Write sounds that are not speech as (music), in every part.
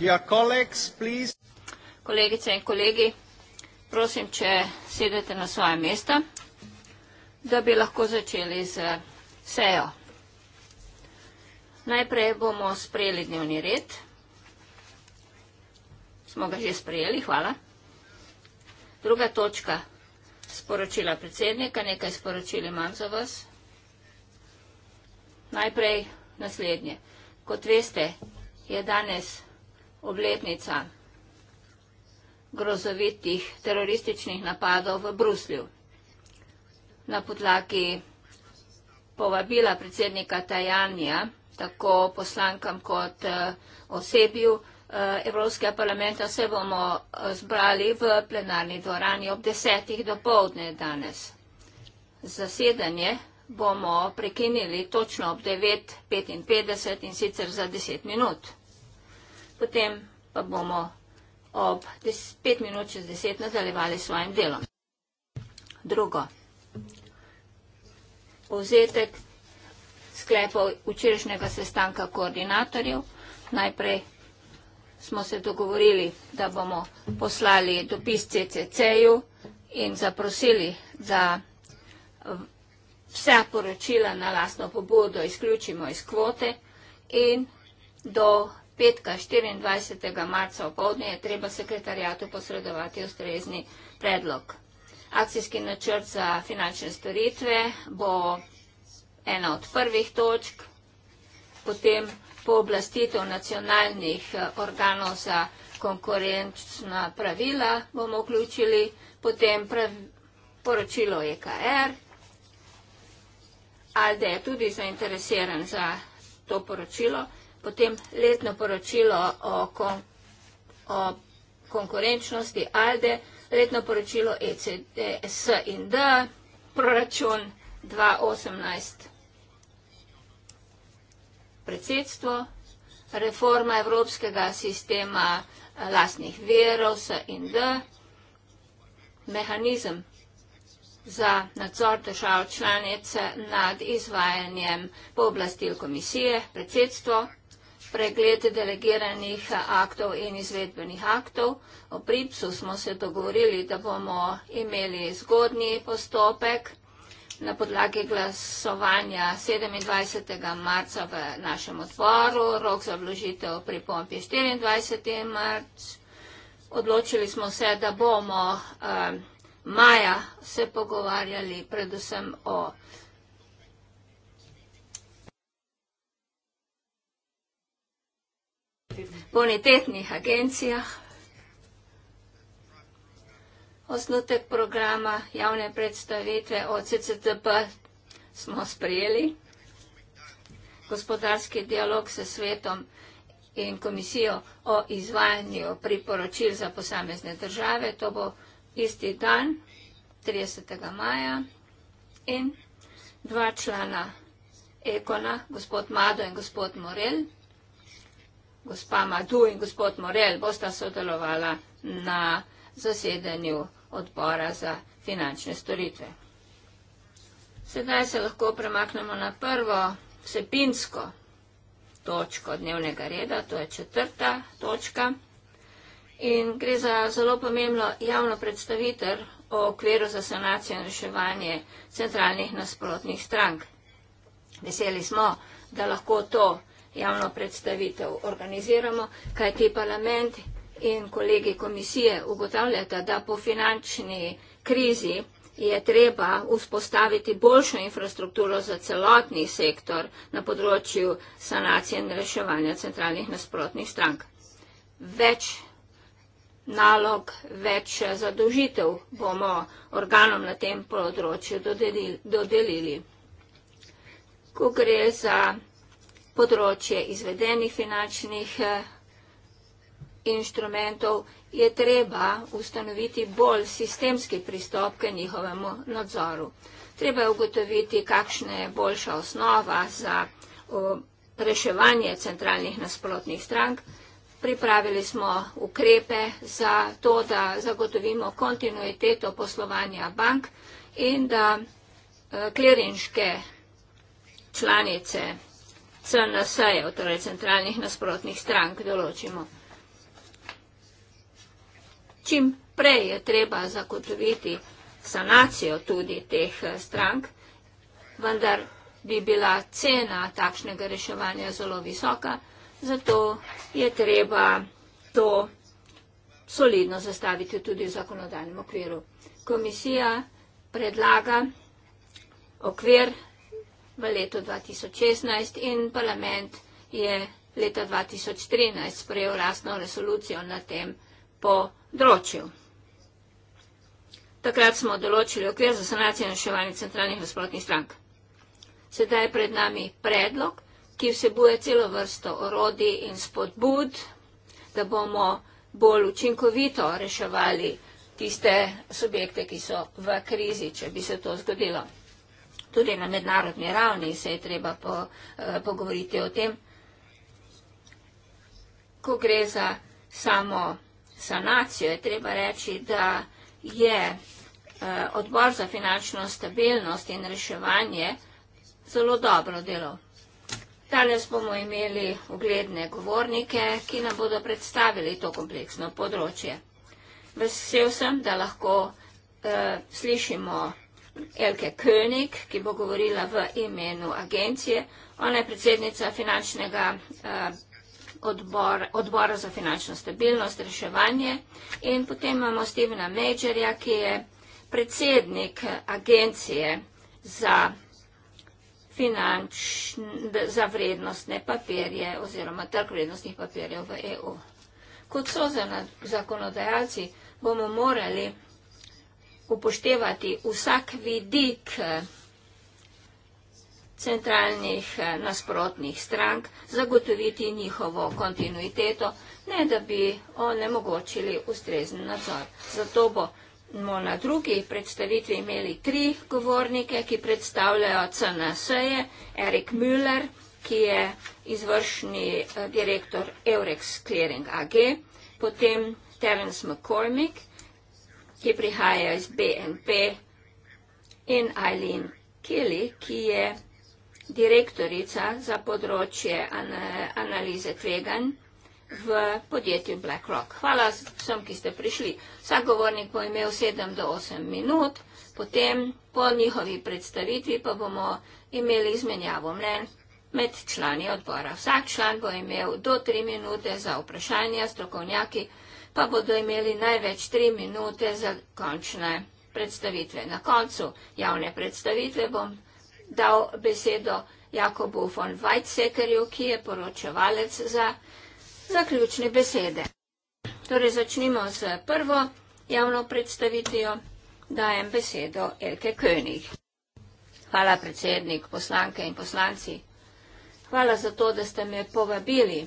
Ja, colleagues, Kolegice in kolegi, prosim, če sedete na svoje mesta, da bi lahko začeli z sejo. Najprej bomo sprejeli dnevni red. Smo ga že sprejeli, hvala. Druga točka, sporočila predsednika, nekaj sporočil imam za vas. Najprej naslednje. Kot veste, je danes obletnica grozovitih terorističnih napadov v Bruslju. Na podlagi povabila predsednika Tajanja, tako poslankam kot eh, osebju eh, Evropskega parlamenta, se bomo eh, zbrali v plenarni dvorani ob desetih do povdne danes. Zasedanje bomo prekinili točno ob 9.55 in sicer za deset minut potem pa bomo ob 5 minut čez 10 nadaljevali s svojim delom. Drugo. Povzetek sklepov včerajšnjega sestanka koordinatorjev. Najprej smo se dogovorili, da bomo poslali dopis CCC-ju in zaprosili za vse poročila na lastno pobudo izključimo iz kvote in do petka 24. marca v povdne je treba sekretarijatu posredovati ustrezni predlog. Akcijski načrt za finančne storitve bo ena od prvih točk, potem pooblastitev nacionalnih eh, organov za konkurenčna pravila bomo vključili, potem poročilo EKR, ali da je tudi zainteresiran za to poročilo, potem letno poročilo o, kon, o konkurenčnosti ALDE, letno poročilo ECD, SND, proračun 2018, predsedstvo, reforma evropskega sistema eh, lastnih verov, SND, mehanizem za nadzor držav članice nad izvajanjem pooblastil komisije, predsedstvo, pregled delegiranih aktov in izvedbenih aktov. O pripsu smo se dogovorili, da bomo imeli zgodnji postopek na podlagi glasovanja 27. marca v našem odboru, rok za vložitev pri pompi 24. marc. Odločili smo se, da bomo eh, maja se pogovarjali predvsem o bonitetnih agencijah. Osnutek programa javne predstavitve od CCTP smo sprejeli. Gospodarski dialog s svetom in komisijo o izvajanju priporočil za posamezne države. To bo isti dan, 30. maja. In dva člana Ekona, gospod Mado in gospod Morel gospa Madu in gospod Morel bosta sodelovala na zasedanju odbora za finančne storitve. Sedaj se lahko premaknemo na prvo vsebinsko točko dnevnega reda, to je četrta točka. In gre za zelo pomembno javno predstavitev o okviru za sanacijo in reševanje centralnih nasprotnih strank. Veseli smo, da lahko to javno predstavitev organiziramo, kaj ti parlament in kolegi komisije ugotavljata, da po finančni krizi je treba vzpostaviti boljšo infrastrukturo za celotni sektor na področju sanacije in reševanja centralnih nasprotnih strank. Več nalog, več zadožitev bomo organom na tem področju dodelili. Ko gre za področje izvedenih finančnih eh, inštrumentov, je treba ustanoviti bolj sistemski pristop k njihovemu nadzoru. Treba je ugotoviti, kakšna je boljša osnova za reševanje centralnih nasprotnih strank. Pripravili smo ukrepe za to, da zagotovimo kontinuiteto poslovanja bank in da eh, klirinške članice CNS-jev, torej centralnih nasprotnih strank, določimo. Čim prej je treba zakotoviti sanacijo tudi teh eh, strank, vendar bi bila cena takšnega reševanja zelo visoka, zato je treba to solidno zastaviti tudi v zakonodajnem okviru. Komisija predlaga okvir v letu 2016 in parlament je leta 2013 sprejel lastno resolucijo na tem področju. Takrat smo določili okvir za sanacijo in reševanje centralnih nasprotnih strank. Sedaj je pred nami predlog, ki vsebuje celo vrsto orodij in spodbud, da bomo bolj učinkovito reševali tiste subjekte, ki so v krizi, če bi se to zgodilo tudi na mednarodni ravni se je treba po, eh, pogovoriti o tem, ko gre za samo sanacijo, je treba reči, da je eh, odbor za finančno stabilnost in reševanje zelo dobro delo. Danes bomo imeli ugledne govornike, ki nam bodo predstavili to kompleksno področje. Vesel sem, da lahko eh, slišimo Elke König, ki bo govorila v imenu agencije. Ona je predsednica finančnega eh, odbora, odbora za finančno stabilnost, reševanje. In potem imamo Stevena Majorja, ki je predsednik agencije za, finanč, za vrednostne papirje oziroma trg vrednostnih papirjev v EU. Kot so za zakonodajalci, bomo morali upoštevati vsak vidik eh, centralnih eh, nasprotnih strank, zagotoviti njihovo kontinuiteto, ne da bi onemogočili ustrezen nadzor. Zato bomo na drugi predstavitvi imeli tri govornike, ki predstavljajo CNS-je, Erik Müller, ki je izvršni eh, direktor Eurex Clearing AG, potem Terence McCormick, ki prihaja iz BNP, in Aileen Kelly, ki je direktorica za področje analize tveganj v podjetju BlackRock. Hvala vsem, ki ste prišli. Vsak govornik bo imel 7 do 8 minut, potem po njihovi predstavitvi pa bomo imeli izmenjavo mnenj med člani odbora. Vsak član bo imel do 3 minute za vprašanja, strokovnjaki, pa bodo imeli največ tri minute za končne predstavitve. Na koncu javne predstavitve bom dal besedo Jakobu von Weizsäckerju, ki je poročevalec za zaključne besede. Torej začnimo s prvo javno predstavitvijo. Dajem besedo Elke König. Hvala predsednik, poslanke in poslanci. Hvala za to, da ste me povabili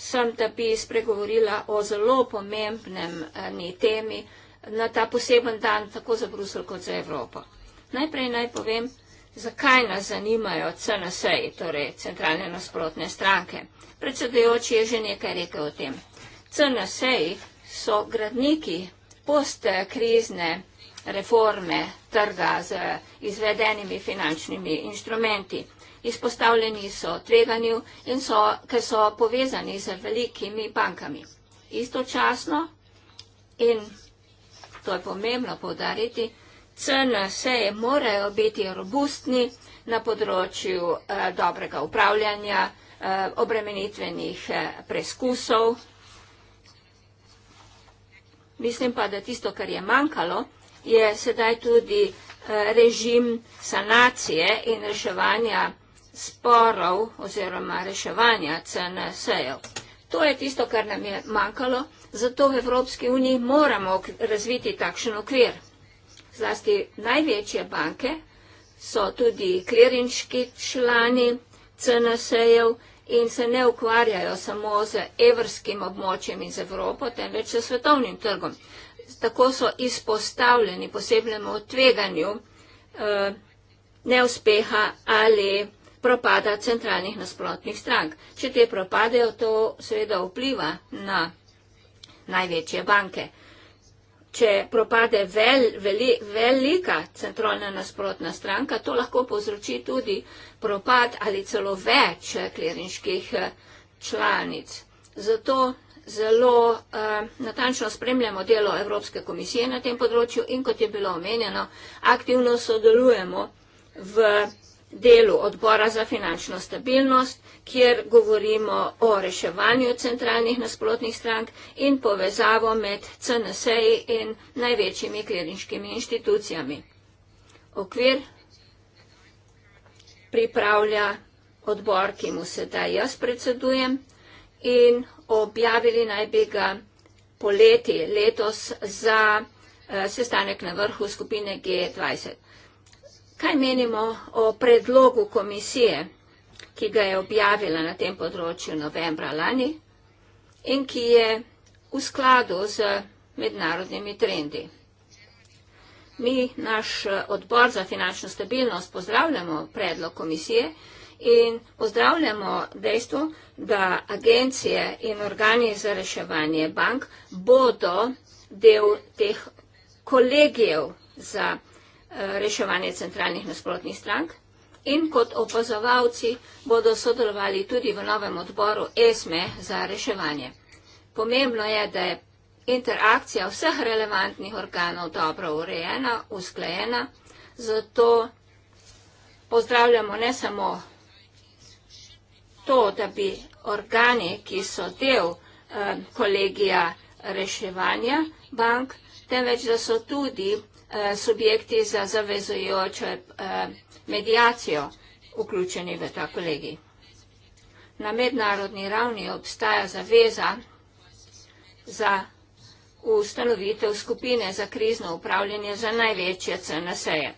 sem ta pis pregovorila o zelo pomembnem eh, ni temi na ta poseben dan tako za Bruselj kot za Evropo. Najprej naj povem, zakaj nas zanimajo CNS-ji, torej centralne nasprotne stranke. Predsedujoči je že nekaj rekel o tem. CNS-ji so gradniki postkrizne reforme trga z izvedenimi finančnimi inštrumenti izpostavljeni so tveganju in so, ker so povezani z velikimi bankami. Istočasno in to je pomembno povdariti, CNS-e morajo biti robustni na področju eh, dobrega upravljanja, eh, obremenitvenih eh, preskusov. Mislim pa, da tisto, kar je manjkalo, je sedaj tudi eh, režim sanacije in reševanja sporov oziroma reševanja CNS-jev. To je tisto, kar nam je manjkalo, zato v Evropski uniji moramo razviti takšen okvir. Zlasti največje banke so tudi klirinški člani CNS-jev in se ne ukvarjajo samo z evrskim območjem in z Evropo, temveč s svetovnim trgom. Tako so izpostavljeni posebnemu tveganju eh, neuspeha ali propada centralnih nasprotnih strank. Če te propadejo, to seveda vpliva na največje banke. Če propade vel, veli, velika centralna nasprotna stranka, to lahko povzroči tudi propad ali celo več kliriških eh, članic. Zato zelo uh, natančno spremljamo delo Evropske komisije na tem področju in kot je bilo omenjeno, aktivno sodelujemo v delu odbora za finančno stabilnost, kjer govorimo o reševanju centralnih nasprotnih strank in povezavo med CNS-ji in največjimi klirinškimi inštitucijami. Okvir pripravlja odbor, ki mu sedaj jaz predsedujem in objavili naj bi ga poleti letos za eh, sestanek na vrhu skupine G20. Kaj menimo o predlogu komisije, ki ga je objavila na tem področju novembra lani in ki je v skladu z mednarodnimi trendi? Mi, naš odbor za finančno stabilnost, pozdravljamo predlog komisije in pozdravljamo dejstvo, da agencije in organi za reševanje bank bodo del teh kolegijev za reševanje Eh, reševanje centralnih nasprotnih strank in kot opazovalci bodo sodelovali tudi v novem odboru ESME za reševanje. Pomembno je, da je interakcija vseh relevantnih organov dobro urejena, usklajena, zato pozdravljamo ne samo to, da bi organi, ki so del eh, kolegija reševanja bank, temveč da so tudi organi, Eh, subjekti za zavezujoče eh, medijacijo vključeni v ta kolegi. Na mednarodni ravni obstaja zaveza za ustanovitev skupine za krizno upravljanje za največje CNS-je.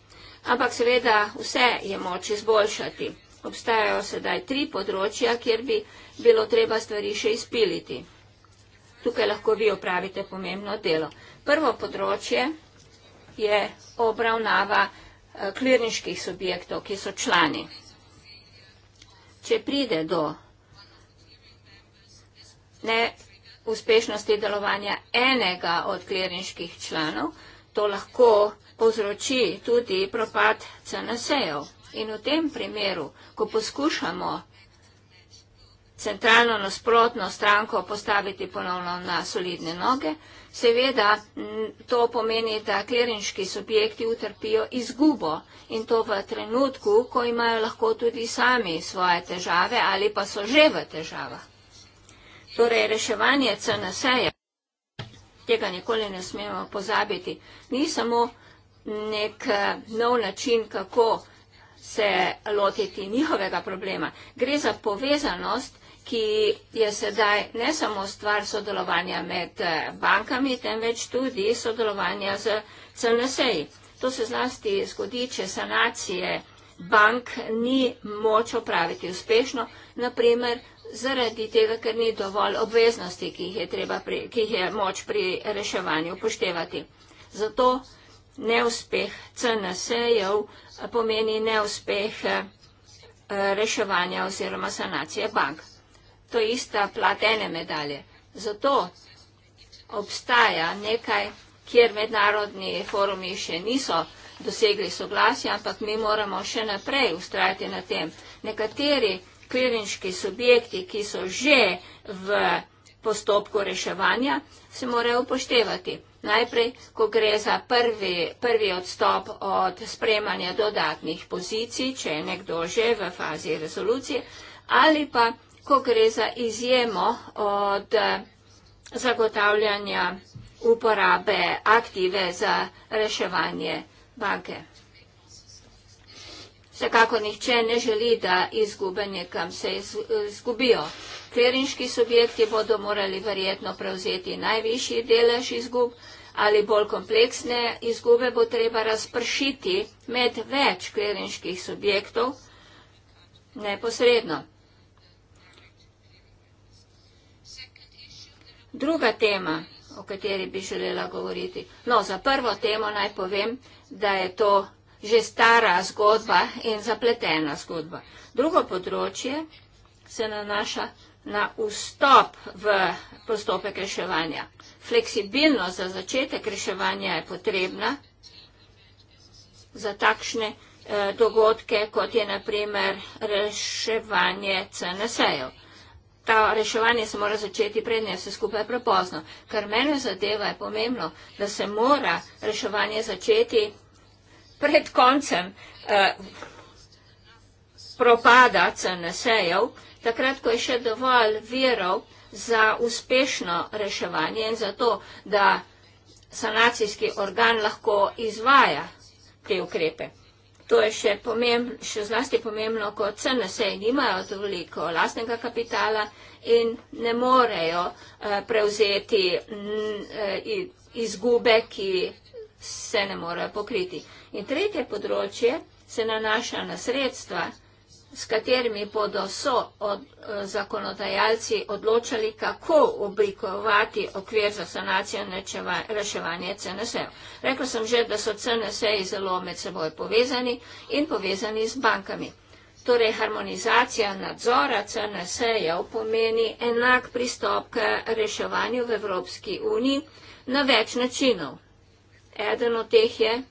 Ampak seveda vse je moč izboljšati. Obstajajo sedaj tri področja, kjer bi bilo treba stvari še izpiliti. Tukaj lahko vi opravite pomembno delo. Prvo področje je, je obravnava eh, klirniških subjektov, ki so člani. Če pride do neuspešnosti delovanja enega od klirniških članov, to lahko povzroči tudi propad CNS-ev. In v tem primeru, ko poskušamo centralno nasprotno stranko postaviti ponovno na solidne noge, Seveda to pomeni, da kliriški subjekti utrpijo izgubo in to v trenutku, ko imajo lahko tudi sami svoje težave ali pa so že v težavah. Torej, reševanje CNS-ja, tega nikoli ne smemo pozabiti, ni samo nek eh, nov način, kako se lotiti njihovega problema. Gre za povezanost ki je sedaj ne samo stvar sodelovanja med eh, bankami, temveč tudi sodelovanja z CNS-ji. To se zlasti zgodi, če sanacije bank ni moč opraviti uspešno, naprimer zaradi tega, ker ni dovolj obveznosti, ki jih je, treba, ki jih je moč pri reševanju upoštevati. Zato neuspeh CNS-jev eh, pomeni neuspeh eh, reševanja oziroma sanacije bank to je ista plat ene medalje. Zato obstaja nekaj, kjer mednarodni forumi še niso dosegli soglasja, ampak mi moramo še naprej ustrajati na tem. Nekateri klirinški subjekti, ki so že v postopku reševanja, se morajo upoštevati. Najprej, ko gre za prvi, prvi odstop od spremanja dodatnih pozicij, če je nekdo že v fazi rezolucije, ali pa ko gre za izjemo od eh, zagotavljanja uporabe aktive za reševanje banke. Vsekako nihče ne želi, da izgube nekam se izgubijo. Klerinški subjekti bodo morali verjetno prevzeti najvišji delež izgub ali bolj kompleksne izgube bo treba razpršiti med več klerinških subjektov neposredno. Druga tema, o kateri bi želela govoriti. No, za prvo temo naj povem, da je to že stara zgodba in zapletena zgodba. Drugo področje se nanaša na vstop v postopek reševanja. Fleksibilnost za začetek reševanja je potrebna za takšne eh, dogodke, kot je naprimer reševanje CNS-ev ta reševanje se mora začeti prednje, je vse skupaj prepozno. Kar mene zadeva je pomembno, da se mora reševanje začeti pred koncem eh, propada CNS-jev, takrat, ko je še dovolj virov za uspešno reševanje in za to, da sanacijski organ lahko izvaja te ukrepe. To je še, pomembn, še zlasti pomembno, ko CNS-ji nimajo toliko lastnega kapitala in ne morejo uh, prevzeti mm, eh, izgube, ki se ne morejo pokriti. In tretje področje se nanaša na sredstva, s katerimi bodo so od, eh, zakonodajalci odločali, kako oblikovati okvir za sanacijo in reševanje CNS-ev. Rekla sem že, da so CNS-ji zelo med seboj povezani in povezani z bankami. Torej, harmonizacija nadzora CNS-jev pomeni enak pristop k reševanju v Evropski uniji na več načinov. Eden od teh je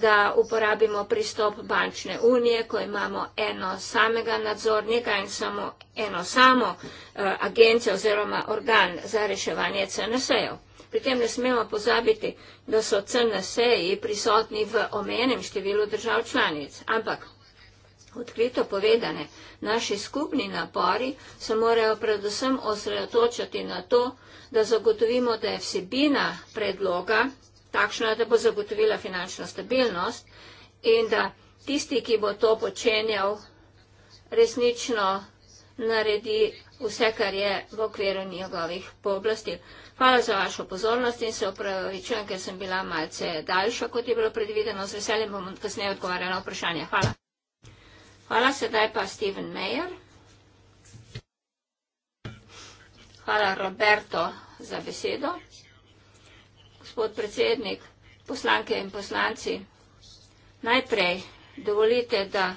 da uporabimo pristop bančne unije, ko imamo eno samega nadzornika in samo eno samo eh, agencijo oziroma organ za reševanje CNS-jev. Pri tem ne smemo pozabiti, da so CNS-ji prisotni v omenem številu držav članic. Ampak odkrito povedane, naši skupni napori se morajo predvsem osredotočati na to, da zagotovimo, da je vsebina predloga takšna, da bo zagotovila finančno stabilnost in da tisti, ki bo to počenjal, resnično naredi vse, kar je v okviru njegovih pooblastil. Hvala za vašo pozornost in se opravičujem, ker sem bila malce daljša, kot je bilo predvideno. Z veseljem bom kasneje odgovarjala na vprašanje. Hvala. Hvala, sedaj pa Steven Mayer. Hvala, Roberto, za besedo gospod predsednik, poslanke in poslanci. Najprej dovolite, da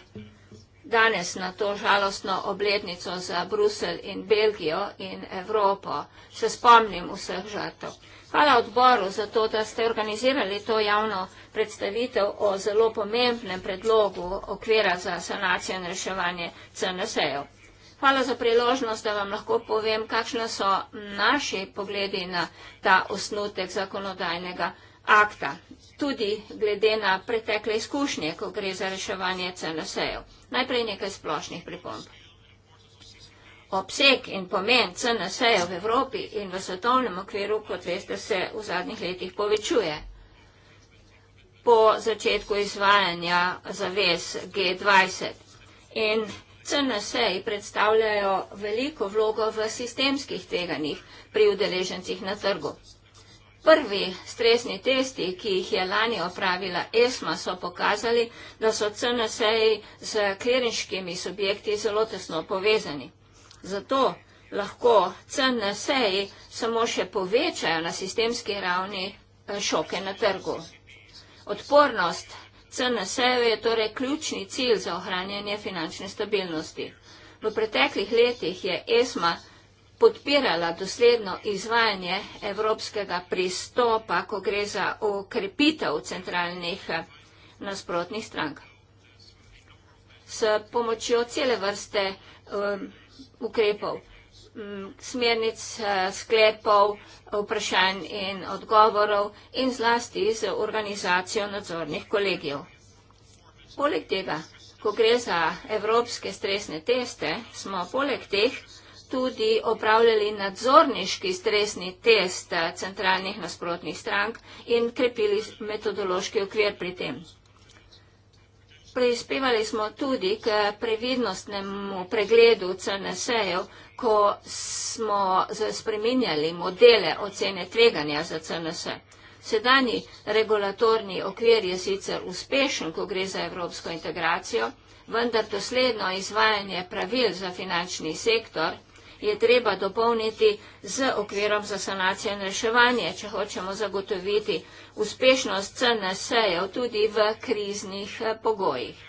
danes na to žalostno obletnico za Bruselj in Belgijo in Evropo se spomnim vseh žrtev. Hvala odboru za to, da ste organizirali to javno predstavitev o zelo pomembnem predlogu okvira za sanacijo in reševanje CNS-ev. Hvala za priložnost, da vam lahko povem, kakšne so naši pogledi na ta osnutek zakonodajnega akta. Tudi glede na pretekle izkušnje, ko gre za reševanje CNS-ev. Najprej nekaj splošnih pripomb. Obseg in pomen CNS-ev v Evropi in v svetovnem okviru, kot veste, se v zadnjih letih povečuje. Po začetku izvajanja zaves G20 in CNS-ji predstavljajo veliko vlogo v sistemskih teganjih pri udeležencih na trgu. Prvi stresni testi, ki jih je lani opravila ESMA, so pokazali, da so CNS-ji z klirinškimi subjekti zelo tesno povezani. Zato lahko CNS-ji samo še povečajo na sistemski ravni eh, šoke na trgu. Odpornost CNS-ju je torej ključni cilj za ohranjanje finančne stabilnosti. V preteklih letih je ESMA podpirala dosledno izvajanje evropskega pristopa, ko gre za okrepitev centralnih eh, nasprotnih strank. S pomočjo cele vrste um, ukrepov smernic, eh, sklepov, vprašanj in odgovorov in zlasti z organizacijo nadzornih kolegijev. Poleg tega, ko gre za evropske stresne teste, smo poleg teh tudi opravljali nadzorniški stresni test eh, centralnih nasprotnih strank in krepili metodološki okvir pri tem. Prispevali smo tudi k previdnostnemu pregledu CNS-ev, ko smo spremenjali modele ocene tveganja za CNS. Sedani regulatorni okvir je sicer uspešen, ko gre za evropsko integracijo, vendar dosledno izvajanje pravil za finančni sektor je treba dopolniti z okvirom za sanacijo in reševanje, če hočemo zagotoviti uspešnost CNS-jev tudi v kriznih eh, pogojih.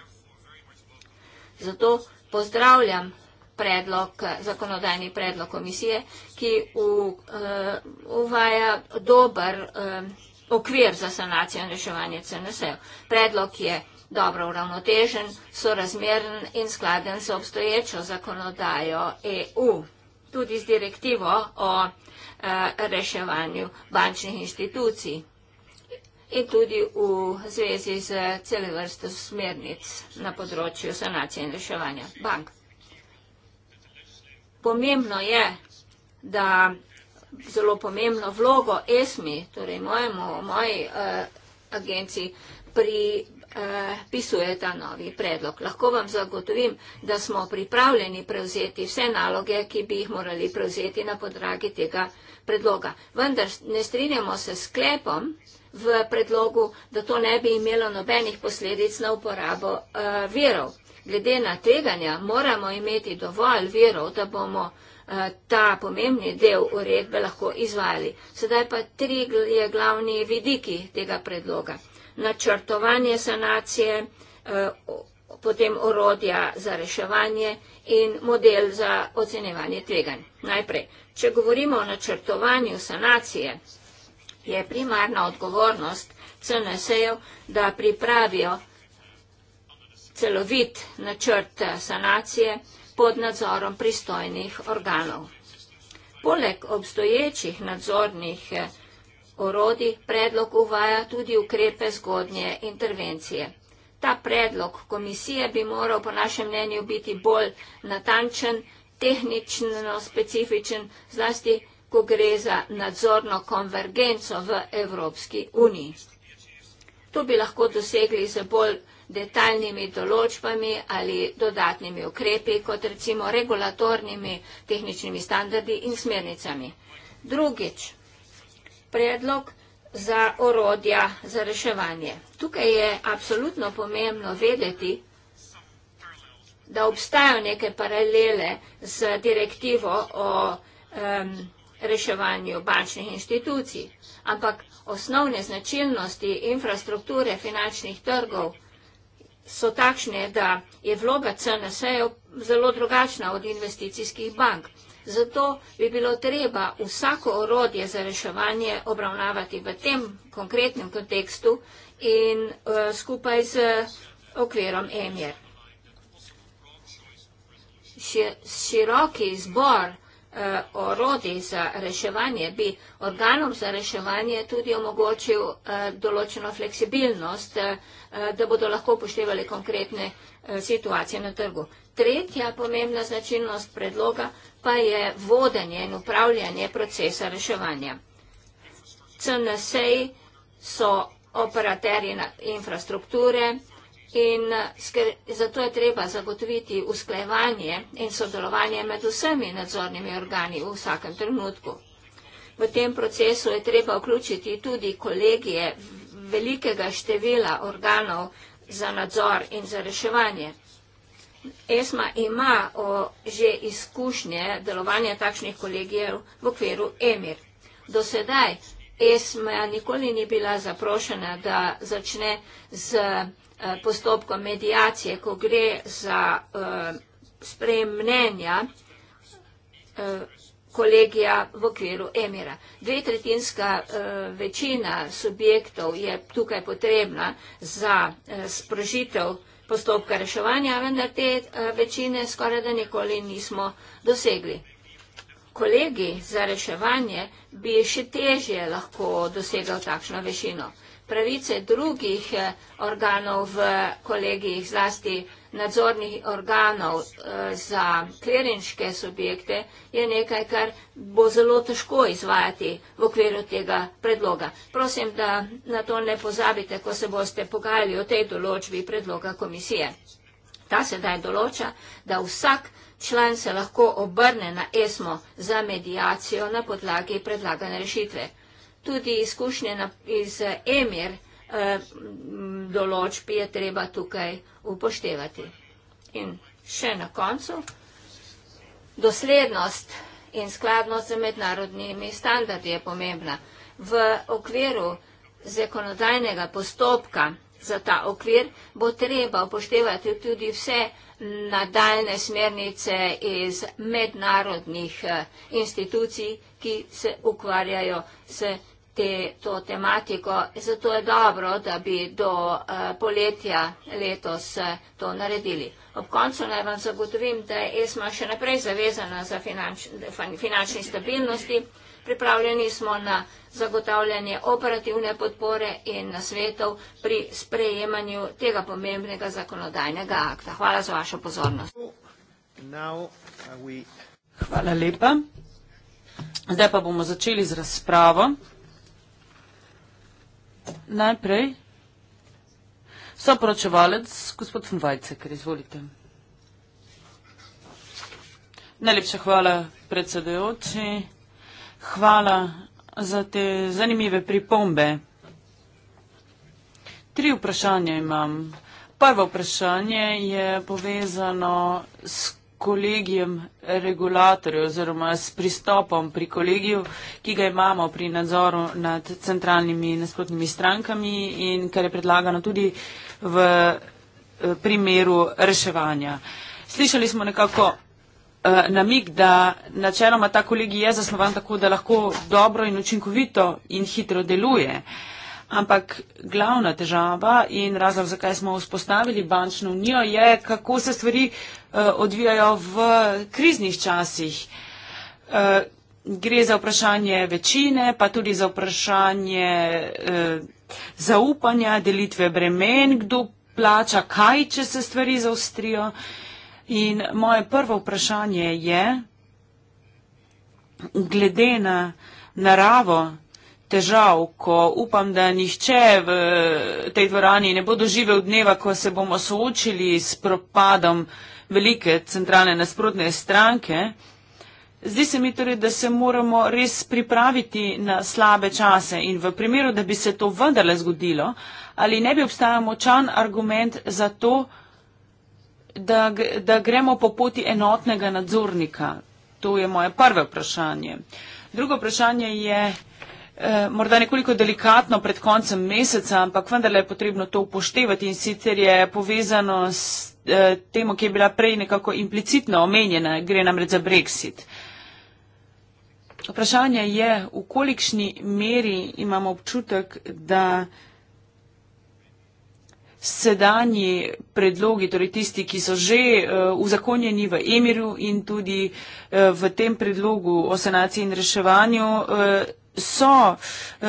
Zato pozdravljam predlog, eh, zakonodajni predlog komisije, ki u, uh, eh, uvaja dober uh, okvir za sanacijo in reševanje CNS-jev. Predlog je dobro uravnotežen, sorazmeren in skladen s obstoječo zakonodajo EU tudi z direktivo o eh, reševanju bančnih institucij in tudi v zvezi z cele vrste smernic na področju sanacije in reševanja bank. Pomembno je, da zelo pomembno vlogo ESMI, torej mojemu, moji eh, agenciji, pri pisuje ta novi predlog. Lahko vam zagotovim, da smo pripravljeni prevzeti vse naloge, ki bi jih morali prevzeti na podragi tega predloga. Vendar ne strinjamo se sklepom v predlogu, da to ne bi imelo nobenih posledic na uporabo uh, virov. Glede na tveganja moramo imeti dovolj virov, da bomo eh, ta pomembni del uredbe lahko izvajali. Sedaj pa tri je glavni vidiki tega predloga načrtovanje sanacije, eh, potem orodja za reševanje in model za ocenevanje tveganj. Najprej, če govorimo o načrtovanju sanacije, je primarna odgovornost CNS-jev, da pripravijo celovit načrt eh, sanacije pod nadzorom pristojnih organov. Poleg obstoječih nadzornih organov, eh, orodij predlog uvaja tudi ukrepe zgodnje intervencije. Ta predlog komisije bi moral po našem mnenju biti bolj natančen, tehnično specifičen, zlasti, ko gre za nadzorno konvergenco v Evropski uniji. To bi lahko dosegli z bolj detaljnimi določbami ali dodatnimi ukrepi, kot recimo regulatornimi tehničnimi standardi in smernicami. Drugič, predlog za orodja za reševanje. Tukaj je absolutno pomembno vedeti, da obstajajo neke paralele z direktivo o um, reševanju bančnih institucij, ampak osnovne značilnosti infrastrukture finančnih trgov so takšne, da je vloga CNS-ev zelo drugačna od investicijskih bank. Zato bi bilo treba vsako orodje za reševanje obravnavati v tem konkretnem kontekstu in uh, skupaj z okvirom EMIR. Široki zbor uh, orodij za reševanje bi organom za reševanje tudi omogočil uh, določeno fleksibilnost, uh, da bodo lahko upoštevali konkretne uh, situacije na trgu. Tretja pomembna značilnost predloga pa je vodenje in upravljanje procesa reševanja. CNSEJ so operaterji infrastrukture in zato je treba zagotoviti usklejevanje in sodelovanje med vsemi nadzornimi organi v vsakem trenutku. V tem procesu je treba vključiti tudi kolegije velikega števila organov za nadzor in za reševanje. ESMA ima o, že izkušnje delovanja takšnih kolegijev v okviru EMIR. Do sedaj ESMA nikoli ni bila zaprošena, da začne z eh, postopkom medijacije, ko gre za uh, sprejem mnenja uh, kolegija v okviru emira. Dve tretjinska uh, večina subjektov je tukaj potrebna za uh, sprožitev uh, postopka reševanja, vendar te eh, večine skoraj da nikoli nismo dosegli. Kolegi za reševanje bi še težje lahko dosegal takšno višino pravice drugih eh, organov v kolegijih, zlasti nadzornih organov eh, za klerinške subjekte, je nekaj, kar bo zelo težko izvajati v okviru tega predloga. Prosim, da na to ne pozabite, ko se boste pogajali o tej določbi predloga komisije. Ta sedaj določa, da vsak član se lahko obrne na ESMO za medijacijo na podlagi predlagane rešitve tudi izkušnje iz eh, emir eh, določb je treba tukaj upoštevati. In še na koncu, doslednost in skladnost z mednarodnimi standardi je pomembna. V okviru zakonodajnega postopka za ta okvir bo treba upoštevati tudi vse nadaljne smernice iz mednarodnih eh, institucij, ki se ukvarjajo s te, to tematiko. Zato je dobro, da bi do uh, poletja letos uh, to naredili. Ob koncu naj vam zagotovim, da je ESMA še naprej zavezana za finanč, finančni stabilnosti. Pripravljeni smo na zagotavljanje operativne podpore in nasvetov pri sprejemanju tega pomembnega zakonodajnega akta. Hvala za vašo pozornost. Uh, Hvala lepa. Zdaj pa bomo začeli z razpravo. Najprej soporočevalec gospod Funvajceker, izvolite. Najlepša hvala predsedojoči, hvala za te zanimive pripombe. Tri vprašanja imam. Prvo vprašanje je povezano s kolegijem regulatorjev oziroma s pristopom pri kolegiju, ki ga imamo pri nadzoru nad centralnimi nasprotnimi strankami in kar je predlagano tudi v eh, primeru reševanja. Slišali smo nekako eh, namik, da načeloma ta kolegij je zasnovan tako, da lahko dobro in učinkovito in hitro deluje. Ampak glavna težava in razlog, zakaj smo vzpostavili bančno unijo, je, kako se stvari eh, odvijajo v kriznih časih. Eh, gre za vprašanje večine, pa tudi za vprašanje eh, zaupanja, delitve bremen, kdo plača, kaj, če se stvari zaustrijo. In moje prvo vprašanje je, glede na naravo težav, ko upam, da nihče v tej dvorani ne bo doživel dneva, ko se bomo soočili s propadom velike centralne nasprotne stranke. Zdi se mi torej, da se moramo res pripraviti na slabe čase in v primeru, da bi se to vendarle zgodilo, ali ne bi obstajal močan argument za to, da, da gremo po poti enotnega nadzornika. To je moje prvo vprašanje. Drugo vprašanje je, eh, morda nekoliko delikatno pred koncem meseca, ampak vendarle je potrebno to upoštevati in sicer je povezano s eh, temo, ki je bila prej nekako implicitno omenjena, gre namreč za Brexit. Vprašanje je, v kolikšni meri imamo občutek, da sedanji predlogi, torej tisti, ki so že uh, uzakonjeni v Emirju in tudi uh, v tem predlogu o sanaciji in reševanju, uh, so uh,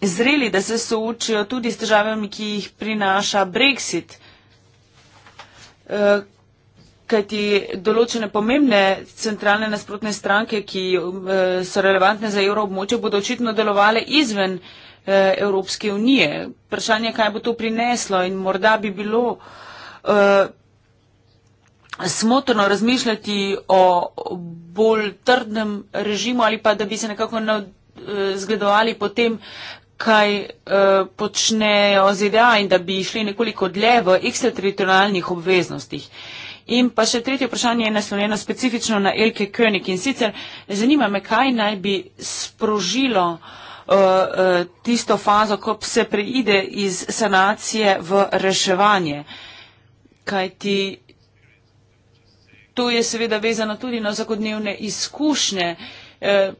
zreli, da se soočijo tudi s težavami, ki jih prinaša Brexit. Uh, kajti določene pomembne centralne nasprotne stranke, ki uh, so relevantne za evroobmočje, bodo očitno delovale izven uh, Evropske unije. Vprašanje, kaj bo to prineslo in morda bi bilo uh, smotrno razmišljati o bolj trdnem režimu ali pa da bi se nekako ne eh, zgledovali po tem, kaj eh, počnejo ZDA in da bi šli nekoliko dlje v ekstrateritorijalnih obveznostih. In pa še tretje vprašanje je naslovljeno specifično na Elke König in sicer zanima me, kaj naj bi sprožilo eh, tisto fazo, ko se preide iz sanacije v reševanje. Kaj ti To je seveda vezano tudi na vsakodnevne izkušnje. Eh,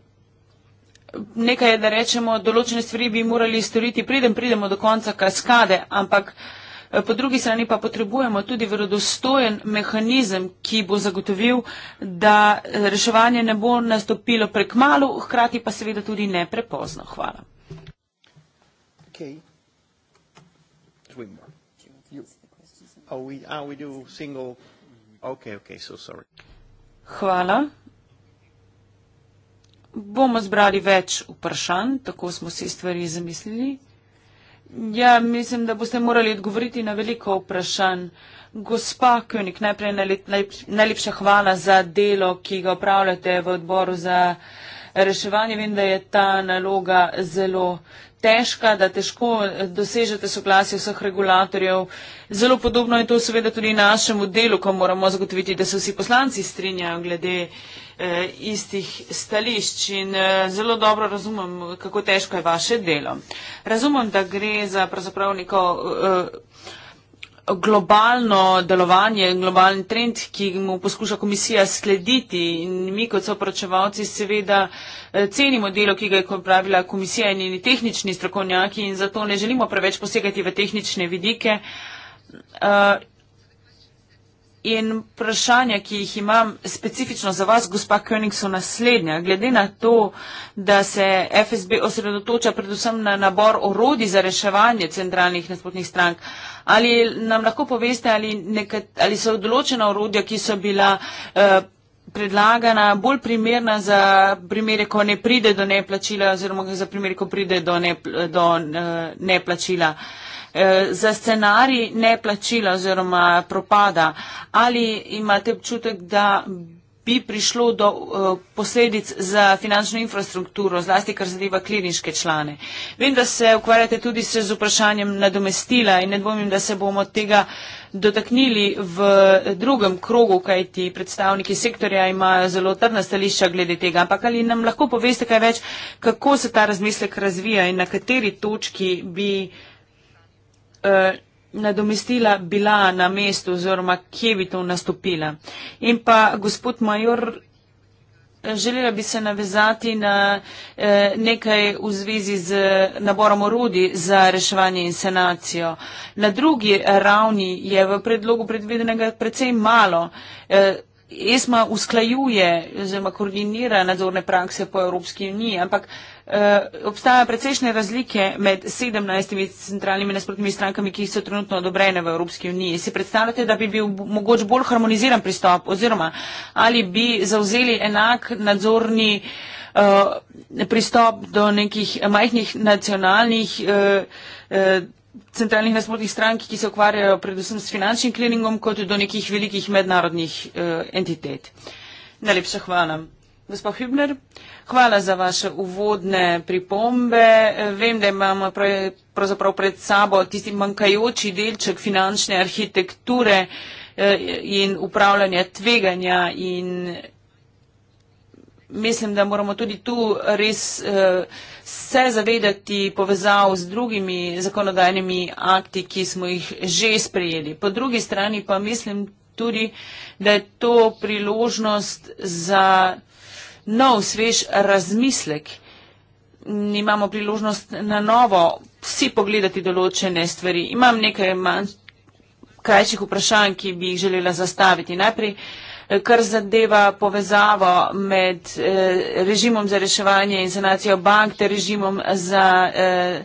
nekaj je, da rečemo, določene stvari bi morali storiti, preden pridemo do konca kaskade, ampak eh, po drugi strani pa potrebujemo tudi verodostojen mehanizem, ki bo zagotovil, da reševanje ne bo nastopilo prek malu, hkrati pa seveda tudi ne prepozno. Hvala. Okay. Okay, okay, so Hvala. Bomo zbrali več vprašanj, tako smo si stvari zamislili. Ja, mislim, da boste morali odgovoriti na veliko vprašanj. Gospa Kjunik, najprej najlepša hvala za delo, ki ga opravljate v odboru za reševanje. Vem, da je ta naloga zelo težka, da težko dosežete soglasje vseh regulatorjev. Zelo podobno je to seveda tudi našemu delu, ko moramo zagotoviti, da se vsi poslanci strinjajo glede eh, istih stališč in eh, zelo dobro razumem, kako težko je vaše delo. Razumem, da gre za pravzaprav neko. Eh, globalno delovanje in globalni trend, ki mu poskuša komisija slediti. In mi kot soporočevalci seveda eh, cenimo delo, ki ga je pravila komisija in njeni tehnični strokovnjaki in zato ne želimo preveč posegati v tehnične vidike. Uh, In vprašanja, ki jih imam specifično za vas, gospa König, so naslednja. Glede na to, da se FSB osredotoča predvsem na nabor orodi za reševanje centralnih nasprotnih strank, ali nam lahko poveste, ali, nekat, ali so določena orodja, ki so bila eh, predlagana, bolj primerna za primere, ko ne pride do neplačila oziroma za primere, ko pride do, ne, do eh, neplačila. Eh, eh, za scenarij neplačila oziroma propada. Ali imate občutek, da bi prišlo do eh, posledic za finančno infrastrukturo, zlasti kar zadeva kliniške člane? Vem, da se ukvarjate tudi se z vprašanjem nadomestila in ne dvomim, da se bomo tega dotaknili v drugem krogu, kaj ti predstavniki sektorja imajo zelo trdna stališča glede tega. Ampak ali nam lahko poveste kaj več, kako se ta razmislek razvija in na kateri točki bi Eh, nadomestila bila na mestu oziroma kje bi to nastopila. In pa gospod major, eh, želela bi se navezati na eh, nekaj v zvezi z naborom orodi za reševanje in senacijo. Na drugi ravni je v predlogu predvidenega precej malo. ESMA usklajuje oziroma koordinira nadzorne prakse po Evropski uniji, ampak Eh, obstajajo precejšnje razlike med 17 centralnimi nasprotnimi strankami, ki so trenutno odobrene v Evropski uniji. Si predstavljate, da bi bil mogoč bolj harmoniziran pristop oziroma ali bi zauzeli enak nadzorni eh, pristop do nekih majhnih nacionalnih eh, centralnih nasprotnih strank, ki se ukvarjajo predvsem s finančnim kliningom, kot do nekih velikih mednarodnih entitet. Najlepša hvala. Gospa Hübner, hvala za vaše uvodne pripombe. Vem, da imamo pravzaprav pred sabo tisti manjkajoči delček finančne arhitekture eh, in upravljanja tveganja in mislim, da moramo tudi tu res eh, se zavedati povezav z drugimi zakonodajnimi akti, ki smo jih že sprejeli. Po drugi strani pa mislim tudi, da je to priložnost za nov, svež razmislek. Nimamo priložnost na novo vsi pogledati določene stvari. Imam nekaj manj, krajših vprašanj, ki bi jih želela zastaviti. Najprej, eh, kar zadeva povezavo med eh, režimom za reševanje in sanacijo bank ter režimom za eh,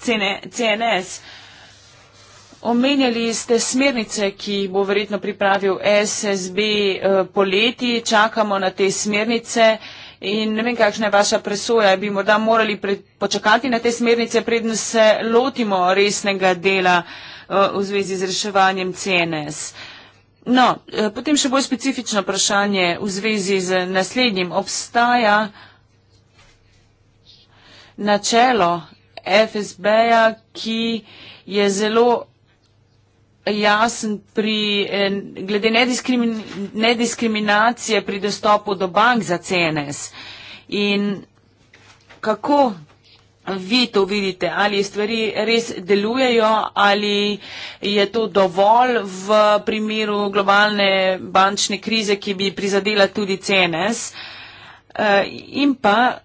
CNS. Eh, Omenjali ste smernice, ki bo verjetno pripravil SSB eh, poleti, čakamo na te smernice in ne vem, kakšna je vaša presoja, bi morda morali počakati na te smernice, predn se lotimo resnega dela eh, v zvezi z reševanjem CNS. No, eh, potem še bolj specifično vprašanje v zvezi z naslednjim. Obstaja načelo FSB-ja, ki je zelo jasen pri, eh, glede nediskrimin, nediskriminacije pri dostopu do bank za CNS. In kako vi to vidite, ali stvari res delujejo, ali je to dovolj v primeru globalne bančne krize, ki bi prizadela tudi CNS? Eh, in pa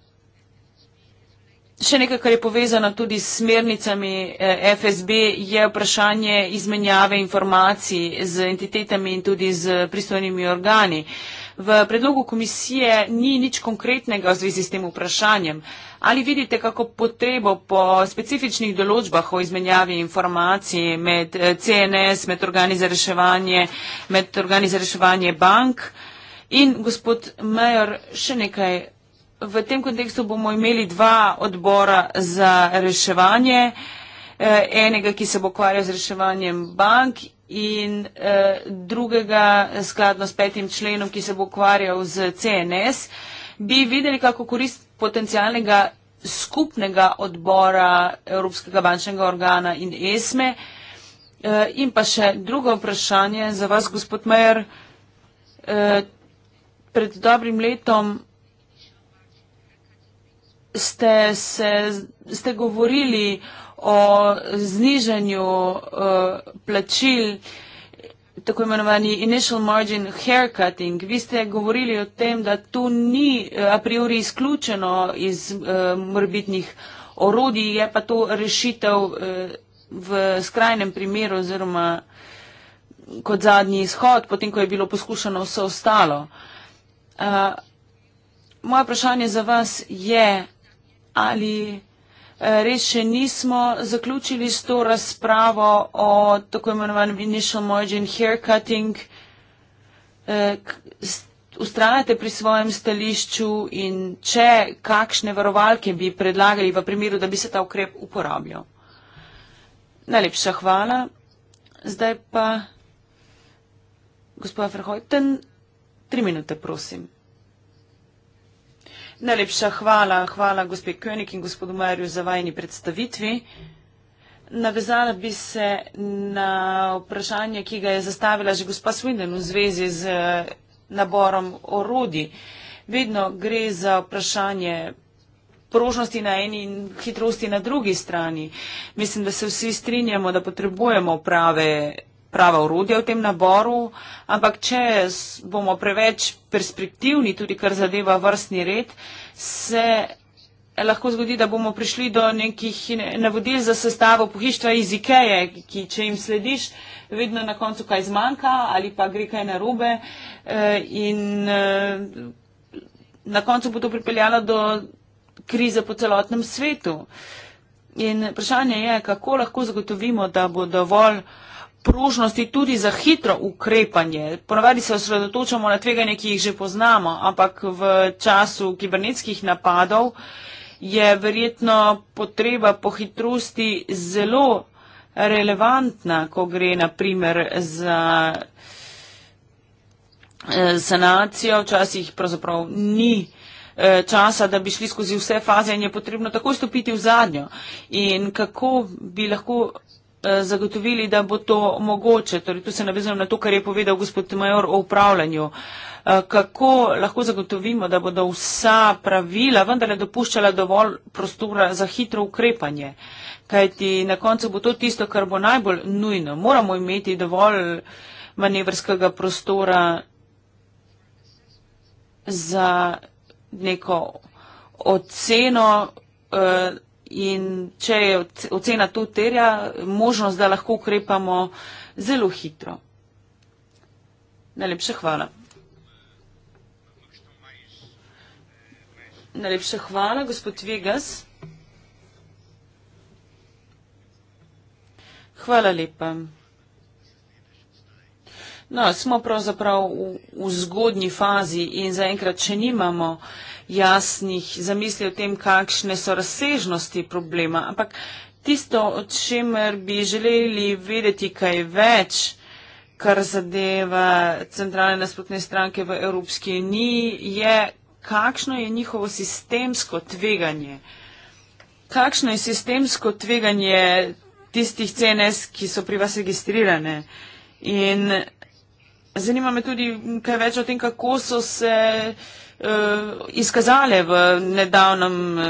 Še nekaj, kar je povezano tudi s smernicami eh, FSB, je vprašanje izmenjave informacij z entitetami in tudi z pristojnimi organi. V predlogu komisije ni nič konkretnega v zvezi s tem vprašanjem. Ali vidite kako potrebo po specifičnih določbah o izmenjavi informacij med eh, CNS, med organi za reševanje, med organi za reševanje bank? In gospod Major, še nekaj v tem kontekstu bomo imeli dva odbora za reševanje. Eh, enega, ki se bo ukvarjal z reševanjem bank in eh, drugega, skladno s petim členom, ki se bo ukvarjal z CNS. Bi videli kako korist potencijalnega skupnega odbora Evropskega bančnega organa in ESME. E. Eh, in pa še drugo vprašanje za vas, gospod Mejer. Pred dobrim letom ste, se, ste govorili o znižanju uh, plačil, tako imenovani initial margin haircutting. Vi ste govorili o tem, da to ni eh, a priori izključeno iz uh, eh, morbitnih orodij, je pa to rešitev uh, v skrajnem primeru oziroma kot zadnji izhod, potem ko je bilo poskušano vse ostalo. Uh, moje vprašanje za vas je, ali eh, res še nismo zaključili s to razpravo o tako imenovanem initial margin haircutting. Eh, ustrajate pri svojem stališču in če kakšne varovalke bi predlagali v primeru, da bi se ta ukrep uporabljal. Najlepša hvala. Zdaj pa, gospod Verhojten, tri minute, prosim. Najlepša hvala, hvala gospe König in gospodu Marju za vajni predstavitvi. Navezala bi se na vprašanje, ki ga je zastavila že gospa Svinden v zvezi z eh, naborom orodi. Vedno gre za vprašanje prožnosti na eni in hitrosti na drugi strani. Mislim, da se vsi strinjamo, da potrebujemo prave prava urodja v tem naboru, ampak če bomo preveč perspektivni, tudi kar zadeva vrstni red, se eh, lahko zgodi, da bomo prišli do nekih eh, navodil za sestavo pohištva iz Ikeje, ki če jim slediš, vedno na koncu kaj zmanjka ali pa gre kaj na robe eh, in na koncu bo to pripeljalo do krize po celotnem svetu. In vprašanje je, kako lahko zagotovimo, da bo dovolj uh, prožnosti tudi za hitro ukrepanje. Ponovadi se osredotočamo na tveganje, ki jih že poznamo, ampak v času kibernetskih napadov je verjetno potreba po hitrosti zelo relevantna, ko gre naprimer za eh, sanacijo, včasih pravzaprav ni eh, časa, da bi šli skozi vse faze in je potrebno takoj stopiti v zadnjo. In kako bi lahko Eh, zagotovili, da bo to mogoče. Torej, tu se navezujem na to, kar je povedal gospod Major o upravljanju. Eh, kako lahko zagotovimo, da bodo vsa pravila vendarle dopuščala dovolj prostora za hitro ukrepanje? Kajti na koncu bo to tisto, kar bo najbolj nujno. Moramo imeti dovolj manevrskega prostora za neko oceno. Eh, in če je ocena to terja, možnost, da lahko ukrepamo zelo hitro. Najlepša hvala. Najlepša hvala, gospod Vegas. Hvala lepa. No, smo pravzaprav v, v zgodnji fazi in zaenkrat, če nimamo jasnih zamisli o tem, kakšne so razsežnosti problema. Ampak tisto, o čemer bi želeli vedeti kaj več, kar zadeva centralne nasprotne stranke v Evropski uniji, je, kakšno je njihovo sistemsko tveganje. Kakšno je sistemsko tveganje tistih CNS, ki so pri vas registrirane. In zanima me tudi kaj več o tem, kako so se. Eh, izkazale v nedavnem, eh,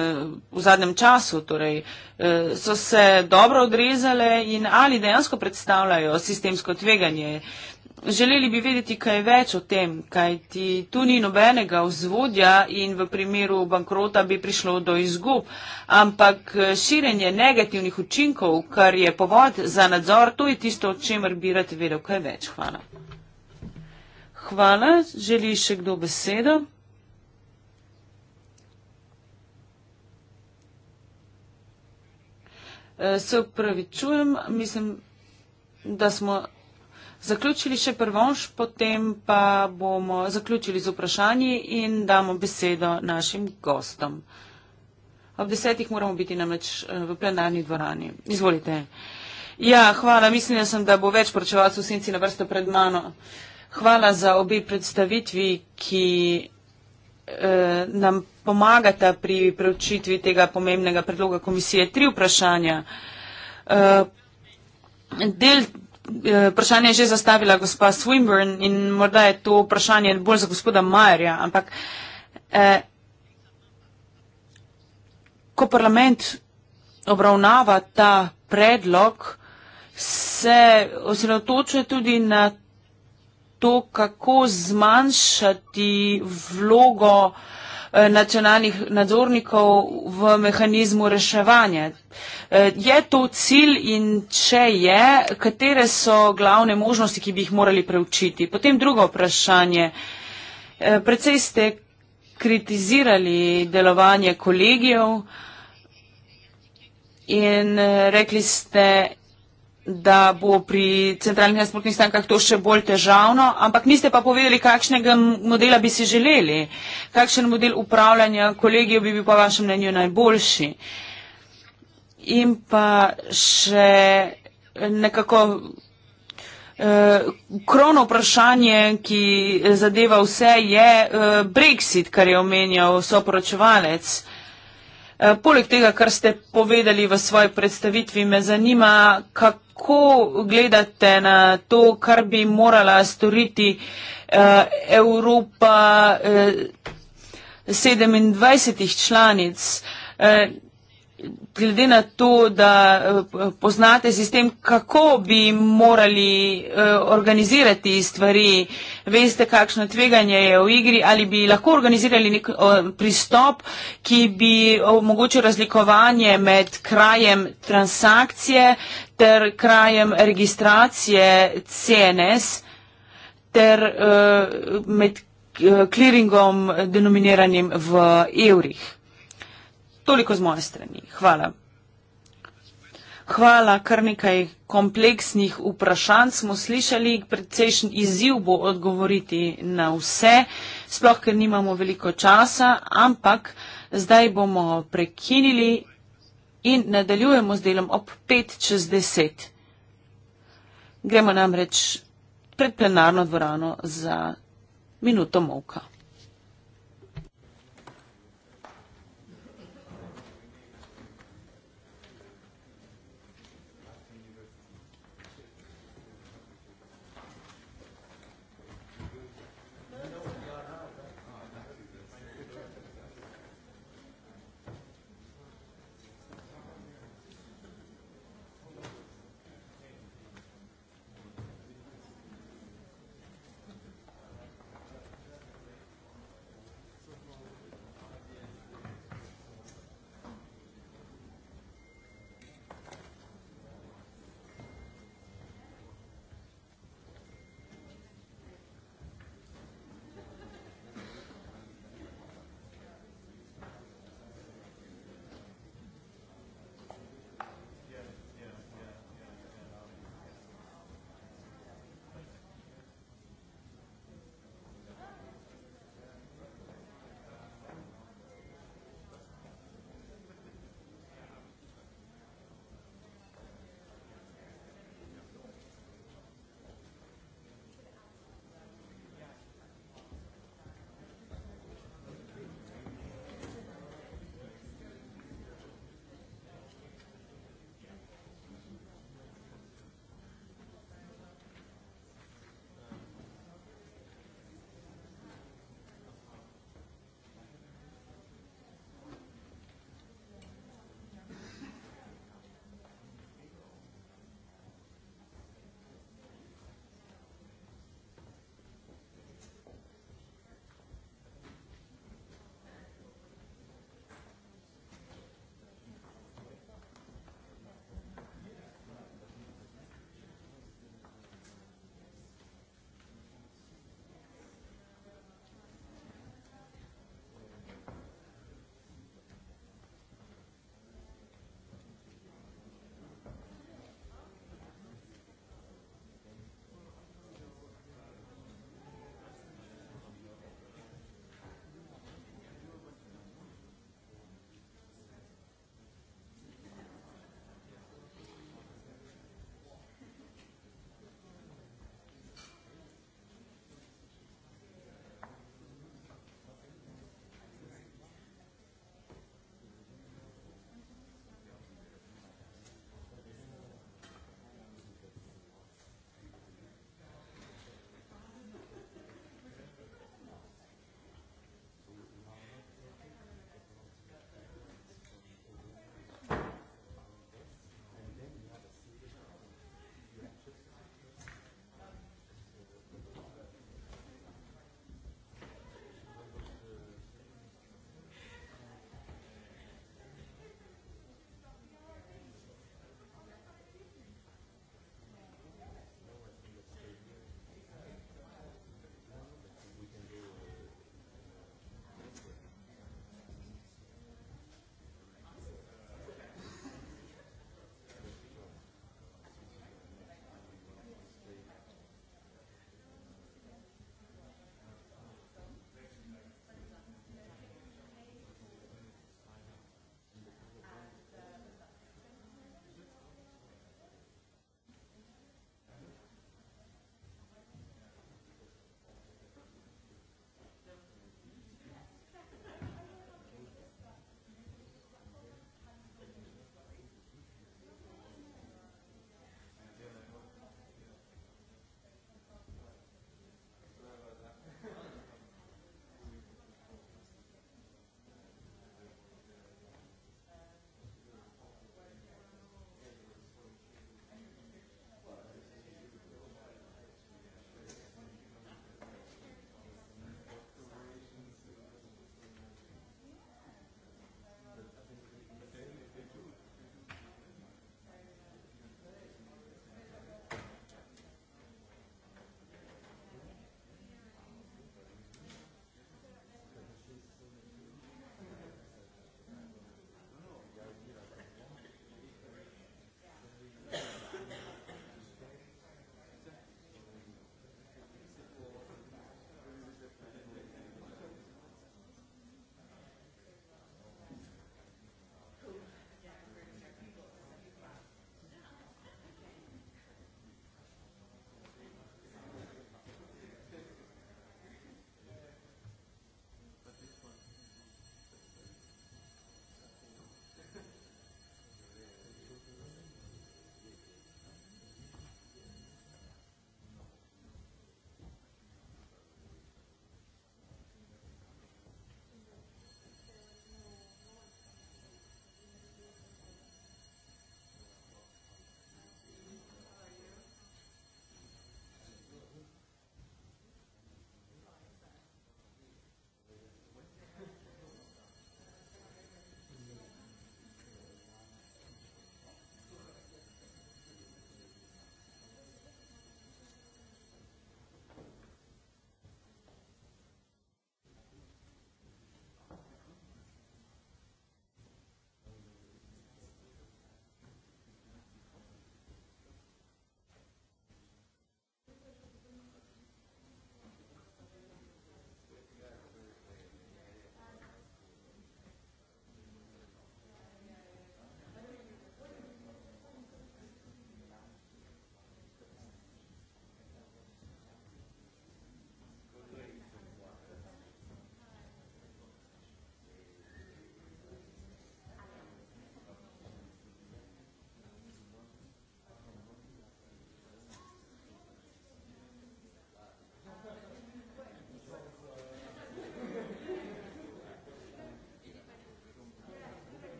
v zadnjem času, torej eh, so se dobro odrezale in ali dejansko predstavljajo sistemsko tveganje. Želeli bi vedeti kaj več o tem, kaj ti tu ni nobenega vzvodja in v primeru bankrota bi prišlo do izgub, ampak širenje negativnih učinkov, kar je povod za nadzor, to je tisto, o čemer bi rad vedel kaj več. Hvala. Hvala. Želi še kdo besedo? Eh, se upravičujem, mislim, da smo zaključili še prvonš, potem pa bomo zaključili z vprašanji in damo besedo našim gostom. Ob desetih moramo biti namreč eh, v plenarni dvorani. Izvolite. Ja, hvala. Mislila sem, da bo več poročevalcev v senci na vrsto pred mano. Hvala za obe predstavitvi, ki eh, nam pomagata pri preučitvi tega pomembnega predloga komisije. Tri vprašanja. Eh, del eh, vprašanja je že zastavila gospa Swinburne in morda je to vprašanje bolj za gospoda Majerja, ampak eh, ko parlament obravnava ta predlog, se osredotočuje tudi na to, kako zmanjšati vlogo eh, nacionalnih nadzornikov v mehanizmu reševanja. Eh, je to cilj in če je, katere so glavne možnosti, ki bi jih morali preučiti? Potem drugo vprašanje. Eh, Predvsej ste kritizirali delovanje kolegijev in rekli ste, da bo pri centralnih nasprotnih strankah to še bolj težavno, ampak niste pa povedali, kakšnega modela bi si želeli, kakšen model upravljanja kolegijo bi bil po vašem mnenju najboljši. In pa še eh, nekako eh, krono vprašanje, ki zadeva vse, je eh, Brexit, kar je omenjal soporočevalec. Eh, Eh, poleg tega, kar ste povedali v svoji predstavitvi, me zanima, kako gledate na to, kar bi morala storiti eh, Evropa 27 eh, članic glede na to, da eh, poznate sistem, kako bi morali eh, organizirati stvari, veste, kakšno tveganje je v igri, ali bi lahko organizirali nek eh, pristop, ki bi omogočil razlikovanje med krajem transakcije ter krajem registracije CNS ter med kliringom denominiranim v evrih. Toliko z moje strani. Hvala. Hvala, kar nekaj kompleksnih vprašanj smo slišali, precejšen izziv bo odgovoriti na vse, sploh ker nimamo veliko časa, ampak zdaj bomo prekinili in nadaljujemo z delom ob 5 čez 10. Gremo namreč pred plenarno dvorano za minuto molka.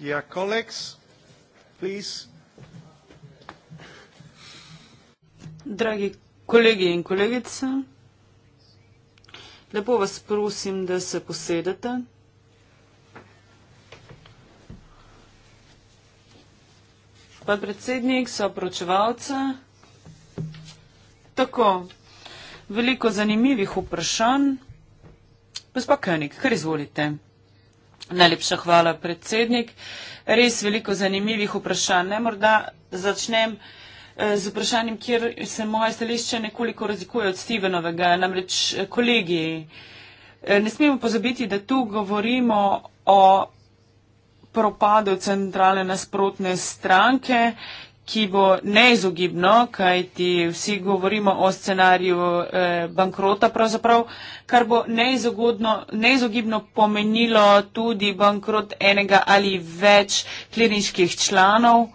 Dear colleagues, please. Dragi kolegi in kolegice, lepo vas prosim, da se posedete. Pa predsednik, soproučevalce. Tako, veliko zanimivih vprašanj. Gospa König, kar izvolite. Najlepša hvala, predsednik. Res veliko zanimivih vprašanj. Ne, morda začnem eh, z vprašanjem, kjer se moje stališče nekoliko razlikuje od Stevenovega, namreč eh, kolegi. Eh, ne smemo pozabiti, da tu govorimo o propadu centralne nasprotne stranke ki bo neizogibno, kajti vsi govorimo o scenariju eh, bankrota pravzaprav, kar bo neizogibno pomenilo tudi bankrot enega ali več kliničkih članov.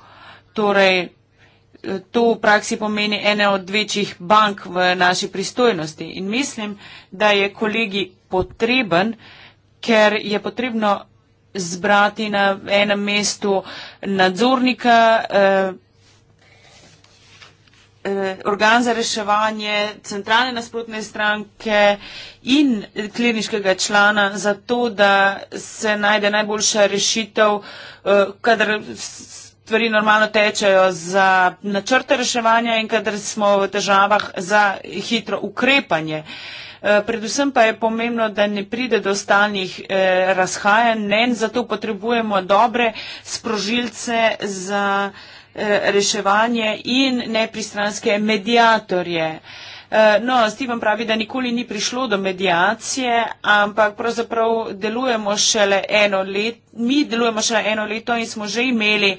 Torej, eh, to v praksi pomeni ene od večjih bank v naši pristojnosti. In mislim, da je kolegi potreben, ker je potrebno zbrati na enem mestu nadzornika. Eh, Eh, organ za reševanje centralne nasprotne stranke in kliniškega člana za to, da se najde najboljša rešitev, eh, kadar stvari normalno tečejo za načrte reševanja in kadar smo v državah za hitro ukrepanje. Eh, predvsem pa je pomembno, da ne pride do stalnih razhajanj, ne, zato potrebujemo dobre sprožilce za reševanje Eh, reševanje in nepristranske medijatorje. Eh, no, Steven pravi, da nikoli ni prišlo do medijacije, ampak pravzaprav delujemo šele eno leto. Mi delujemo še eno leto in smo že imeli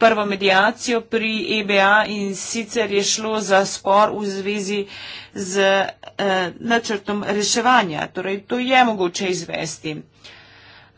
prvo medijacijo pri EBA in sicer je šlo za spor v zvezi z eh, načrtom reševanja. Torej, to je mogoče izvesti.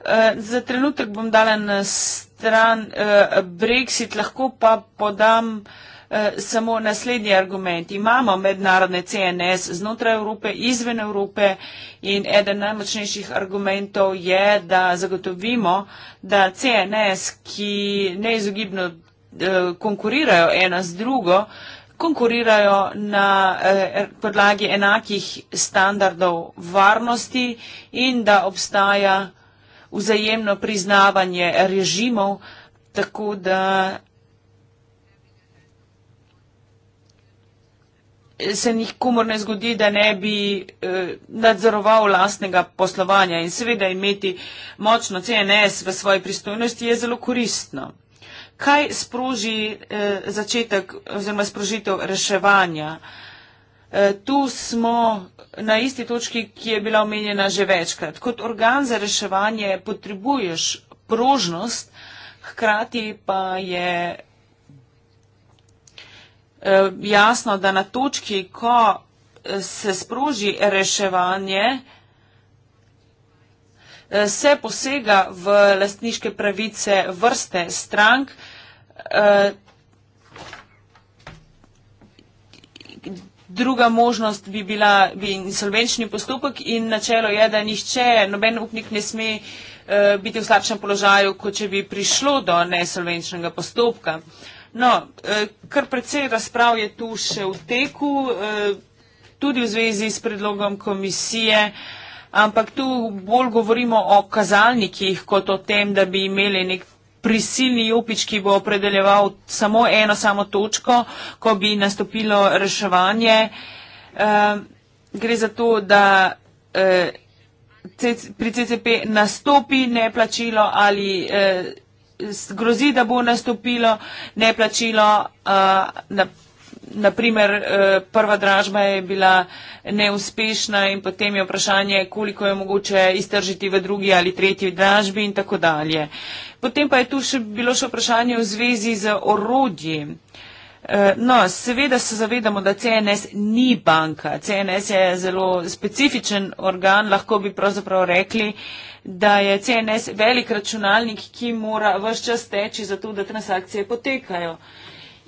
Eh, za trenutek bom dala na stran stran eh, Brexit, lahko pa podam eh, samo naslednji argument. Imamo mednarodne CNS znotraj Evrope, izven Evrope in eden najmočnejših argumentov je, da zagotovimo, da CNS, ki neizogibno eh, konkurirajo ena z drugo, konkurirajo na eh, podlagi enakih standardov varnosti in da obstaja vzajemno priznavanje režimov, tako da se nikomor ne zgodi, da ne bi eh, nadzoroval lastnega poslovanja in seveda imeti močno CNS v svoji pristojnosti je zelo koristno. Kaj sproži eh, začetek oziroma sprožitev reševanja? Eh, tu smo na isti točki, ki je bila omenjena že večkrat. Kot organ za reševanje potrebuješ prožnost, hkrati pa je eh, jasno, da na točki, ko eh, se sproži reševanje, se posega v lastniške pravice vrste strank. Druga možnost bi bila bi insolvenčni postopek in načelo je, da nihče, noben upnik ne sme eh, biti v slabšem položaju, kot če bi prišlo do nesolvenčnega postopka. No, eh, kar precej razprav je tu še v teku, eh, tudi v zvezi s predlogom komisije, ampak tu bolj govorimo o kazalnikih, kot o tem, da bi imeli nek prisilni jopič, ki bo opredeljeval samo eno samo točko, ko bi nastopilo reševanje. Uh, gre za to, da uh, pri CCP nastopi neplačilo ali uh, grozi, da bo nastopilo neplačilo. Uh, na, naprimer eh, prva dražba je bila neuspešna in potem je vprašanje, koliko je mogoče iztržiti v drugi ali tretji dražbi in tako dalje. Potem pa je tu še bilo še vprašanje v zvezi z orodji. Eh, no, seveda se zavedamo, da CNS ni banka. CNS je zelo specifičen organ, lahko bi pravzaprav rekli, da je CNS velik računalnik, ki mora vse čas teči za to, da transakcije potekajo.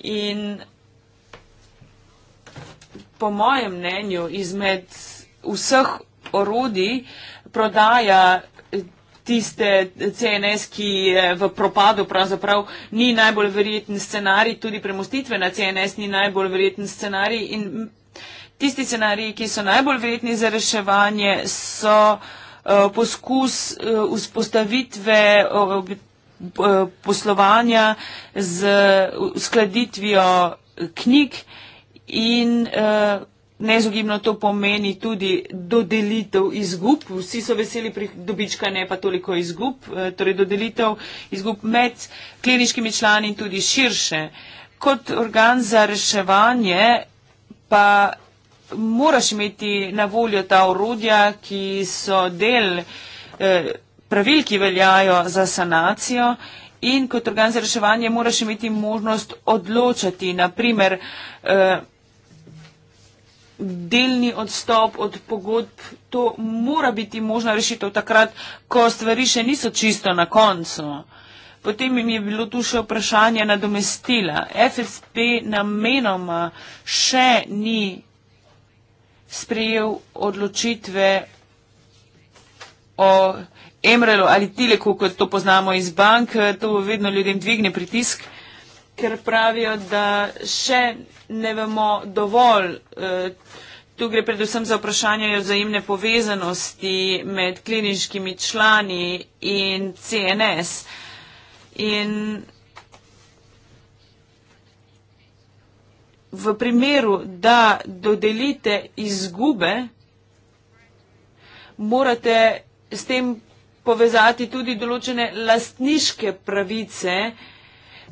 In po mojem mnenju, izmed vseh orodij prodaja eh, tiste CNS, ki je v propadu, pravzaprav ni najbolj verjeten scenarij, tudi premustitve na CNS ni najbolj verjeten scenarij in tisti scenariji, ki so najbolj verjetni za reševanje, so eh, poskus eh, vzpostavitve poslovanja z uskladitvijo knjig, in uh, eh, nezogibno to pomeni tudi dodelitev izgub. Vsi so veseli pri dobička, ne pa toliko izgub, uh, torej dodelitev izgub med kliničkimi člani in tudi širše. Kot organ za reševanje pa moraš imeti na voljo ta orodja, ki so del eh, pravil, ki veljajo za sanacijo in kot organ za reševanje moraš imeti možnost odločati, naprimer, delni odstop od pogodb, to mora biti možna rešitev takrat, ko stvari še niso čisto na koncu. Potem jim je bilo tu še vprašanje nadomestila. FSP namenoma še ni sprejel odločitve o Emrelu ali Tileku, kot to poznamo iz bank. To vedno ljudem dvigne pritisk ker pravijo, da še ne vemo dovolj. E, tu gre predvsem za vprašanje o vzajemne povezanosti med kliničkimi člani in CNS. In v primeru, da dodelite izgube, morate s tem povezati tudi določene lastniške pravice,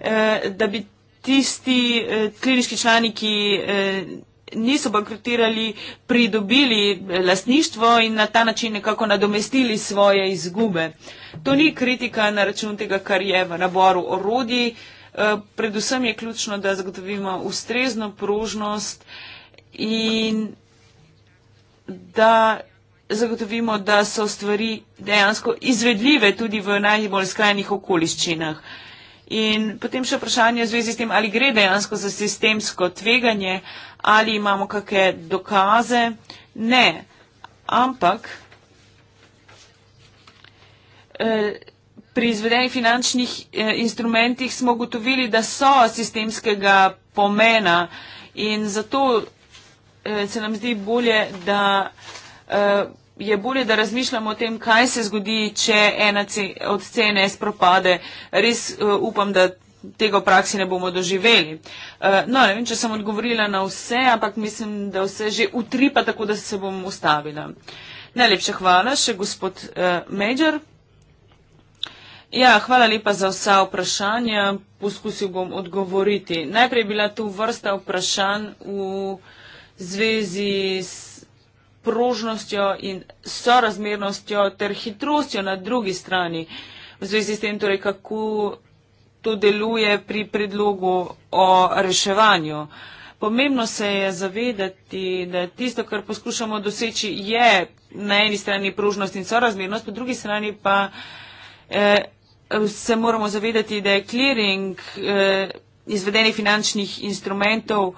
Eh, da bi tisti eh, klinički člani, ki eh, niso bankrotirali, pridobili lastništvo in na ta način nekako nadomestili svoje izgube. To ni kritika na račun tega, kar je v naboru orodij. Predvsem je ključno, da zagotovimo ustrezno prožnost in da zagotovimo, da so stvari dejansko izvedljive tudi v najbolj skrajnih okoliščinah. Uh, In potem še vprašanje v zvezi s tem, ali gre dejansko za sistemsko tveganje, ali imamo kakšne dokaze. Ne, ampak eh, pri izvedenih finančnih eh, instrumentih smo gotovili, da so sistemskega pomena in zato eh, se nam zdi bolje, da je bolje, da razmišljamo o tem, kaj se zgodi, če ena od CNS propade. Res uh, upam, da tega v praksi ne bomo doživeli. Uh, no, ne vem, če sem odgovorila na vse, ampak mislim, da vse že utripa, tako da se bom ustavila. Najlepša hvala še gospod uh, Major. Ja, hvala lepa za vsa vprašanja. Poskusil bom odgovoriti. Najprej je bila tu vrsta vprašanj v zvezi s prožnostjo in sorazmernostjo ter hitrostjo na drugi strani. V zvezi s tem, torej, kako to deluje pri predlogu o reševanju. Pomembno se je zavedati, da tisto, kar poskušamo doseči, je na eni strani prožnost in sorazmernost, po drugi strani pa eh, se moramo zavedati, da je clearing eh, izvedenih finančnih instrumentov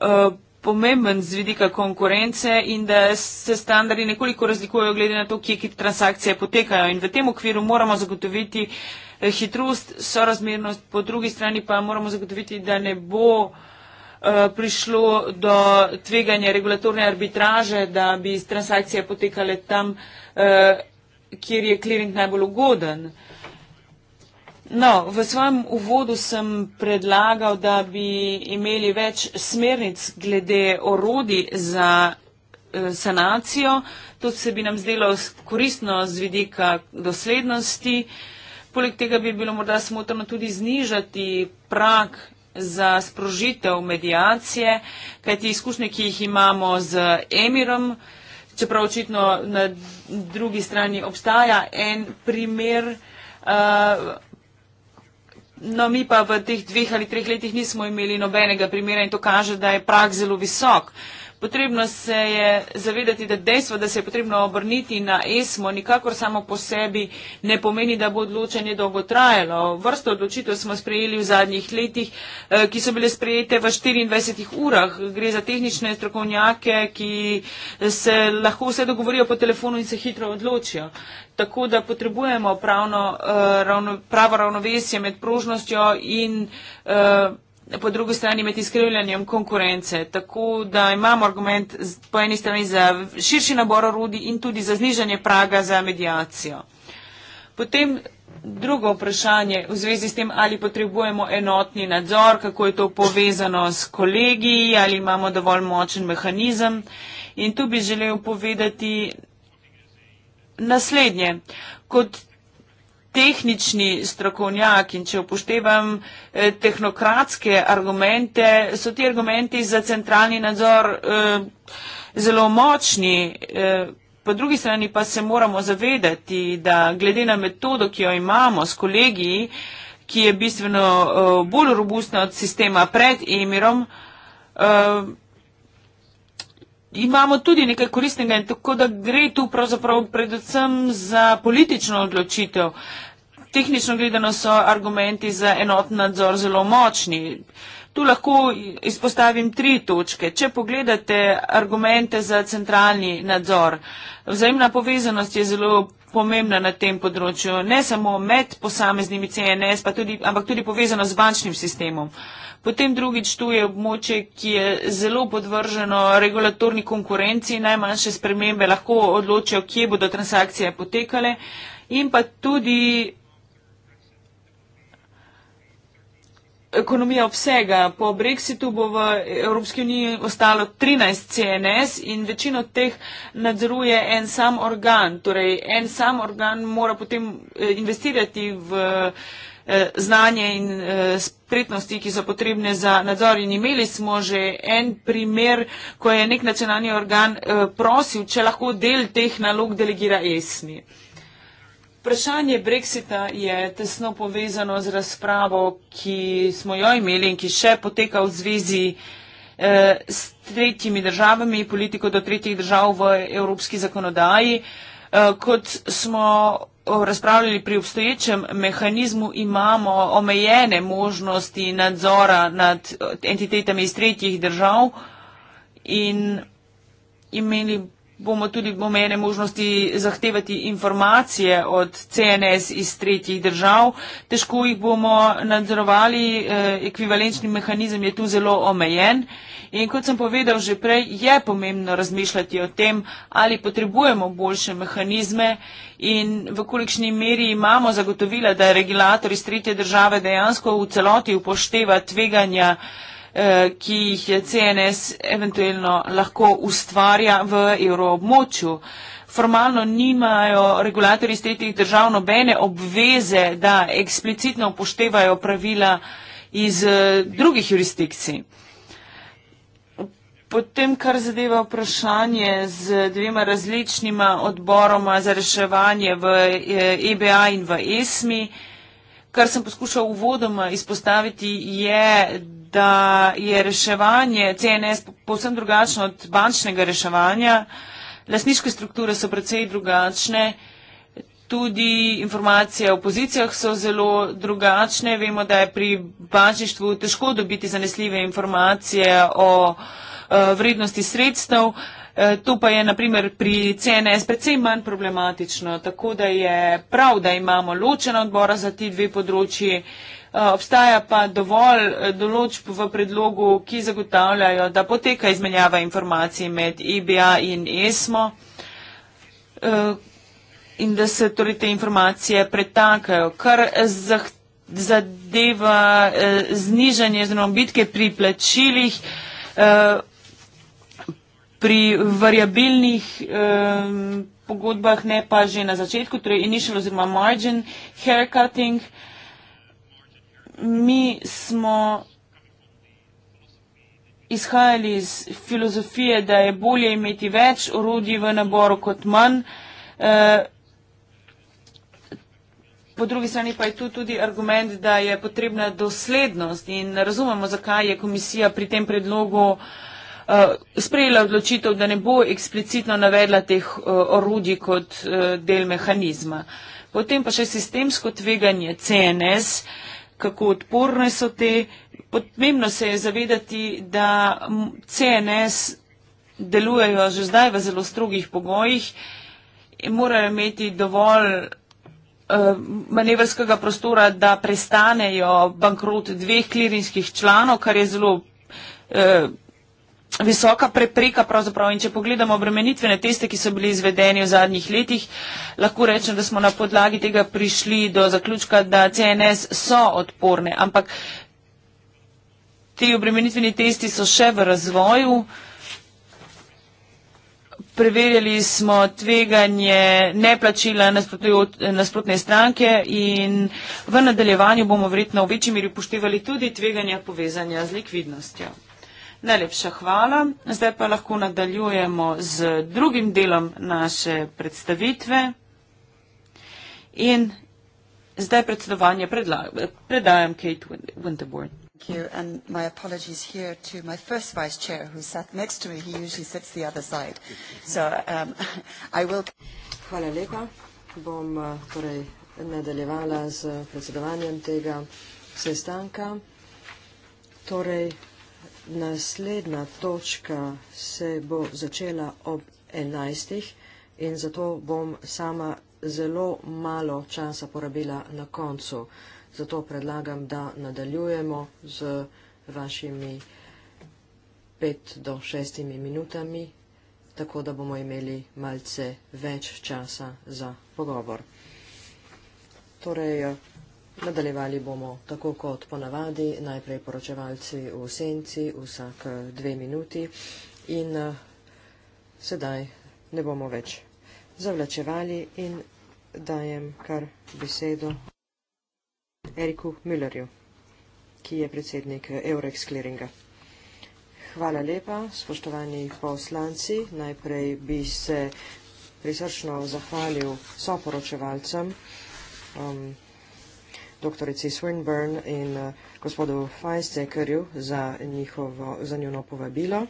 eh, pomemben z vidika konkurence in da se standardi nekoliko razlikujejo glede na to, kje transakcije potekajo. In v tem okviru moramo zagotoviti eh, hitrost, sorazmernost, po drugi strani pa moramo zagotoviti, da ne bo eh, prišlo do tveganja regulatorne arbitraže, da bi transakcije potekale tam, eh, kjer je kliring najbolj ugoden. No, v svojem uvodu sem predlagal, da bi imeli več smernic glede orodi za eh, sanacijo. To se bi nam zdelo koristno z vidika doslednosti. Poleg tega bi bilo morda smotrno tudi znižati prak za sprožitev medijacije, kajti izkušnje, ki jih imamo z Emirom, čeprav očitno na drugi strani obstaja en primer, uh, No, mi pa v teh dveh ali treh letih nismo imeli nobenega primera in to kaže, da je prak zelo visok. Potrebno se je zavedati, da dejstvo, da se je potrebno obrniti na ESMO, nikakor samo po sebi ne pomeni, da bo odločanje dolgo trajalo. Vrsto odločitev smo sprejeli v zadnjih letih, eh, ki so bile sprejete v 24 urah. Gre za tehnične strokovnjake, ki eh, se lahko vse dogovorijo po telefonu in se hitro odločijo. Tako da potrebujemo pravno, eh, pravo ravnovesje med prožnostjo in po drugi strani med izkrivljanjem konkurence. Tako da imamo argument po eni strani za širši nabor orodij in tudi za znižanje praga za medijacijo. Potem drugo vprašanje v zvezi s tem, ali potrebujemo enotni nadzor, kako je to povezano s kolegi, ali imamo dovolj močen mehanizem. In tu bi želel povedati naslednje. Kot tehnični strokovnjak in če upoštevam eh, tehnokratske argumente, so ti argumenti za centralni nadzor eh, zelo močni. Eh, Po drugi strani pa se moramo zavedati, da glede na metodo, ki jo imamo s kolegi, ki je bistveno eh, bolj robustna od sistema pred emirom, eh, imamo tudi nekaj koristnega in tako da gre tu pravzaprav predvsem za politično odločitev. Tehnično gledano so argumenti za enotni nadzor zelo močni. Tu lahko izpostavim tri točke. Če pogledate argumente za centralni nadzor, vzajemna povezanost je zelo pomembna na tem področju, ne samo med posameznimi CNS, tudi, ampak tudi povezano z bančnim sistemom. Potem drugič tu je območje, ki je zelo podvrženo regulatorni konkurenci, najmanjše spremembe lahko odločijo, kje bodo transakcije potekale. In pa tudi ekonomija obsega. Po Brexitu bo v Evropski uniji ostalo 13 CNS in večino teh nadzoruje en sam organ. Torej, en sam organ mora potem eh, investirati v eh, znanje in eh, spretnosti, ki so potrebne za nadzor. In imeli smo že en primer, ko je nek nacionalni organ prosil, če lahko del teh nalog delegira ESNI. Vprašanje brexita je tesno povezano z razpravo, ki smo jo imeli in ki še poteka v zvezi eh, s tretjimi državami, politiko do tretjih držav v evropski zakonodaji. Eh, kot smo razpravljali pri obstoječem mehanizmu, imamo omejene možnosti nadzora nad eh, entitetami iz tretjih držav in imeli bomo tudi v mene možnosti zahtevati informacije od CNS iz tretjih držav. Težko jih bomo nadzorovali, eh, ekvivalenčni mehanizem je tu zelo omejen. In kot sem povedal že prej, je pomembno razmišljati o tem, ali potrebujemo boljše mehanizme in v kolikšni meri imamo zagotovila, da je regulator iz tretje države dejansko v celoti upošteva tveganja. Eh, ki jih je CNS eventualno lahko ustvarja v evroobmočju. Formalno nimajo regulatori iz tretjih držav nobene obveze, da eksplicitno upoštevajo pravila iz eh, drugih jurisdikcij. Potem, kar zadeva vprašanje z dvema različnima odboroma za reševanje v EBA eh, e in v ESMI, kar sem poskušal uvodoma izpostaviti, je, da je reševanje CNS povsem drugačno od bančnega reševanja. Lasniške strukture so precej drugačne, tudi informacije o pozicijah so zelo drugačne. Vemo, da je pri bančništvu težko dobiti zanesljive informacije o eh, vrednosti sredstev. Eh, to pa je naprimer pri CNS precej manj problematično, tako da je prav, da imamo ločena odbora za ti dve področji. Eh, obstaja pa dovolj eh, določb v predlogu, ki zagotavljajo, da poteka izmenjava informacij med IBA e in ESMO eh, in da se torej te informacije pretakajo, kar zadeva znižanje oziroma bitke pri plačilih, pri variabilnih pogodbah, ne pa že na začetku, torej initial oziroma margin haircutting. cutting mi smo izhajali iz filozofije, da je bolje imeti več orodij v naboru kot manj. E, po drugi strani pa je tu tudi argument, da je potrebna doslednost in razumemo, zakaj je komisija pri tem predlogu e, sprejela odločitev, da ne bo eksplicitno navedla teh e, orodij kot del mehanizma. Potem pa še sistemsko tveganje CNS. Uh, kako odporne so te. Pomembno se je zavedati, da CNS delujejo že zdaj v zelo strogih pogojih in morajo imeti dovolj eh, manevrskega prostora, da prestanejo bankrot dveh klirinskih članov, kar je zelo eh, visoka prepreka pravzaprav in če pogledamo obremenitvene teste, ki so bili izvedeni v zadnjih letih, lahko rečem, da smo na podlagi tega prišli do zaključka, da CNS so odporne, ampak te obremenitveni testi so še v razvoju. Preverjali smo tveganje neplačila nasprotne stranke in v nadaljevanju bomo verjetno v večji meri upoštevali tudi tveganja povezanja z likvidnostjo. Najlepša hvala. Zdaj pa lahko nadaljujemo z drugim delom naše predstavitve. In zdaj predsedovanje predajam Kate Winterborne. Thank you, and my apologies here to my first vice chair who sat next to me. He usually sits the other side. So um, (laughs) I will. Hvala lepa. Bom uh, torej nadaljevala z predsedovanjem tega sestanka. Torej, Naslednja točka se bo začela ob 11. in zato bom sama zelo malo časa porabila na koncu. Zato predlagam, da nadaljujemo z vašimi 5 do 6 minutami, tako da bomo imeli malce več časa za pogovor. Torej, Nadaljevali bomo tako kot ponavadi, najprej poročevalci v senci vsak eh, dve minuti in eh, sedaj ne bomo več zavlačevali in dajem kar besedo Eriku Müllerju, ki je predsednik eh, Eurex Clearinga. Hvala lepa, spoštovani poslanci. Najprej bi se prisrčno zahvalil soporočevalcem, um, doktorici Swinburne in eh, gospodu Feistekerju za, njihovo, za njeno povabilo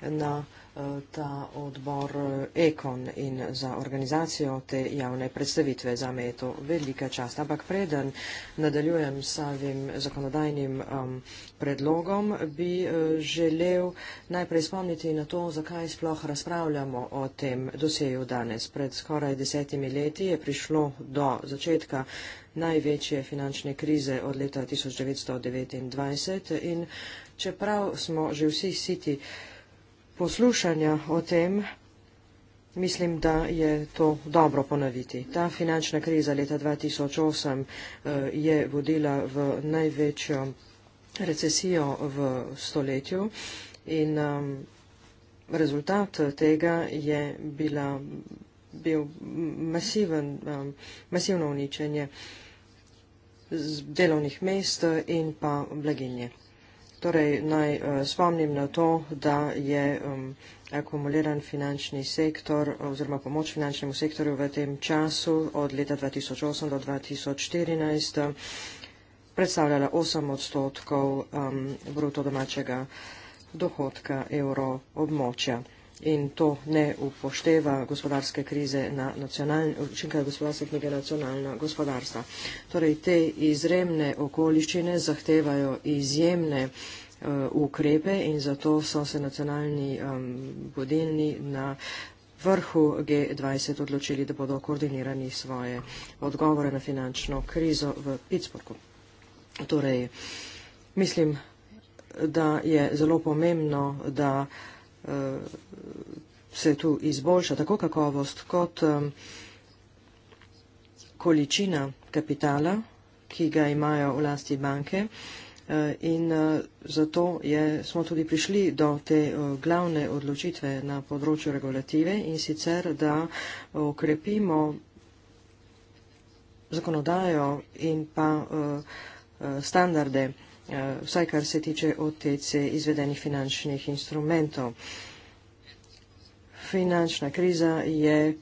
na Eh, ta odbor eh, Ekon in za organizacijo te javne predstavitve. Za me je to velika čast. Ampak preden nadaljujem s samim zakonodajnim um, predlogom, bi uh, želel najprej spomniti na to, zakaj sploh razpravljamo o tem doseju danes. Pred skoraj desetimi leti je prišlo do začetka največje finančne krize od leta 1929 in čeprav smo že vsi siti poslušanja o tem, mislim, da je to dobro ponoviti. Ta finančna kriza leta 2008 eh, je vodila v največjo recesijo v stoletju in um, rezultat tega je bila, bil masiven, um, masivno uničenje delovnih mest in pa blaginje. Torej, naj uh, spomnim na to, da je um, akumuliran finančni sektor oziroma pomoč finančnemu sektorju v tem času od leta 2008 do 2014 eh, predstavljala 8 odstotkov um, bruto domačega dohodka evroobmočja in to ne upošteva gospodarske krize na učinka gospodarske knjige nacionalna gospodarstva. Torej, te izremne okoliščine zahtevajo izjemne uh, ukrepe in zato so se nacionalni um, vodilni um, na vrhu G20 odločili, da bodo koordinirani svoje odgovore na finančno krizo v Pittsburghu. Torej, mislim, da je zelo pomembno, da uh, Eh, se tu izboljša tako kakovost kot eh, količina kapitala, ki ga imajo v lasti banke. Eh, in zato je, smo tudi prišli do te glavne odločitve na področju regulative in sicer, da okrepimo zakonodajo in pa standarde Eh, vsaj kar se tiče OTC izvedenih finančnih instrumentov. Finančna kriza je eh,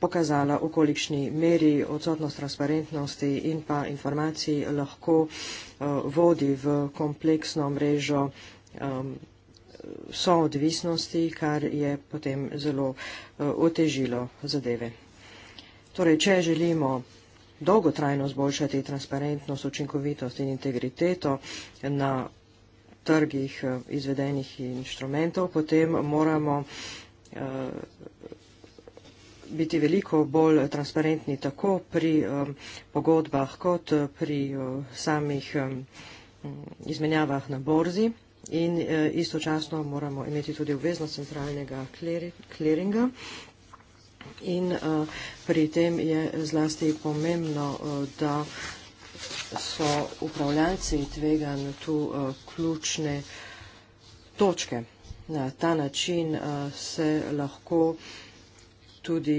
pokazala, v kolikšni meri odsotnost transparentnosti in pa informacij lahko eh, vodi v kompleksno mrežo soodvisnosti, kar je potem zelo otežilo zadeve. Torej, če želimo dolgotrajno zboljšati transparentnost, učinkovitost in integriteto na trgih eh, izvedenih inštrumentov, potem moramo eh, biti veliko bolj transparentni tako pri eh, pogodbah kot pri samih izmenjavah na borzi in istočasno moramo imeti tudi obveznost centralnega kleringa, In uh, pri tem je zlasti pomembno, uh, da so upravljalci tvegan tu uh, ključne točke. Na ta način uh, se lahko tudi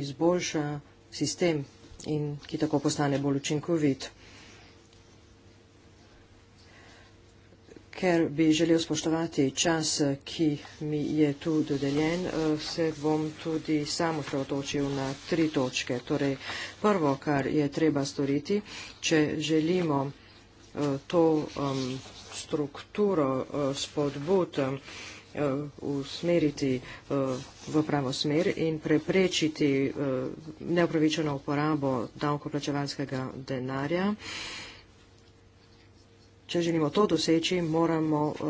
izboljša sistem, in, ki tako postane bolj učinkovit. Ker bi želel spoštovati čas, ki mi je tu dodeljen, eh, se bom tudi sam osredotočil na tri točke. Torej, prvo, kar je treba storiti, če želimo eh, to strukturo eh, spodbud usmeriti v pravo smer in preprečiti neupravičeno uporabo davkoplačevalskega denarja, če želimo to doseči, moramo eh,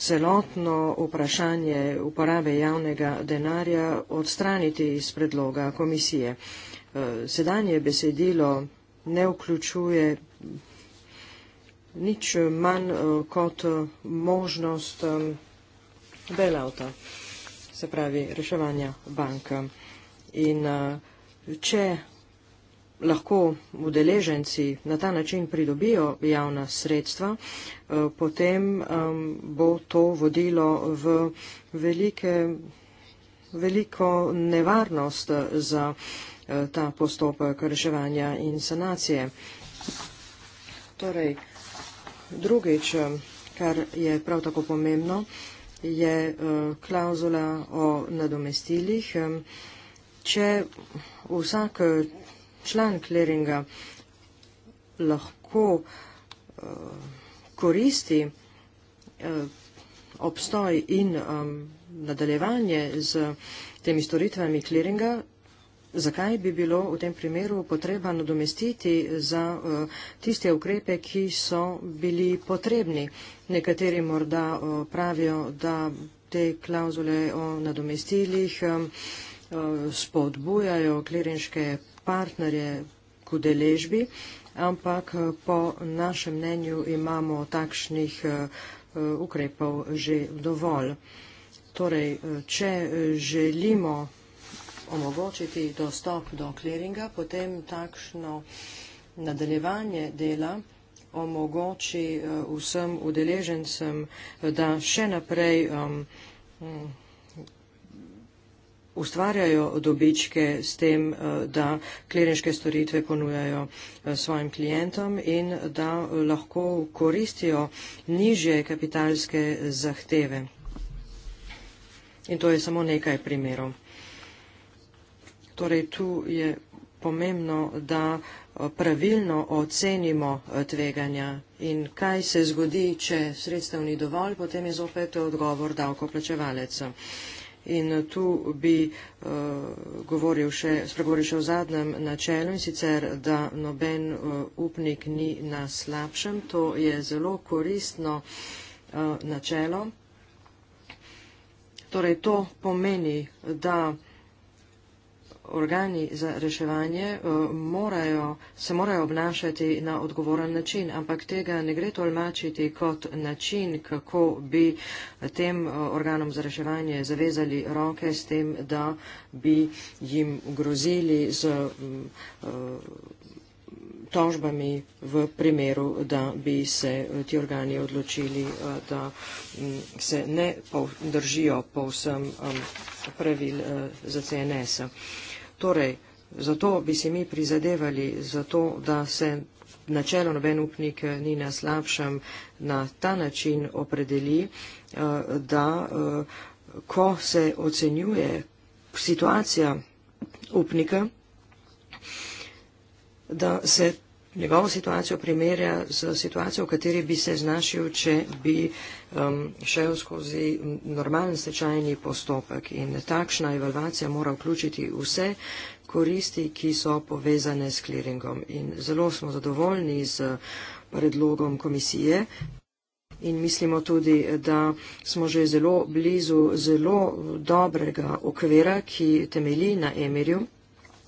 celotno vprašanje uporabe javnega denarja odstraniti iz predloga komisije. Eh, sedanje besedilo ne vključuje nič manj eh, kot možnost bailouta, se pravi reševanja banka. In če lahko udeleženci na ta način pridobijo javna sredstva, eh, potem bo to vodilo v velike, veliko nevarnost za eh, ta postopek reševanja in sanacije. Torej, drugič, kar je prav tako pomembno, je eh, klauzula o nadomestilih. Če vsak član kleringa lahko eh, koristi eh, obstoj in ehm, nadaljevanje z temi storitvami kleringa, zakaj bi bilo v tem primeru potreba nadomestiti za eh, tiste ukrepe, ki so bili potrebni. Nekateri morda pravijo, da te klauzule o nadomestilih ehm, spodbujajo klerinške partnerje k udeležbi, ampak eh, po našem mnenju imamo takšnih eh, eh, ukrepov že dovolj. Torej, če želimo omogočiti dostop do kliringa, potem takšno nadaljevanje dela omogoči vsem udeležencem, da še naprej um, ustvarjajo dobičke s tem, eh, da klirinške storitve ponujajo eh, svojim klientom in da eh, lahko koristijo nižje kapitalske zahteve. In to je samo nekaj primerov. Torej, tu je pomembno, da pravilno ocenimo tveganja in kaj se zgodi, če sredstev ni dovolj, potem je zopet odgovor davkoplačevalec in tu bi eh, spregovoril še, še o zadnjem načelu in sicer, da noben eh, upnik ni na slabšem. To je zelo koristno eh, načelo. Torej, to pomeni, da organi za reševanje eh, morajo, se morajo obnašati na odgovoren način, ampak tega ne gre tolmačiti kot način, kako bi tem eh, organom za reševanje zavezali roke s tem, da bi jim grozili z mm, eh, tožbami v primeru, da bi se ti organi odločili, da mm, se ne držijo povsem mm, pravil za CNS. -a. Torej, zato bi se mi prizadevali, zato da se načelo noben upnik eh, ni na slabšem na ta način opredeli, eh, da eh, ko se ocenjuje situacija upnika, da se njegovo situacijo primerja z situacijo, v kateri bi se znašil, če bi um, šel skozi normalen stečajni postopek. In takšna evalvacija mora vključiti vse koristi, ki so povezane s kliringom. In zelo smo zadovoljni z predlogom komisije. In mislimo tudi, da smo že zelo blizu zelo dobrega okvira, ki temelji na emirju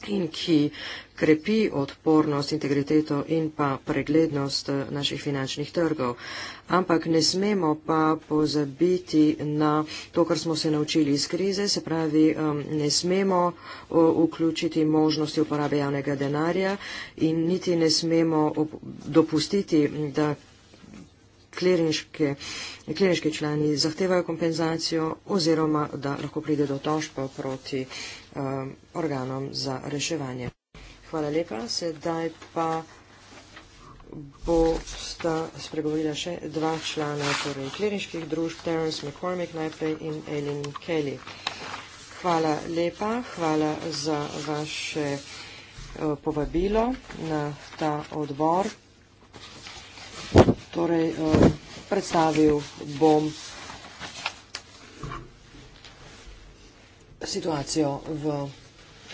in ki krepi odpornost, integriteto in pa preglednost eh, naših finančnih trgov. Ampak ne smemo pa pozabiti na to, kar smo se naučili iz krize, se pravi, ne smemo vključiti možnosti uporabe javnega denarja in niti ne smemo dopustiti, da kliniški člani zahtevajo kompenzacijo oziroma da lahko pride do tožb proti. Um, organom za reševanje. Hvala lepa, sedaj pa bo sta spregovorila še dva člana torej kliniških družb, Terence McCormick najprej in Ellen Kelly. Hvala lepa, hvala za vaše uh, povabilo na ta odbor. Torej, uh, predstavil bom situacijo v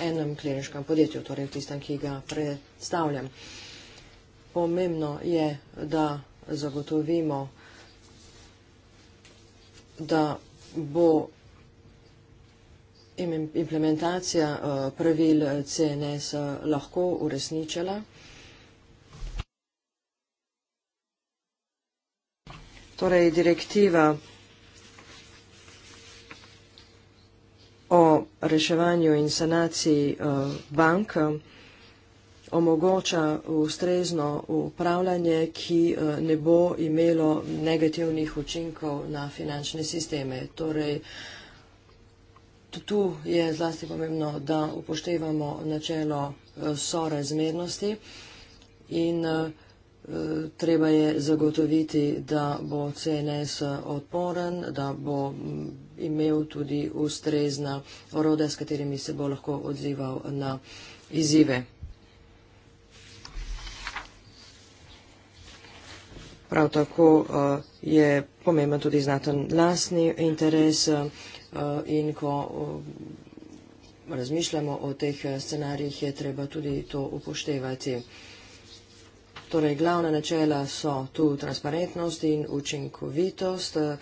enem kliniškem podjetju, torej v tistem, ki ga predstavljam. Pomembno je, da zagotovimo, da bo implementacija eh, pravil CNS eh, lahko uresničila. Torej, direktiva o reševanju in sanaciji eh, bank eh, omogoča ustrezno upravljanje, ki eh, ne bo imelo negativnih učinkov na finančne sisteme. Torej, tu je zlasti pomembno, da upoštevamo načelo sorazmernosti in treba je zagotoviti, da bo CNS odporen, da bo imel tudi ustrezna orodja, s katerimi se bo lahko odzival na izzive. Prav tako uh, je pomemben tudi znaten lastni interes uh, in ko uh, razmišljamo o teh scenarijih, je treba tudi to upoštevati. Torej, glavna načela so tu transparentnost in učinkovitost. Uh,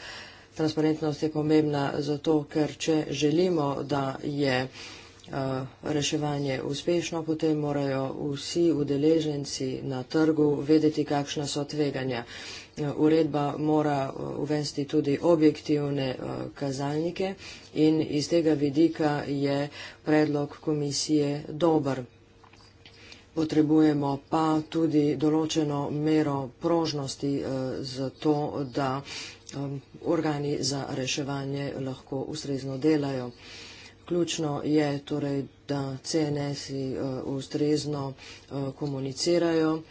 Transparentnost je pomembna zato, ker če želimo, da je eh, reševanje uspešno, potem morajo vsi udeleženci na trgu vedeti, kakšna so tveganja. Eh, uredba mora eh, uvesti tudi objektivne kazalnike in iz tega vidika je predlog komisije dober. Potrebujemo pa tudi določeno mero prožnosti za to, da organi za reševanje lahko ustrezno delajo. Ključno je torej, da CNS-i eh, ustrezno eh, komunicirajo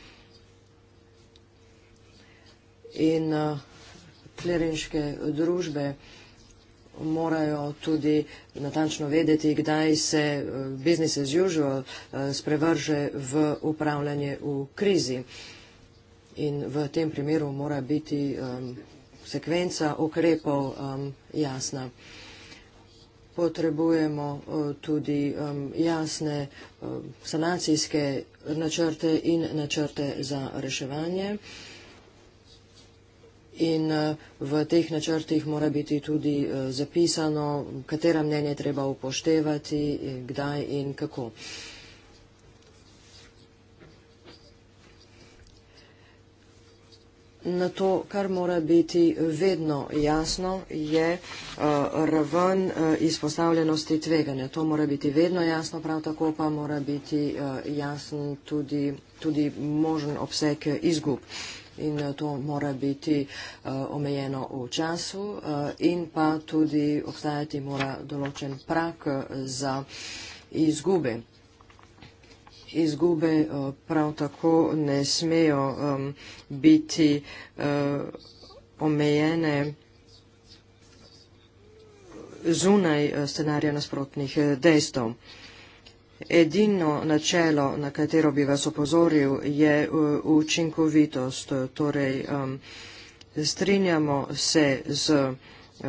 in eh, klerinške družbe morajo tudi natančno vedeti, kdaj se business as usual sprevrže v upravljanje v krizi. In v tem primeru mora biti um, sekvenca okrepov um, jasna. Potrebujemo uh, tudi um, jasne uh, sanacijske načrte in načrte za reševanje. In uh, v teh načrtih mora biti tudi uh, zapisano, katera mnenje treba upoštevati, kdaj in kako. na to, kar mora biti vedno jasno, je uh, raven uh, izpostavljenosti tveganja. To mora biti vedno jasno, prav tako pa mora biti uh, jasen tudi, tudi možen obseg izgub. In to mora biti uh, omejeno v času uh, in pa tudi obstajati mora določen prak za izgube izgube eh, prav tako ne smejo um, biti uh, omejene zunaj eh, scenarija nasprotnih dejstev. Edino načelo, na katero bi vas opozoril, je učinkovitost, torej um, strinjamo se z. Eh,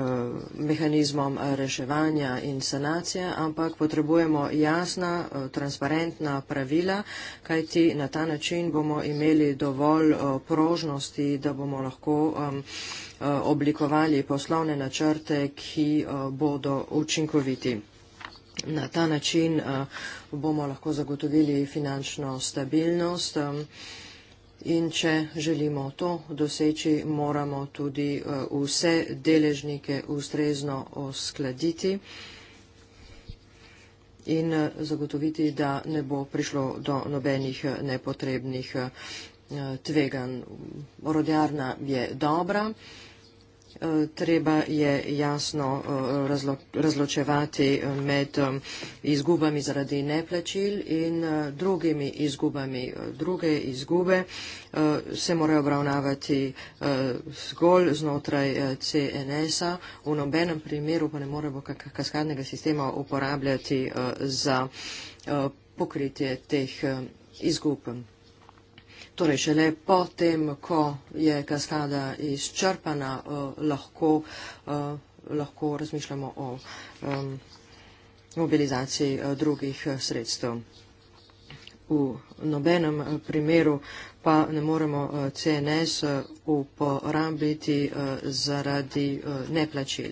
mehanizmom eh, reševanja in sanacije, ampak potrebujemo jasna, eh, transparentna pravila, kajti na ta način bomo imeli dovolj prožnosti, da bomo lahko oblikovali poslovne načrte, ki bodo učinkoviti. Na ta način bomo lahko zagotovili finančno stabilnost. In če želimo to doseči, moramo tudi eh, vse deležnike ustrezno oskladiti in eh, zagotoviti, da ne bo prišlo do nobenih eh, nepotrebnih tveganj. Orodjarna je dobra. Eh, treba je jasno eh, razlo, razločevati eh, med izgubami zaradi neplačil in drugimi izgubami. Druge izgube se morajo obravnavati zgolj znotraj CNS-a, v nobenem primeru pa ne moremo kaskadnega sistema uporabljati za pokritje teh izgub. Torej, šele potem, ko je kaskada izčrpana, eh, lahko, eh, lahko razmišljamo o mobilizaciji eh, drugih sredstev. V nobenem primeru pa ne moremo CNS uporabiti zaradi neplačil.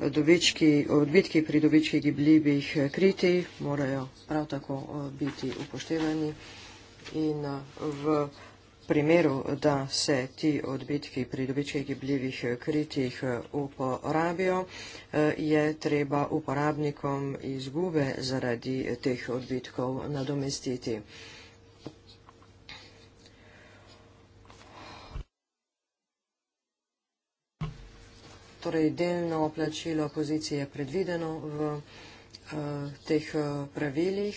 dobički, odbitki pri dobički gibljivih kriti morajo prav tako eh, biti upoštevani in eh, v primeru, da se ti odbitki pri dobičkih gibljivih kritih eh, uporabijo, je treba uporabnikom izgube zaradi teh odbitkov nadomestiti. torej delno plačilo pozicije predvideno v eh, teh eh, pravilih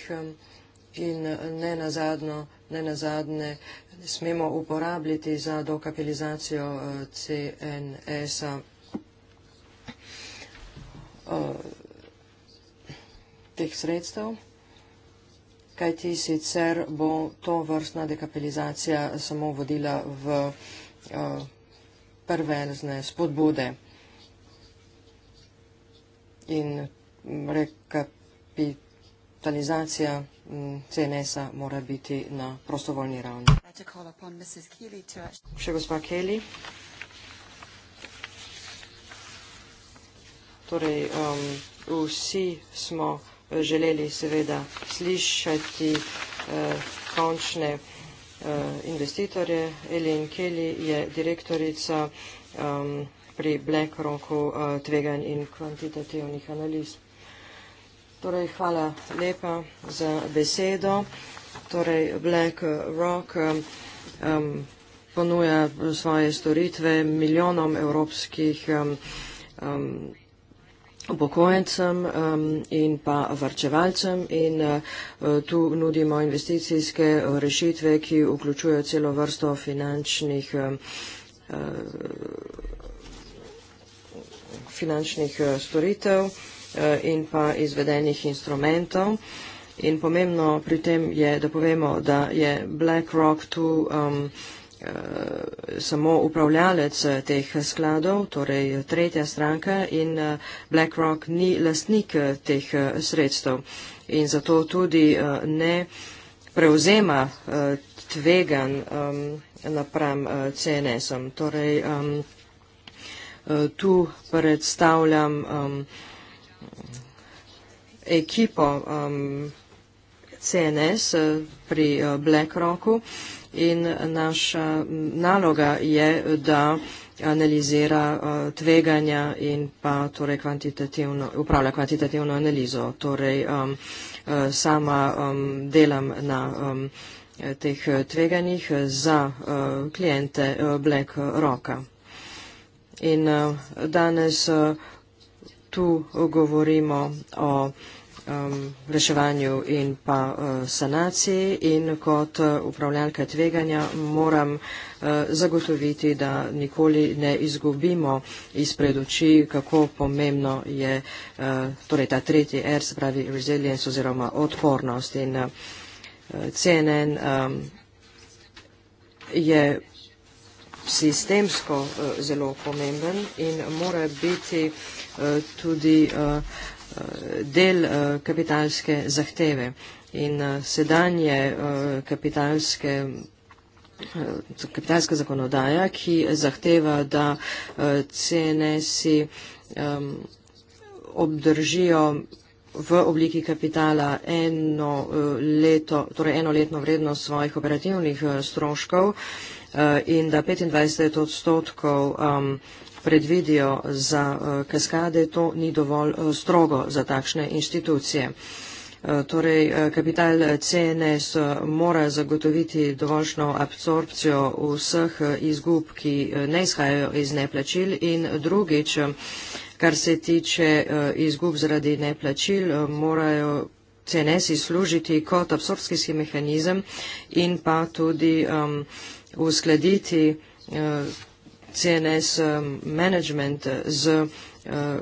in ne nazadne smemo uporabljati za dokapilizacijo eh, CNS-a teh sredstev, kajti sicer bo to vrstna dekapilizacija samo vodila v prvenzne spodbude in rekapitalizacija mm, CNS-a mora biti na prostovoljni ravni. Še gospa Kelly. Torej, um, vsi smo želeli seveda slišati uh, končne uh, investitorje. Elin Kelly je direktorica um, pri BlackRocku eh, tveganj in kvantitativnih analiz. Torej, hvala lepa za besedo. Torej, BlackRock um, eh, ponuja svoje storitve milijonom evropskih um, upokojencem um, in pa varčevalcem in uh, tu nudimo investicijske rešitve, ki vključujejo celo vrsto finančnih um, uh, finančnih eh, storitev eh, in pa izvedenih instrumentov. In pomembno pri tem je, da povemo, da je BlackRock tu um, eh, samo upravljalec teh skladov, torej tretja stranka in BlackRock ni lastnik teh sredstev in zato tudi ne prevzema tvegan um, napram CNS-om. Torej, um, Eh, tu predstavljam um, ekipo um, CNS eh, pri eh, BlackRocku in naša naloga je, da analizira tveganja in pa torej kvantitativno, upravlja kvantitativno analizo. Torej, um, sama um, delam na um, teh tveganjih za uh, klijente BlackRocka in eh, danes eh, tu govorimo o reševanju in pa eh, sanaciji in kot upravljalka tveganja moram zagotoviti, da nikoli ne izgubimo izpred oči, kako pomembno je torej ta tretji R, se pravi resilience oziroma odpornost in CNN je sistemsko eh, zelo pomemben in mora biti eh, tudi eh, del kapitalske zahteve. In sedanje kapitalske kapitalska zakonodaja, ki zahteva, da cene si obdržijo v obliki kapitala eno leto, torej eno letno vrednost svojih operativnih stroškov, Eh, in da 25 odstotkov um, predvidijo za uh, kaskade, to ni dovolj uh, strogo za takšne institucije. Torej, kapital CNS mora zagotoviti dovoljšno absorpcijo vseh izgub, ki ne izhajajo iz neplačil in drugič, kar se tiče izgub zaradi neplačil, morajo CNS izslužiti kot absorpcijski mehanizem in pa tudi um, uskladiti eh, cene s eh, management z eh,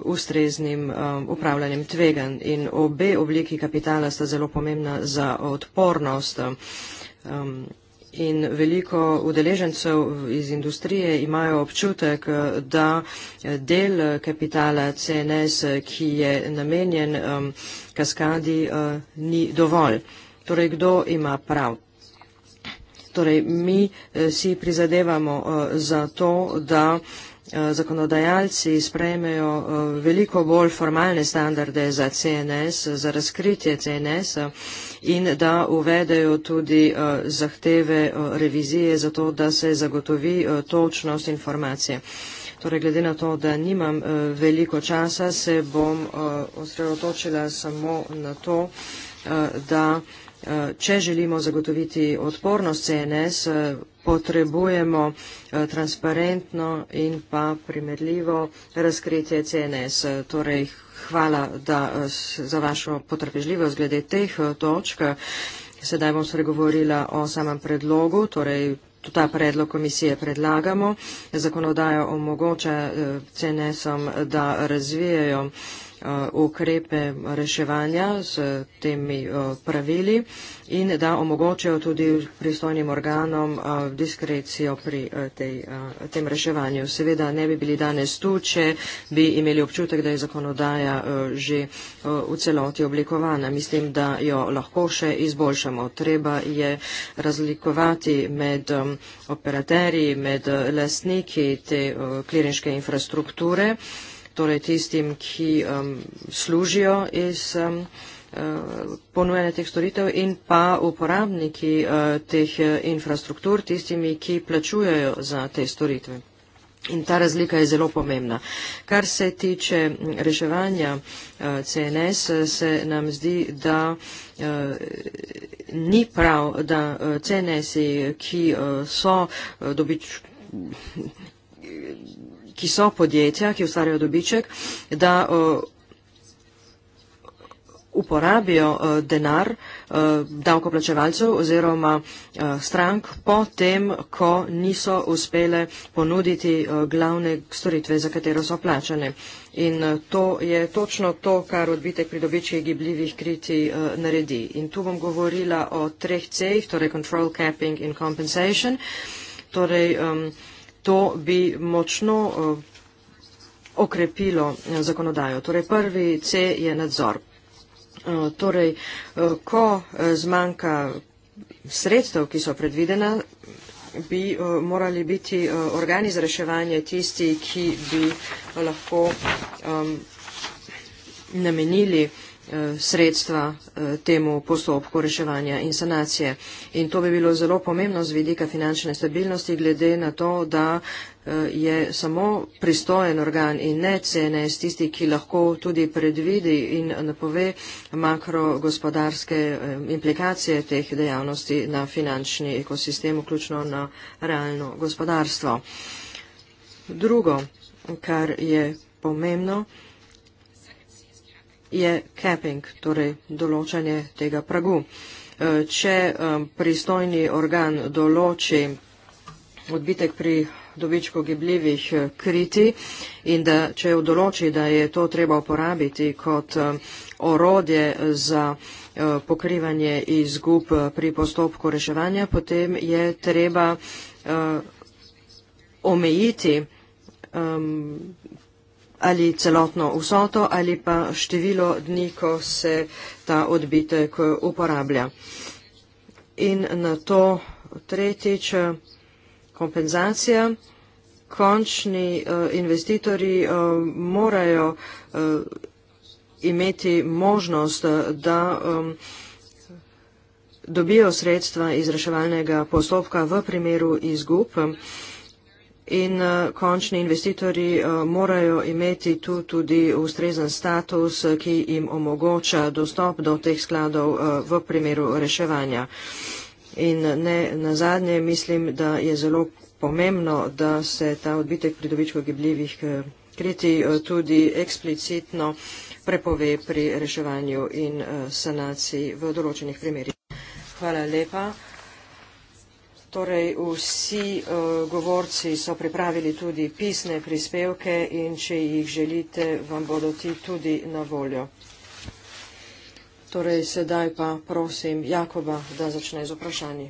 ustreznim upravljanjem tvegan in obe obliki kapitala sta zelo pomembna za odpornost in veliko udeležencev iz industrije imajo občutek, da del kapitala CNS, ki je namenjen kaskadi, ni dovolj. Torej, kdo ima prav? Torej, mi eh, si prizadevamo eh, za to, da eh, zakonodajalci sprejmejo veliko bolj formalne standarde za CNS, za razkritje CNS in da uvedejo tudi zahteve revizije za to, da se zagotovi točnost informacije. Torej, glede na to, da nimam veliko časa, se bom osredotočila samo na to, da Eh, če želimo zagotoviti odpornost CNS, eh, potrebujemo eh, transparentno in pa primerljivo razkritje CNS. Torej, hvala da, za vašo potrpežljivost glede teh točk. Sedaj bom spregovorila o samem predlogu, torej ta predlog komisije predlagamo. Zakonodaja omogoča CNS-om, da razvijajo Eh, ukrepe reševanja z temi eh, pravili in da omogočajo tudi pristojnim organom eh, diskrecijo pri tej, tem reševanju. Seveda ne bi bili danes tu, če bi imeli občutek, da je zakonodaja že v celoti oblikovana. Mislim, da jo lahko še izboljšamo. Treba je razlikovati med operaterji, med lastniki te klirinške infrastrukture torej tistim, ki um, služijo iz um, uh, ponujene teh storitev in pa uporabniki uh, teh uh, infrastruktur, tistimi, ki plačujejo za te storitve. In ta razlika je zelo pomembna. Kar se tiče reševanja uh, CNS, se nam zdi, da uh, ni prav, da uh, CNS-i, ki uh, so uh, dobič ki so podjetja, ki ustvarjajo dobiček, da uporabijo denar davkoplačevalcev oziroma strank potem, ko niso uspele ponuditi glavne storitve, za katero so plačane. In to je točno to, kar odbitek pri dobičkih gibljivih kriti naredi. In tu bom govorila o treh C-jih, torej control capping in compensation. Torej, um, to bi močno eh, okrepilo eh, zakonodajo. Torej, prvi C je nadzor. Eh, torej, ko zmanjka sredstev, ki so predvidena, bi morali biti organi za reševanje tisti, ki bi lahko namenili um, Eh, sredstva eh, temu postopku reševanja in sanacije. In to bi bilo zelo pomembno z vidika finančne stabilnosti, glede na to, da eh, je samo pristojen organ in ne CNS tisti, ki lahko tudi predvidi in napove makrogospodarske implikacije teh dejavnosti na finančni ekosistem, vključno na realno gospodarstvo. Drugo, kar je pomembno, je capping, torej določanje tega pragu. E, če e, pristojni organ določi odbitek pri dobičko gibljivih e, kriti in da če jo določi, da je to treba uporabiti kot orodje za pokrivanje izgub pri postopku reševanja, potem je treba omejiti ali celotno vsoto ali pa število dni, ko se ta odbitek eh, uporablja. In na to tretjič eh, kompenzacija. Končni eh, investitorji morajo imeti možnost, da ehm, dobijo sredstva iz reševalnega postopka v primeru izgub in eh, končni investitorji eh, morajo imeti tu tudi ustrezen status, ki jim omogoča dostop do teh skladov eh, v primeru reševanja. In ne na zadnje, mislim, da je zelo pomembno, da se ta odbitek pridobičkov gibljivih kriti tudi eksplicitno prepove pri reševanju in sanaciji v določenih primerjih. Hvala lepa. Torej, vsi uh, govorci so pripravili tudi pisne prispevke in če jih želite, vam bodo ti tudi na voljo. Torej, sedaj pa prosim Jakoba, da začne z vprašanji.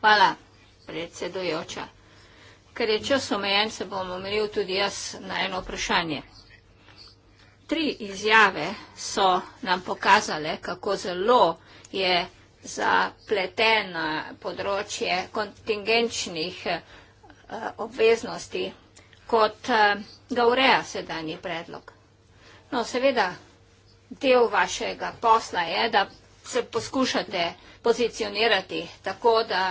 Hvala, predsedujoča. Ker je čas omejen, se bom omenil tudi jaz na eno vprašanje. Tri izjave so nam pokazale, kako zelo je zapleteno področje kontingenčnih eh, obveznosti, kot eh, ga ureja sedanji predlog. No, seveda, del vašega posla je, da se poskušate pozicionirati tako, da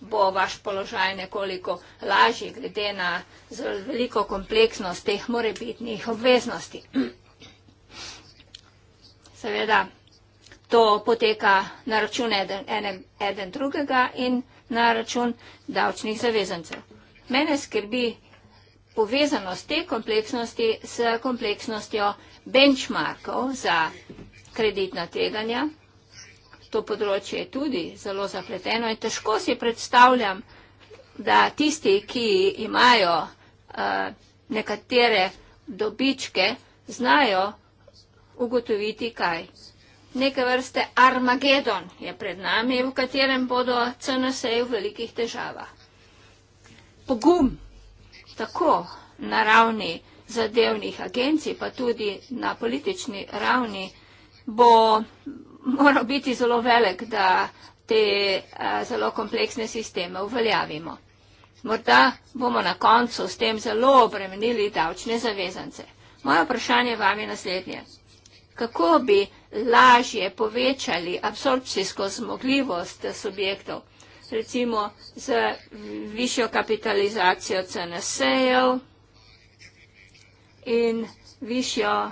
bo vaš položaj nekoliko lažji glede na zelo veliko kompleksnost teh morebitnih obveznosti. (clears throat) Seveda, to poteka na račun eden, enem, eden drugega in na račun davčnih zavezancev. Mene skrbi povezanost te kompleksnosti s kompleksnostjo benchmarkov za kreditna tveganja. To področje je tudi zelo zapleteno in težko si predstavljam, da tisti, ki imajo uh, nekatere dobičke, znajo ugotoviti, kaj neke vrste Armagedon je pred nami, v katerem bodo CNS-ji v velikih težavah. Pogum tako na ravni zadevnih agencij, pa tudi na politični ravni, bo moral biti zelo velik, da te zelo kompleksne sisteme uveljavimo. Morda bomo na koncu s tem zelo obremenili davčne zavezance. Moje vprašanje vam je naslednje. Kako bi lažje povečali absorpcijsko zmogljivost subjektov, recimo z višjo kapitalizacijo CNS-jev in višjo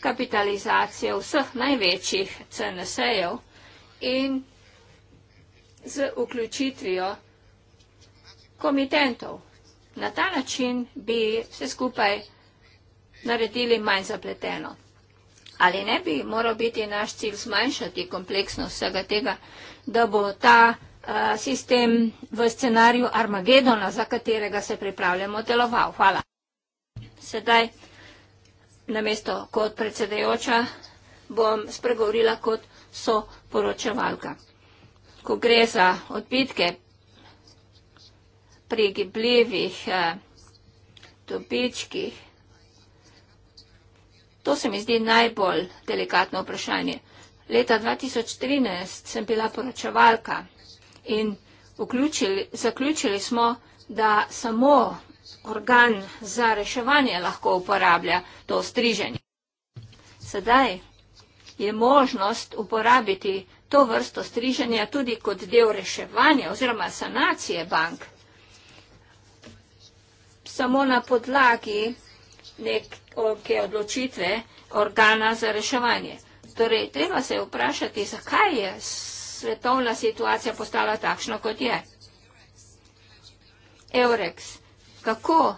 kapitalizacijo vseh največjih CNS-jev in z vključitvijo komitentov. Na ta način bi vse skupaj naredili manj zapleteno. Ali ne bi moral biti naš cilj zmanjšati kompleksnost vsega tega, da bo ta uh, sistem v scenariju Armagedona, za katerega se pripravljamo, deloval? Hvala. Sedaj, namesto kot predsedajoča, bom spregovorila kot soporočevalka. Ko gre za odbitke pri gibljivih uh, dobičkih, To se mi zdi najbolj delikatno vprašanje. Leta 2013 sem bila poročevalka in vključili, zaključili smo, da samo organ za reševanje lahko uporablja to striženje. Sedaj je možnost uporabiti to vrsto striženja tudi kot del reševanja oziroma sanacije bank. Samo na podlagi nek, oke odločitve organa za reševanje. Torej, treba se vprašati, zakaj je svetovna situacija postala takšna, kot je. Eurex, kako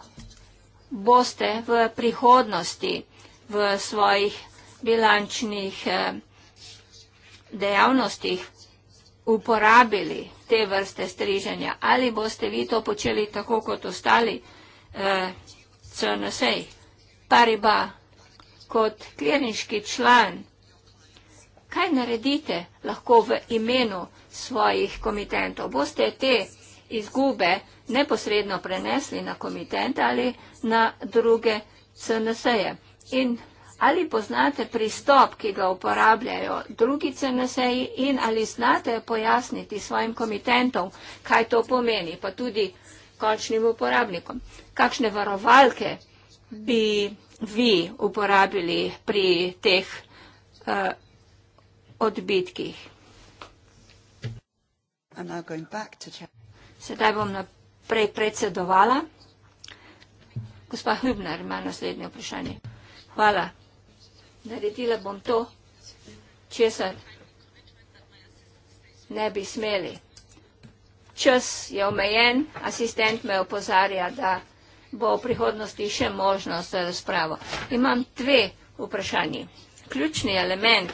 boste v prihodnosti v svojih bilančnih eh, dejavnostih uporabili te vrste striženja? Ali boste vi to počeli tako kot ostali eh, CNS-ej? Pariba kot kliniški član, kaj naredite lahko v imenu svojih komitentov? Boste te izgube neposredno prenesli na komitente ali na druge CNS-je? In ali poznate pristop, ki ga uporabljajo drugi CNS-ji in ali znate pojasniti svojim komitentom, kaj to pomeni, pa tudi končnim uporabnikom? Kakšne varovalke? bi vi uporabili pri teh uh, odbitkih. Sedaj bom naprej predsedovala. Gospa Hübner ima naslednje vprašanje. Hvala. Naredila bom to, česar ne bi smeli. Čas je omejen, asistent me opozarja, da bo v prihodnosti še možnost razpravo. Imam dve vprašanji. Ključni element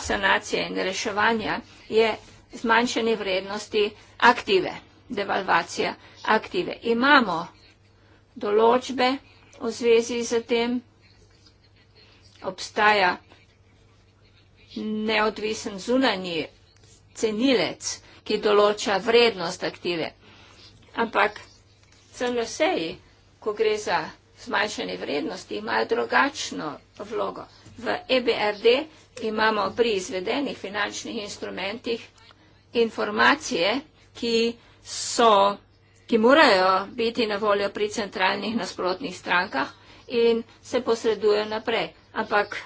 sanacije in reševanja je zmanjšanje vrednosti aktive, devalvacija aktive. Imamo določbe v zvezi z tem, obstaja neodvisen zunanji cenilec, ki določa vrednost aktive. Ampak CNS-ji, ko gre za zmanjšanje vrednosti, imajo drugačno vlogo. V EBRD imamo pri izvedenih finančnih instrumentih informacije, ki, so, ki morajo biti na voljo pri centralnih nasprotnih strankah in se posredujejo naprej. Ampak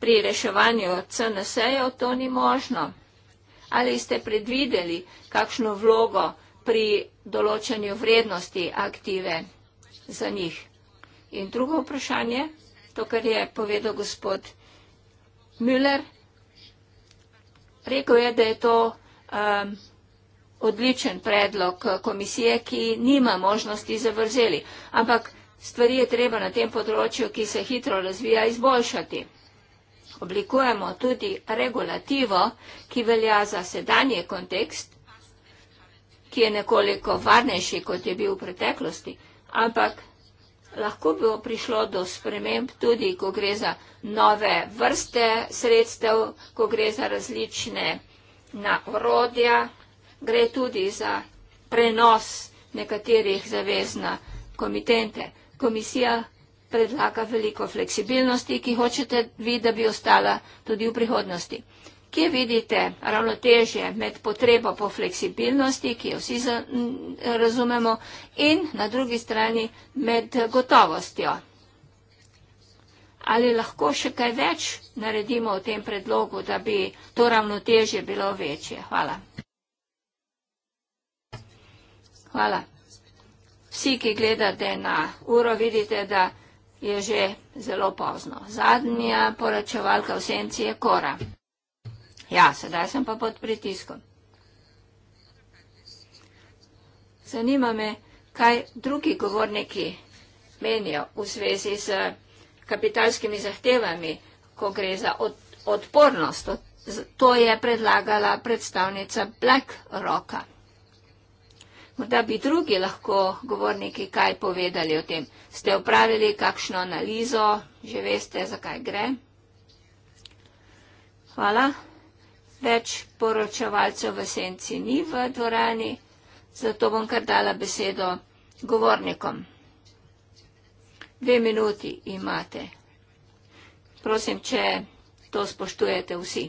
pri reševanju CNS-jev to ni možno. Ali ste predvideli, kakšno vlogo pri določanju vrednosti aktive za njih. In drugo vprašanje, to, kar je povedal gospod Müller, rekel je, da je to um, odličen predlog komisije, ki nima možnosti zavrzeli, ampak stvari je treba na tem področju, ki se hitro razvija, izboljšati. Oblikujemo tudi regulativo, ki velja za sedanje kontekst ki je nekoliko varnejši, kot je bil v preteklosti, ampak lahko bi prišlo do sprememb tudi, ko gre za nove vrste sredstev, ko gre za različne navrodja, gre tudi za prenos nekaterih zavez na komitente. Komisija predlaga veliko fleksibilnosti, ki hočete vi, da bi ostala tudi v prihodnosti. Kje vidite ravnotežje med potrebo po fleksibilnosti, ki jo vsi razumemo, in na drugi strani med gotovostjo? Ali lahko še kaj več naredimo v tem predlogu, da bi to ravnotežje bilo večje? Hvala. Hvala. Vsi, ki gledate na uro, vidite, da je že zelo pozno. Zadnja poročevalka v senci je Kora. Ja, sedaj sem pa pod pritiskom. Zanima me, kaj drugi govorniki menijo v zvezi z kapitalskimi zahtevami, ko gre za od, odpornost. To je predlagala predstavnica BlackRocka. Morda bi drugi lahko govorniki kaj povedali o tem. Ste upravili kakšno analizo, že veste, zakaj gre. Hvala. Več poročevalcev v senci ni v dvorani, zato bom kar dala besedo govornikom. Dve minuti imate. Prosim, če to spoštujete vsi.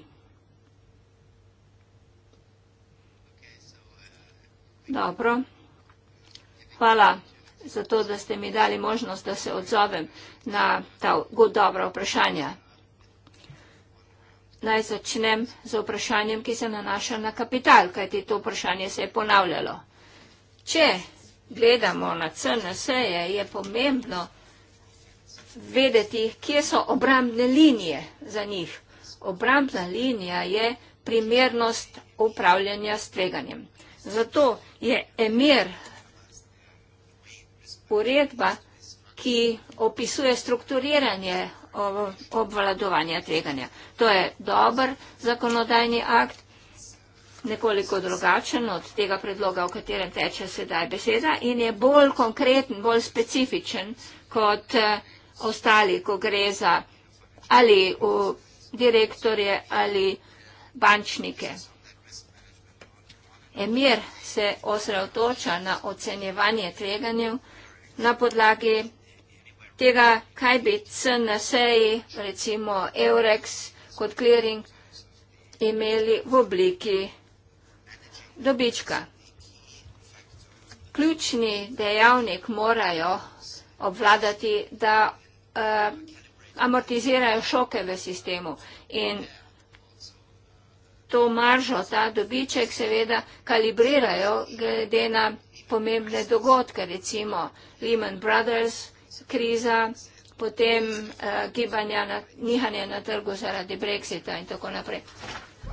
Dobro. Hvala za to, da ste mi dali možnost, da se odzovem na ta dobra vprašanja naj začnem z vprašanjem, ki se nanaša na kapital, kajti to vprašanje se je ponavljalo. Če gledamo na CNS-je, je pomembno vedeti, kje so obrambne linije za njih. Obrambna linija je primernost upravljanja s tveganjem. Zato je emir uredba, ki opisuje strukturiranje obvladovanja tveganja. To je dober zakonodajni akt, nekoliko drugačen od tega predloga, o katerem teče sedaj beseda in je bolj konkreten, bolj specifičen kot eh, ostali, ko gre za ali v direktorje ali bančnike. Emir se osredotoča na ocenjevanje tveganjev na podlagi tega, kaj bi CNSE-ji, recimo Eurex kot clearing, imeli v obliki dobička. Ključni dejavnik morajo obvladati, da uh, amortizirajo šoke v sistemu in to maržo, ta dobiček seveda kalibrirajo glede na pomembne dogodke, recimo Lehman Brothers, kriza, potem uh, gibanja, na, nihanje na trgu zaradi brexita in tako naprej.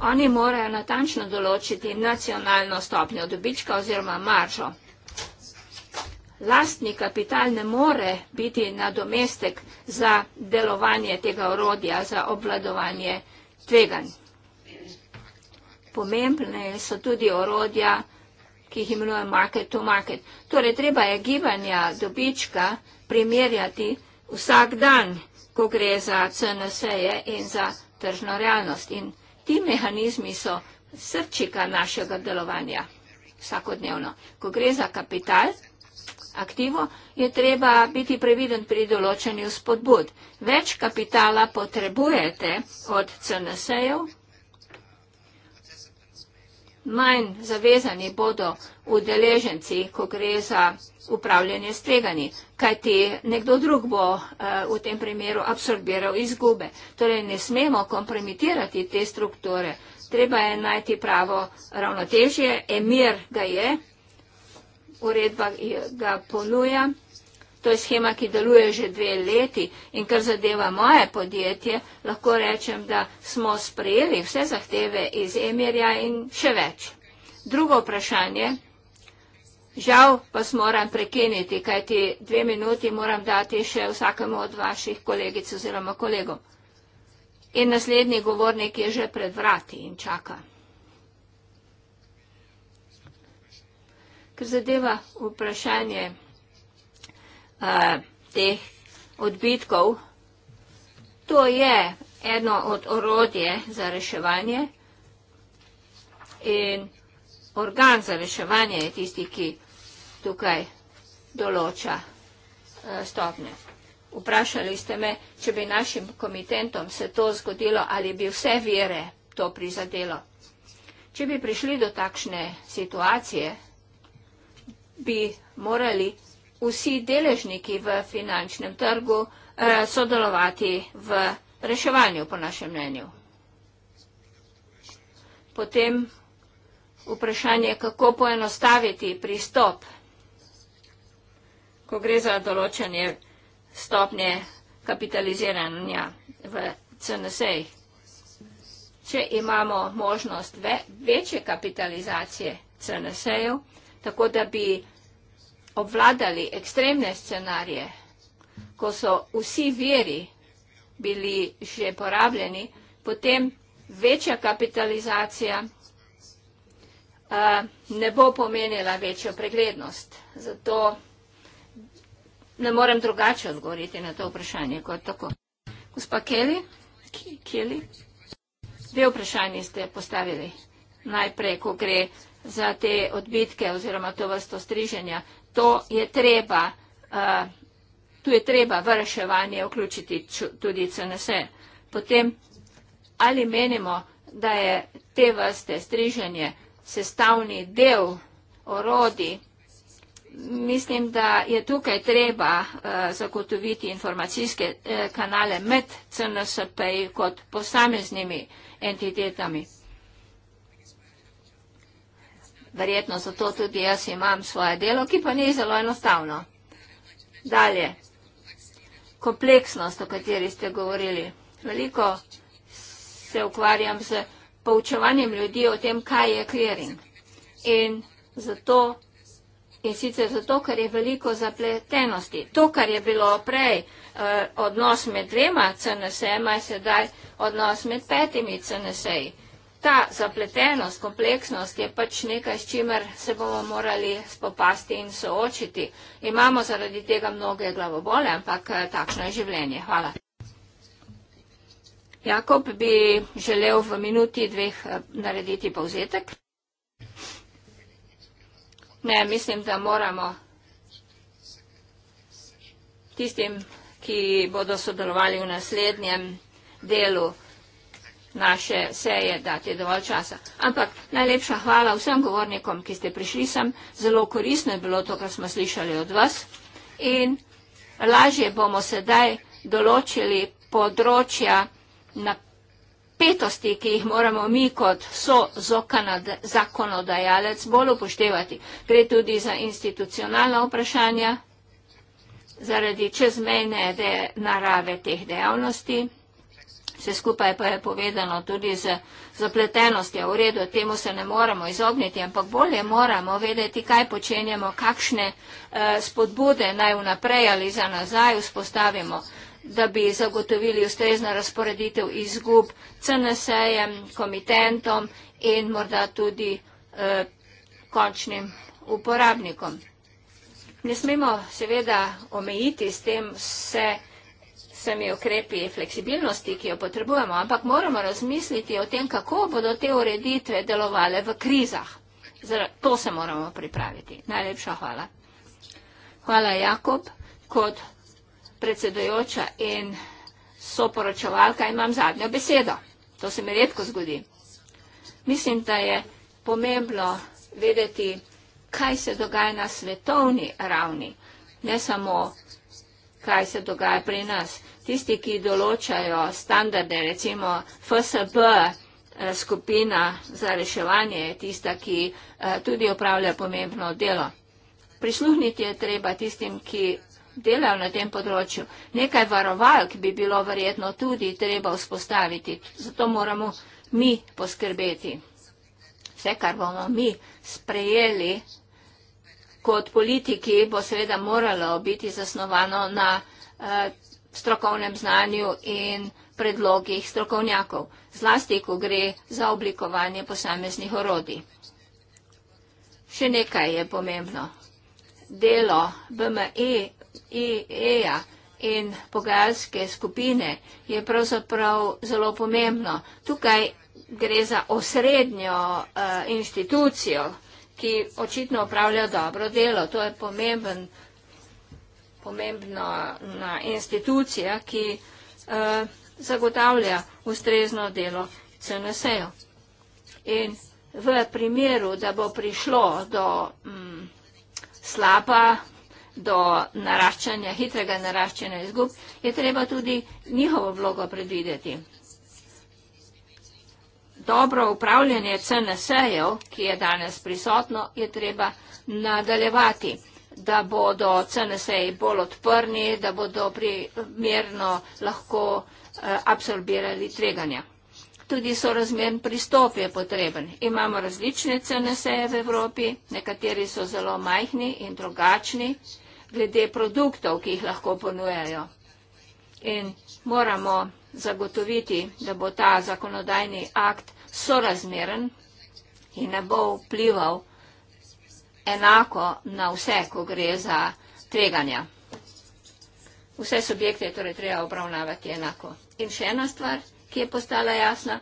Oni morajo natančno določiti nacionalno stopnjo dobička oziroma maržo. Lastni kapital ne more biti nadomestek za delovanje tega orodja, za obvladovanje tveganj. Pomembne so tudi orodja, ki jih imenuje market to market. Torej, treba je gibanja dobička primerjati vsak dan, ko gre za CNS-je in za tržno realnost. In ti mehanizmi so srčika našega delovanja vsakodnevno. Ko gre za kapital, aktivo, je treba biti previden pri določenju spodbud. Več kapitala potrebujete od CNS-jev, manj zavezani bodo udeleženci, ko gre za upravljanje s tvegani, kajti nekdo drug bo eh, v tem primeru absorbiral izgube. Torej ne smemo kompromitirati te strukture, treba je najti pravo ravnotežje, emir ga je, uredba ga ponuja. To je schema, ki deluje že dve leti in kar zadeva moje podjetje, lahko rečem, da smo sprejeli vse zahteve iz Emirja in še več. Drugo vprašanje. Žal pa se moram prekiniti, kajti dve minuti moram dati še vsakemu od vaših kolegic oziroma kolegov. In naslednji govornik je že pred vrati in čaka. Ker zadeva vprašanje teh odbitkov. To je eno od orodje za reševanje in organ za reševanje je tisti, ki tukaj določa e, stopnje. Vprašali ste me, če bi našim komitentom se to zgodilo, ali bi vse vire to prizadelo. Če bi prišli do takšne situacije, bi morali vsi deležniki v finančnem trgu eh, sodelovati v reševanju, po našem mnenju. Potem vprašanje, kako poenostaviti pristop, ko gre za določanje stopnje kapitaliziranja v CNS-ih. Če imamo možnost večje kapitalizacije CNS-ev, tako da bi obvladali ekstremne scenarije, ko so vsi veri bili že porabljeni, potem večja kapitalizacija uh, ne bo pomenila večjo preglednost. Zato ne morem drugače odgovoriti na to vprašanje kot tako. Gospa Kelly, Kelly, dve vprašanje ste postavili. Najprej, ko gre za te odbitke oziroma to vrsto striženja to je treba, uh, tu je treba v reševanje vključiti tudi CNS. Potem, ali menimo, da je te vrste striženje sestavni del orodi, mislim, da je tukaj treba uh, zagotoviti informacijske uh, kanale med CNSP-ji kot posameznimi entitetami. Verjetno zato tudi jaz imam svoje delo, ki pa ni zelo enostavno. Dalje. Kompleksnost, o kateri ste govorili. Veliko se ukvarjam z poučevanjem ljudi o tem, kaj je clearing. In, zato, in sicer zato, ker je veliko zapletenosti. To, kar je bilo prej eh, odnos med dvema CNS-ema, je sedaj odnos med petimi CNS-eji ta zapletenost, kompleksnost je pač nekaj, s čimer se bomo morali spopasti in soočiti. Imamo zaradi tega mnoge glavobole, ampak eh, takšno je življenje. Hvala. Jakob bi želel v minuti dveh eh, narediti povzetek. Ne, mislim, da moramo tistim, ki bodo sodelovali v naslednjem delu, naše seje, dati dovolj časa. Ampak najlepša hvala vsem govornikom, ki ste prišli sem. Zelo korisno je bilo to, kar smo slišali od vas. In lažje bomo sedaj določili področja napetosti, ki jih moramo mi kot so zakonodajalec bolj upoštevati. Gre tudi za institucionalna vprašanja zaradi čezmejne narave teh dejavnosti, Vse skupaj pa je povedano tudi z zapletenostjo. V redu, temu se ne moramo izogniti, ampak bolje moramo vedeti, kaj počenjamo, kakšne eh, spodbude naj vnaprej ali za nazaj vzpostavimo, da bi zagotovili ustrezno razporeditev izgub CNS-jem, komitentom in morda tudi eh, končnim uporabnikom. Ne smemo seveda omejiti s tem vse. Se vsemi ukrepi fleksibilnosti, ki jo potrebujemo, ampak moramo razmisliti o tem, kako bodo te ureditve delovale v krizah. Zdaj, to se moramo pripraviti. Najlepša hvala. Hvala, Jakob. Kot predsedojoča in soporočevalka imam zadnjo besedo. To se mi redko zgodi. Mislim, da je pomembno vedeti, kaj se dogaja na svetovni ravni, ne samo, kaj se dogaja pri nas tisti, ki določajo standarde, recimo FSB eh, skupina za reševanje je tista, ki eh, tudi upravlja pomembno delo. Prisluhniti je treba tistim, ki delajo na tem področju. Nekaj varovalk bi bilo verjetno tudi treba vzpostaviti. Zato moramo mi poskrbeti. Vse, kar bomo mi sprejeli kot politiki, bo seveda moralo biti zasnovano na uh, strokovnem znanju in predlogih strokovnjakov, zlasti, ko gre za oblikovanje posameznih orodij. Še nekaj je pomembno. Delo BME-EA in pogajalske skupine je pravzaprav zelo pomembno. Tukaj gre za osrednjo uh, inštitucijo, ki očitno upravlja dobro delo. To je pomemben uh, pomembna na institucija, ki eh, zagotavlja ustrezno delo CNS-ja. In v primeru, da bo prišlo do hm, mm, slaba, do naraščanja, hitrega naraščanja izgub, je treba tudi njihovo vlogo predvideti. Dobro upravljanje CNS-jev, ki je danes prisotno, je treba nadaljevati da bodo CNS-ji e bolj odprni, da bodo primerno lahko eh, absorbirali tveganja. Tudi sorazmeren pristop je potreben. Imamo različne CNS-je v Evropi, nekateri so zelo majhni in drugačni glede produktov, ki jih lahko ponujajo. In moramo zagotoviti, da bo ta zakonodajni akt sorazmeren in ne bo vplival enako na vse, ko gre za tveganja. Vse subjekte je torej treba obravnavati enako. In še ena stvar, ki je postala jasna,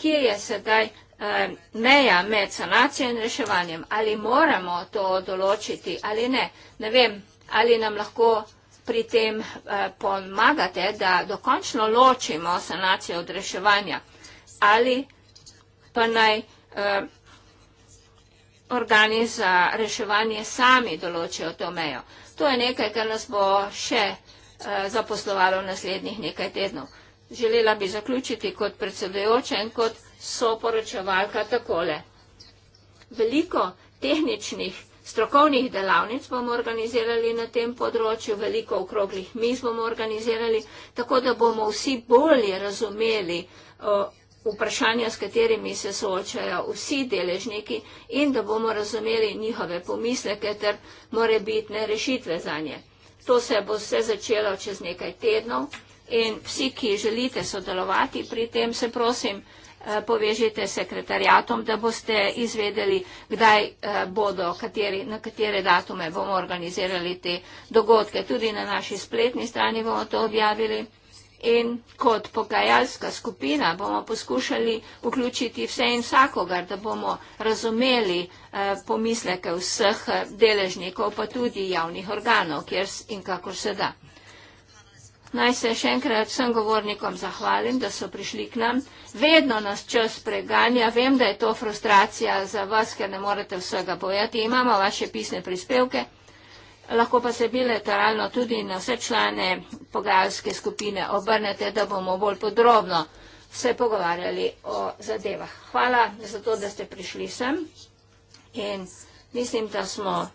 kje je sedaj eh, meja med sanacijo in reševanjem. Ali moramo to določiti ali ne. Ne vem, ali nam lahko pri tem eh, pomagate, da dokončno ločimo sanacijo od reševanja. Ali pa naj. Eh, organi za reševanje sami določijo to mejo. To je nekaj, kar nas bo še eh, zaposlovalo v naslednjih nekaj tednov. Želela bi zaključiti kot predsedujoča in kot soporočevalka takole. Veliko tehničnih strokovnih delavnic bomo organizirali na tem področju, veliko okroglih miz bomo organizirali, tako da bomo vsi bolje razumeli eh, vprašanja, s katerimi se soočajo vsi deležniki in da bomo razumeli njihove pomisleke ter more biti nerešitve za nje. To se bo vse začelo čez nekaj tednov in vsi, ki želite sodelovati pri tem, se prosim, eh, povežite sekretarjatom, da boste izvedeli, kdaj eh, bodo, kateri, na katere datume bomo organizirali te dogodke. Tudi na naši spletni strani bomo to objavili in kot pogajalska skupina bomo poskušali vključiti vse in vsakogar, da bomo razumeli eh, pomisleke vseh deležnikov, pa tudi javnih organov, kjer in kako se da. Naj se še enkrat vsem govornikom zahvalim, da so prišli k nam. Vedno nas čas preganja, vem, da je to frustracija za vas, ker ne morete vsega povedati. Imamo vaše pisne prispevke. Lahko pa se bilateralno tudi na vse člane pogajalske skupine obrnete, da bomo bolj podrobno se pogovarjali o zadevah. Hvala za to, da ste prišli sem in mislim, da smo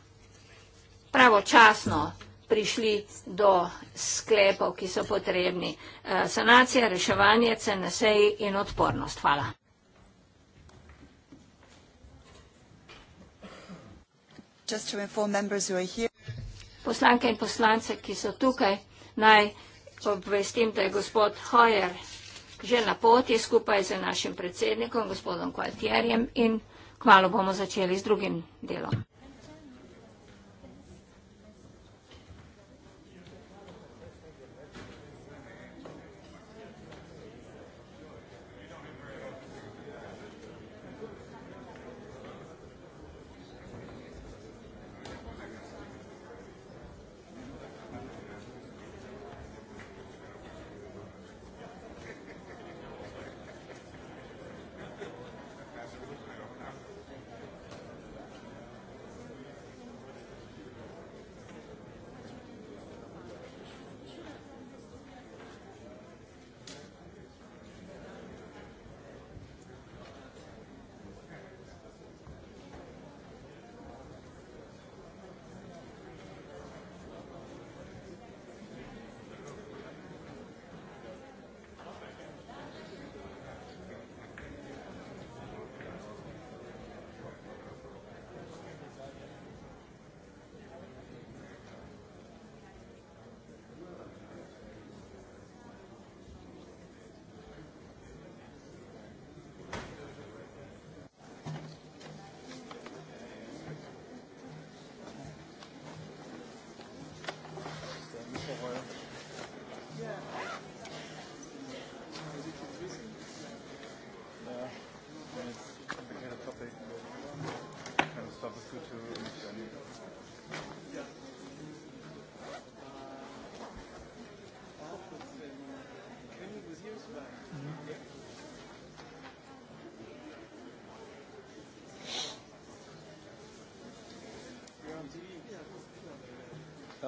pravočasno prišli do sklepov, ki so potrebni. Eh, sanacija, reševanje, CNSEJ in odpornost. Hvala. Just to inform members who are here poslanke in poslance, ki so tukaj, naj obvestim, da je gospod Hojer že na poti skupaj z našim predsednikom, gospodom Kvaltjerjem in kmalo bomo začeli z drugim delom.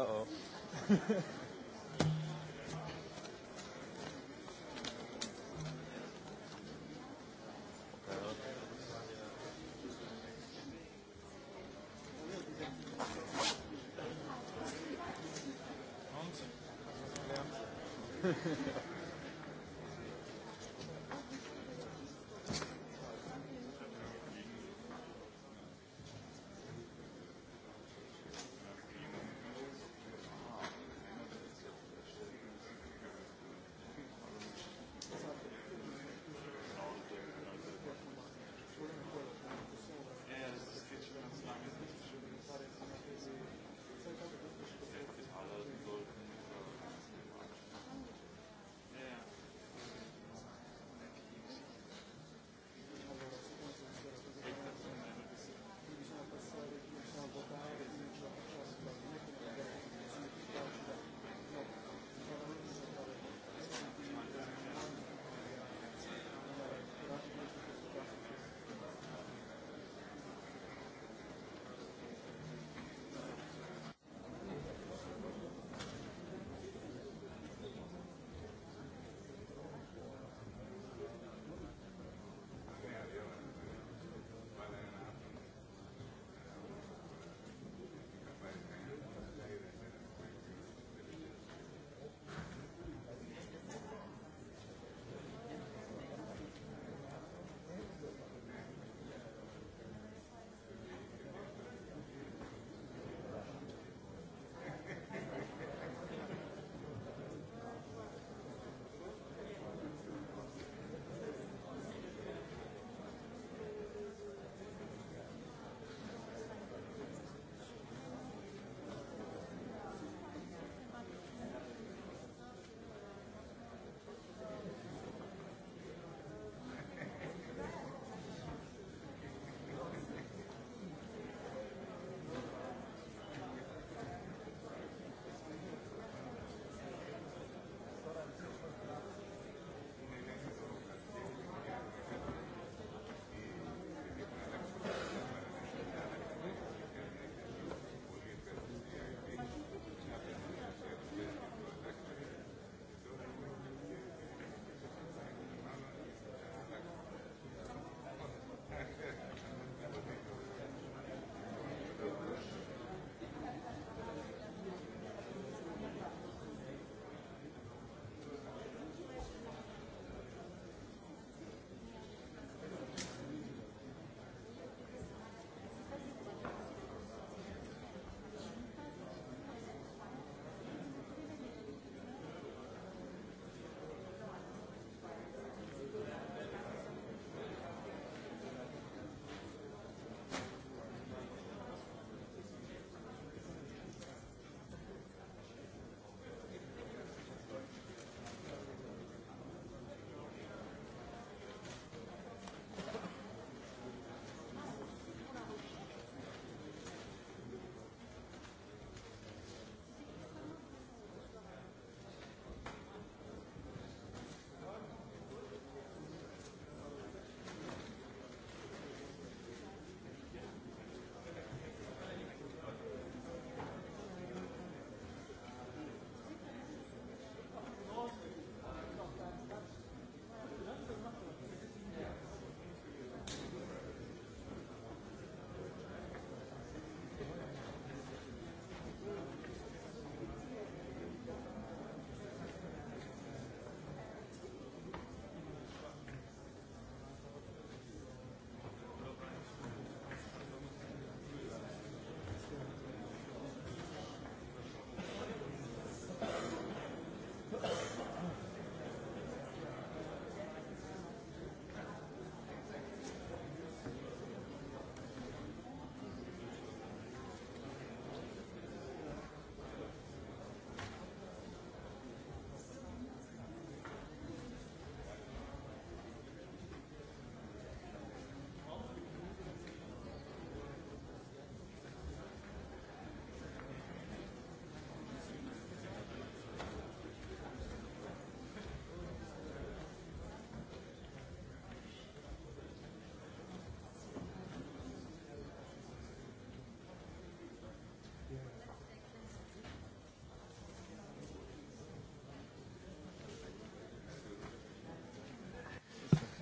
Uh oh. Yeah. (laughs)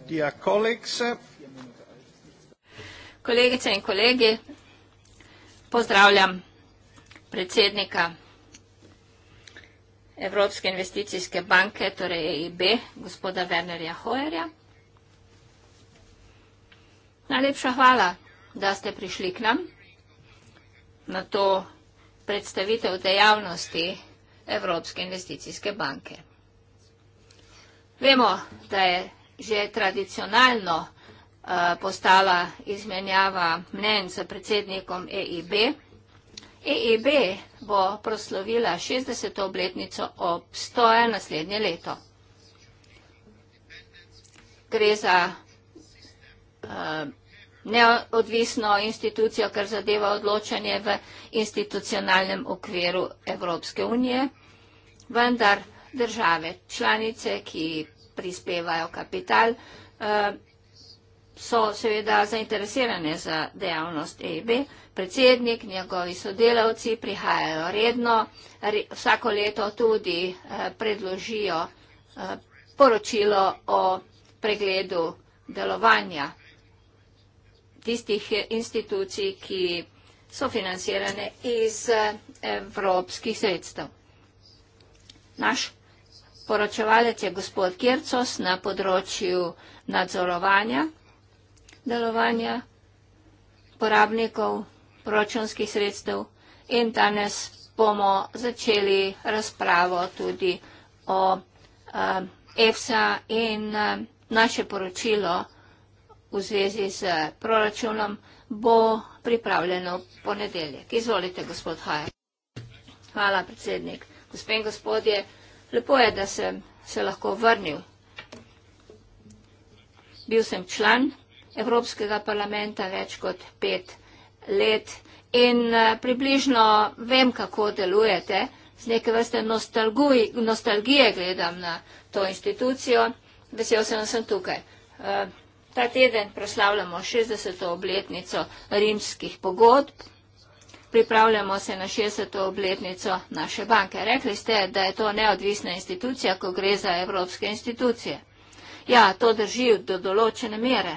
dear colleagues. Kolegice in kolegi, pozdravljam predsednika Evropske investicijske banke, torej EIB, gospoda Wernerja Hoerja. Najlepša hvala, da ste prišli k nam na to predstavitev dejavnosti Evropske investicijske banke. Vemo, da je že tradicionalno uh, postala izmenjava mnen s predsednikom EIB. EIB bo proslovila 60. obletnico obstoja naslednje leto. Gre za uh, neodvisno institucijo, kar zadeva odločanje v institucionalnem okviru Evropske unije, vendar države članice, ki prispevajo kapital, eh, so seveda zainteresirane za dejavnost EIB. Predsednik, njegovi sodelavci prihajajo redno, vsako leto tudi eh, predložijo eh, poročilo o pregledu delovanja tistih institucij, ki so financirane iz evropskih sredstev. Naš poročevalec je gospod Kircos na področju nadzorovanja delovanja porabnikov proračunskih sredstev in danes bomo začeli razpravo tudi o uh, EFSA in uh, naše poročilo v zvezi z proračunom bo pripravljeno ponedeljek. Izvolite, gospod Hajer. Hvala, predsednik. Gospod in gospodje, Lepo je, da sem se lahko vrnil. Bil sem član Evropskega parlamenta več kot pet let in eh, približno vem, kako delujete. Z neke vrste nostalgije gledam na to institucijo. Vesel sem, da sem tukaj. Eh, ta teden proslavljamo 60. obletnico rimskih pogodb pripravljamo se na 60. obletnico naše banke. Rekli ste, da je to neodvisna institucija, ko gre za evropske institucije. Ja, to drži do določene mere.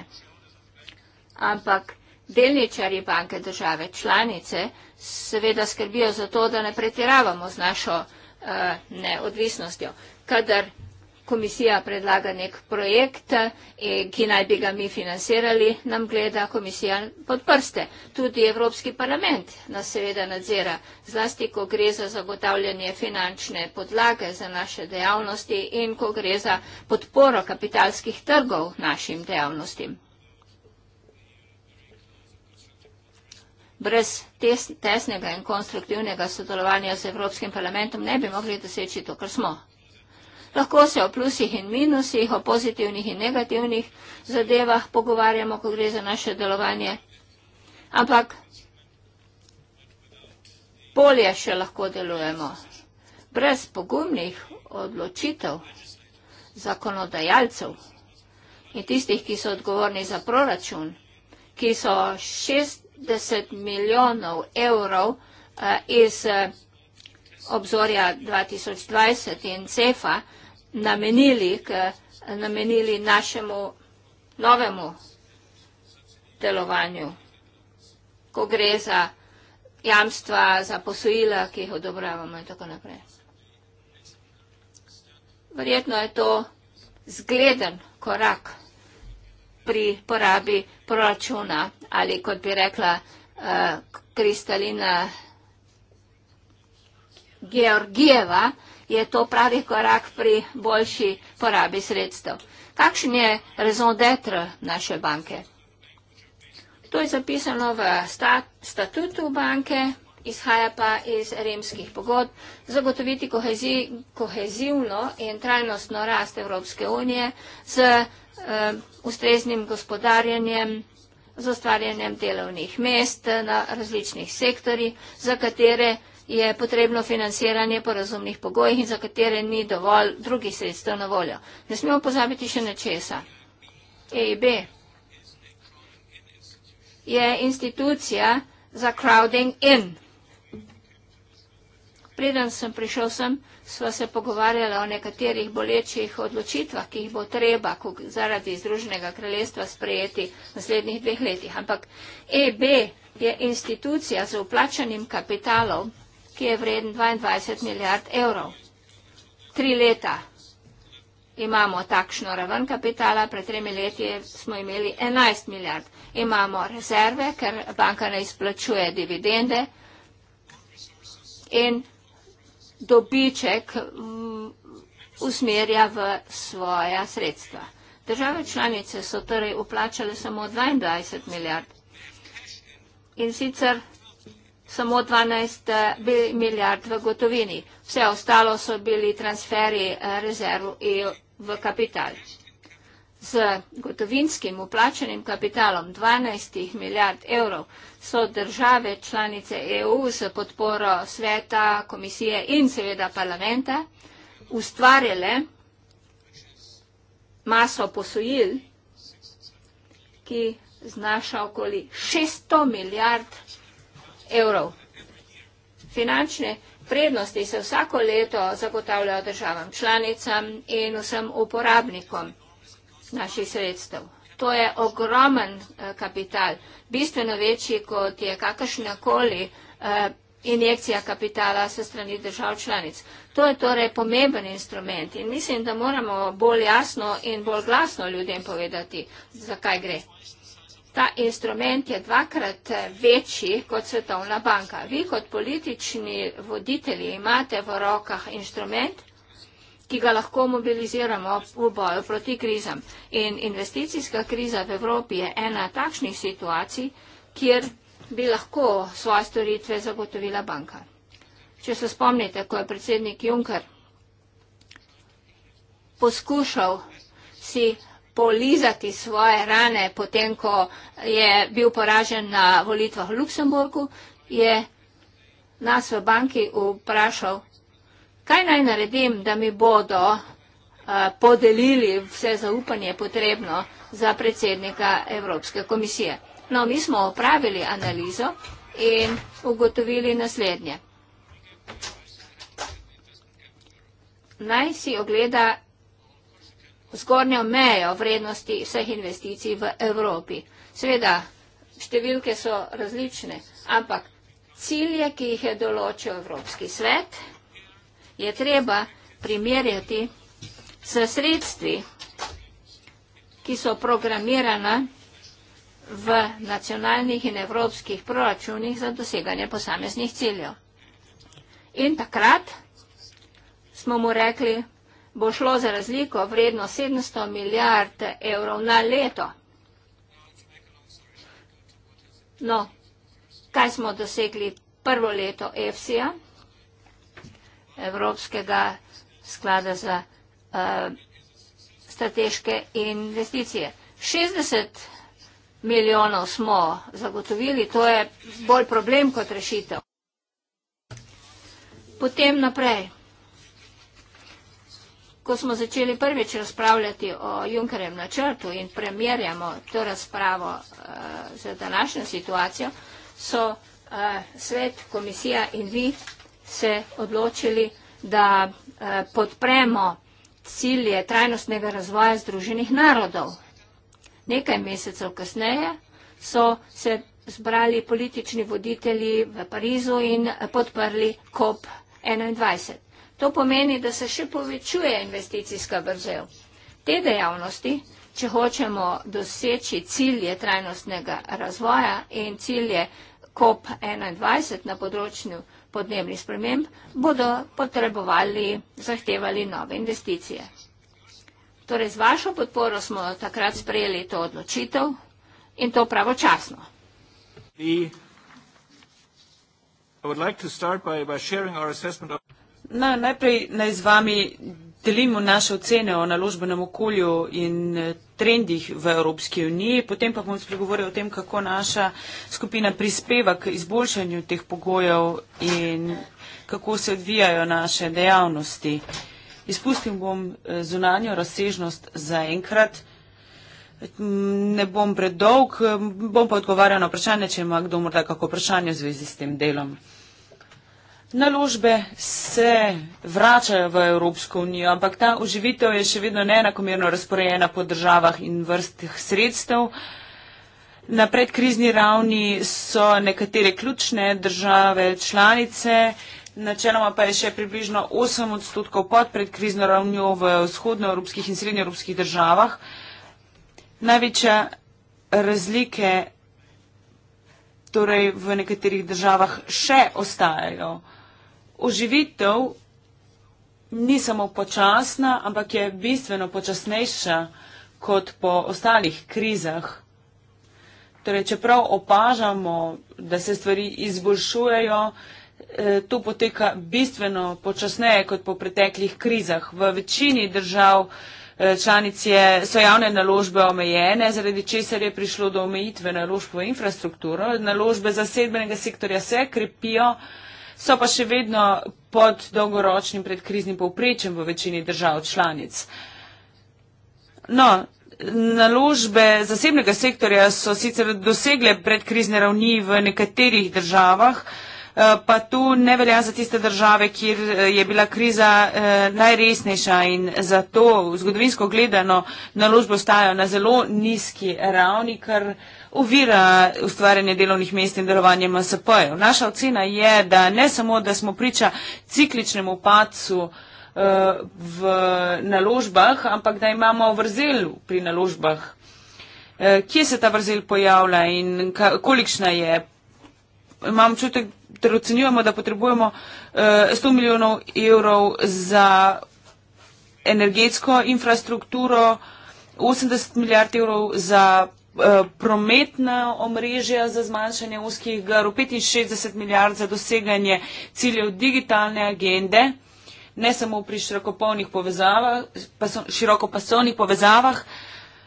Ampak delničari banke države, članice, seveda skrbijo za to, da ne pretiravamo z našo uh, neodvisnostjo. Kadar komisija predlaga nek projekt, eh, ki naj bi ga mi financirali, nam gleda komisija pod prste. Tudi Evropski parlament nas seveda nadzira, zlasti ko gre za zagotavljanje finančne podlage za naše dejavnosti in ko gre za podporo kapitalskih trgov našim dejavnostim. Brez tesnega in konstruktivnega sodelovanja z Evropskim parlamentom ne bi mogli doseči to, kar smo lahko se o plusih in minusih, o pozitivnih in negativnih zadevah pogovarjamo, ko gre za naše delovanje. Ampak bolje še lahko delujemo. Brez pogumnih odločitev zakonodajalcev in tistih, ki so odgovorni za proračun, ki so 60 milijonov evrov eh, iz eh, obzorja 2020 in CEFA namenili, k, namenili našemu novemu delovanju, ko gre za jamstva, za posojila, ki jih odobravamo in tako naprej. Verjetno je to zgleden korak pri porabi proračuna ali, kot bi rekla uh, Kristalina Georgijeva, je to pravi korak pri boljši porabi sredstev. Kakšen je raison d'être naše banke? To je zapisano v stat statutu banke, izhaja pa iz rimskih pogodb, zagotoviti kohezi kohezivno in trajnostno rast Evropske unije z uh, ustreznim gospodarjenjem z ustvarjanjem delovnih mest na različnih sektorjih, za katere je potrebno financiranje po razumnih pogojih in za katere ni dovolj drugih sredstev na voljo. Ne smemo pozabiti še na česa. EIB je institucija za crowding in. Preden sem prišel sem, sva se pogovarjala o nekaterih bolečih odločitvah, ki jih bo treba zaradi Združenega kraljestva sprejeti v naslednjih dveh letih. Ampak EB je institucija za uplačanjem kapitalov ki je vreden 22 milijard evrov. Tri leta imamo takšno raven kapitala, pred tremi leti smo imeli 11 milijard. Imamo rezerve, ker banka ne izplačuje dividende in dobiček mm, usmerja v svoja sredstva. Države članice so torej uplačale samo 22 milijard. In sicer samo 12 eh, milijard v gotovini. Vse ostalo so bili transferi eh, rezerv e v kapital. Z gotovinskim uplačenim kapitalom 12 milijard evrov so države članice EU s podporo sveta, komisije in seveda parlamenta ustvarjale maso posojil, ki znaša okoli 600 milijard evrov evrov. Finančne prednosti se vsako leto zagotavljajo državam članicam in vsem uporabnikom naših sredstev. To je ogromen eh, kapital, bistveno večji, kot je kakršnakoli eh, injekcija kapitala se strani držav članic. To je torej pomemben instrument in mislim, da moramo bolj jasno in bolj glasno ljudem povedati, zakaj gre. Ta instrument je dvakrat eh, večji kot Svetovna banka. Vi kot politični voditelji imate v rokah instrument, ki ga lahko mobiliziramo v boju proti krizam. In investicijska kriza v Evropi je ena takšnih situacij, kjer bi lahko svoje storitve zagotovila banka. Če se spomnite, ko je predsednik Juncker poskušal si polizati svoje rane, potem ko je bil poražen na volitvah v Luksemburgu, je nas v banki vprašal, kaj naj naredim, da mi bodo podelili vse zaupanje potrebno za predsednika Evropske komisije. No, mi smo opravili analizo in ugotovili naslednje. Naj si ogleda zgornjo mejo vrednosti vseh investicij v Evropi. Sveda, številke so različne, ampak cilje, ki jih je določil Evropski svet, je treba primerjati s sredstvi, ki so programirana v nacionalnih in evropskih proračunih za doseganje posameznih ciljev. In takrat smo mu rekli, bo šlo za razliko vredno 700 milijard evrov na leto. No, kaj smo dosegli prvo leto EFSI-a, Evropskega sklada za uh, strateške investicije? 60 milijonov smo zagotovili, to je bolj problem kot rešitev. Potem naprej ko smo začeli prvič razpravljati o Junkerjem načrtu in premjerjamo to razpravo uh, eh, z današnjo situacijo, so uh, svet, komisija in vi se odločili, da uh, podpremo cilje trajnostnega razvoja Združenih narodov. Nekaj mesecev kasneje so se zbrali politični voditelji v Parizu in podprli COP21. To pomeni, da se še povečuje investicijska vrzel. Te dejavnosti, če hočemo doseči cilje trajnostnega razvoja in cilje COP21 na področju podnebnih sprememb, bodo potrebovali, zahtevali nove investicije. Torej, z vašo podporo smo takrat sprejeli to odločitev in to pravočasno. The, I would like to start by, by sharing our assessment of... Na, najprej naj z vami delimo naše ocene o naložbenem okolju in eh, trendih v Evropski uniji, potem pa bom spregovoril o tem, kako naša skupina prispeva k izboljšanju teh pogojev in kako se odvijajo naše dejavnosti. Izpustil bom eh, zunanjo razsežnost zaenkrat. Ne bom predolg, bom pa odgovarjal na vprašanje, če ima kdo morda kako vprašanje v zvezi s tem delom naložbe se vračajo v Evropsko unijo, ampak ta oživitev je še vedno neenakomerno razporejena po državah in vrstih sredstev. Na predkrizni ravni so nekatere ključne države članice, načeloma pa je še približno 8 odstotkov pod predkrizno ravnjo v vzhodnoevropskih in srednjeevropskih državah. Največja razlike torej v nekaterih državah še ostajajo. Uživitev ni samo počasna, ampak je bistveno počasnejša kot po ostalih krizah. Torej, čeprav opažamo, da se stvari izboljšujejo, eh, to poteka bistveno počasneje kot po preteklih krizah. V večini držav eh, članice so javne naložbe omejene, zaradi česar je prišlo do omejitve naložb v infrastrukturo. Naložbe zasedbenega sektorja se krepijo, so pa še vedno pod dolgoročnim predkriznim povprečjem v večini držav članic. No, naložbe zasebnega sektorja so sicer dosegle predkrizne ravni v nekaterih državah, eh, pa tu ne velja za tiste države, kjer eh, je bila kriza eh, najresnejša in zato zgodovinsko gledano naložbe ostajajo na zelo nizki ravni, ker ovira ustvarjanje delovnih mest in delovanje MSP-jev. Naša ocena je, da ne samo, da smo priča cikličnemu pacu uh, eh, v naložbah, ampak da imamo vrzel pri naložbah. Uh, kje se ta vrzel pojavlja in ka, kolikšna je? Imam čutek, da ocenjujemo, da potrebujemo uh, eh, 100 milijonov evrov za energetsko infrastrukturo, 80 milijard evrov za Eh, prometna omrežja za zmanjšanje uskih grl, 65 milijard za doseganje ciljev digitalne agende, ne samo pri širokopolnih povezavah, paso, širokopasovnih povezavah.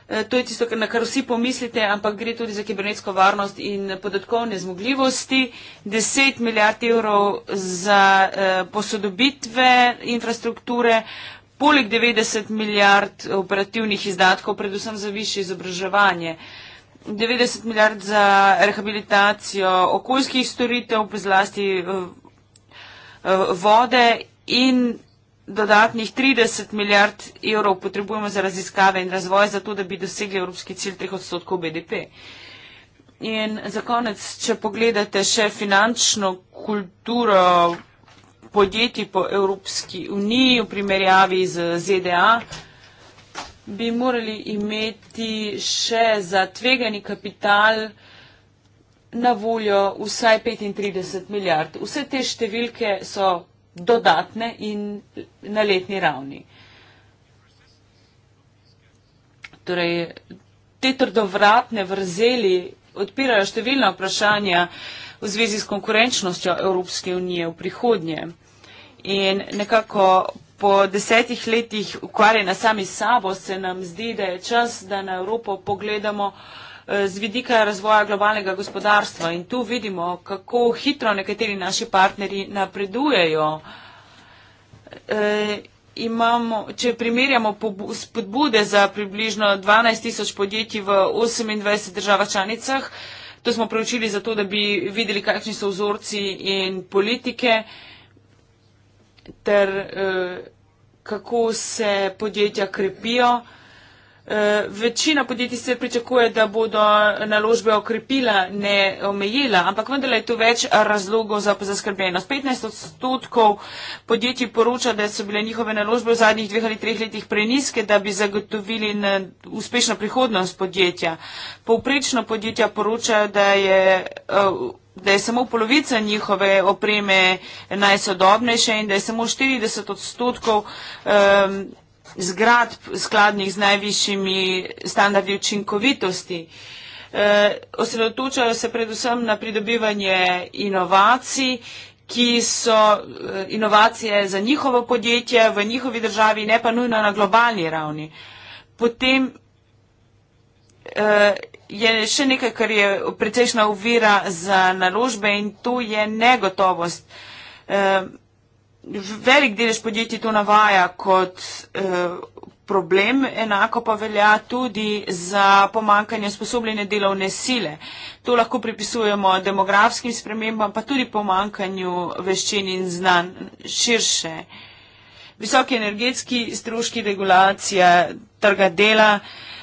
Eh, to je tisto, na kar vsi pomislite, ampak gre tudi za kibernetsko varnost in podatkovne zmogljivosti. 10 milijard evrov za eh, posodobitve infrastrukture, poleg 90 milijard operativnih izdatkov, predvsem za više izobraževanje, 90 milijard za rehabilitacijo okoljskih storitev, pa zlasti eh, eh, vode in dodatnih 30 milijard evrov potrebujemo za raziskave in razvoj, zato da bi dosegli evropski cilj 3 odstotkov BDP. In za konec, če pogledate še finančno kulturo podjetij po Evropski uniji v primerjavi z ZDA, bi morali imeti še za tvegani kapital na voljo vsaj 35 milijard. Vse te številke so dodatne in na letni ravni. Torej, te trdovratne vrzeli odpirajo številna vprašanja v zvezi s konkurenčnostjo Evropske unije v prihodnje. In nekako po desetih letih ukvarjena sami sabo se nam zdi, da je čas, da na Evropo pogledamo eh, z vidika razvoja globalnega gospodarstva. In tu vidimo, kako hitro nekateri naši partnerji napredujejo. E, imamo, če primerjamo spodbude za približno 12 tisoč podjetij v 28 državah članicah, to smo preučili zato, da bi videli, kakšni so vzorci in politike. E, ter eh, kako se podjetja krepijo. Eh, večina podjetij se pričakuje, da bodo naložbe okrepila, ne omejila, ampak vendar je tu več razlogov za zaskrbljenost. 15 odstotkov podjetij poroča, da so bile njihove naložbe v zadnjih dveh ali treh letih preniske, da bi zagotovili uspešno prihodnost podjetja. Povprečno podjetja poročajo, da je. Uh, da je samo polovica njihove opreme najsodobnejša in da je samo 40 odstotkov um, ehm, zgrad skladnih z najvišjimi standardi učinkovitosti. E, osredotočajo se predvsem na pridobivanje inovacij, ki so e, inovacije za njihovo podjetje v njihovi državi, ne pa nujno na globalni ravni. Potem e, je še nekaj, kar je precejšna uvira za naložbe in tu je negotovost. Eh, velik delež podjetij to navaja kot eh, problem, enako pa velja tudi za pomankanje sposobljene delovne sile. To lahko pripisujemo demografskim spremembam, pa tudi pomankanju veščin in znanj širše. Visoki energetski stroški regulacija trga dela.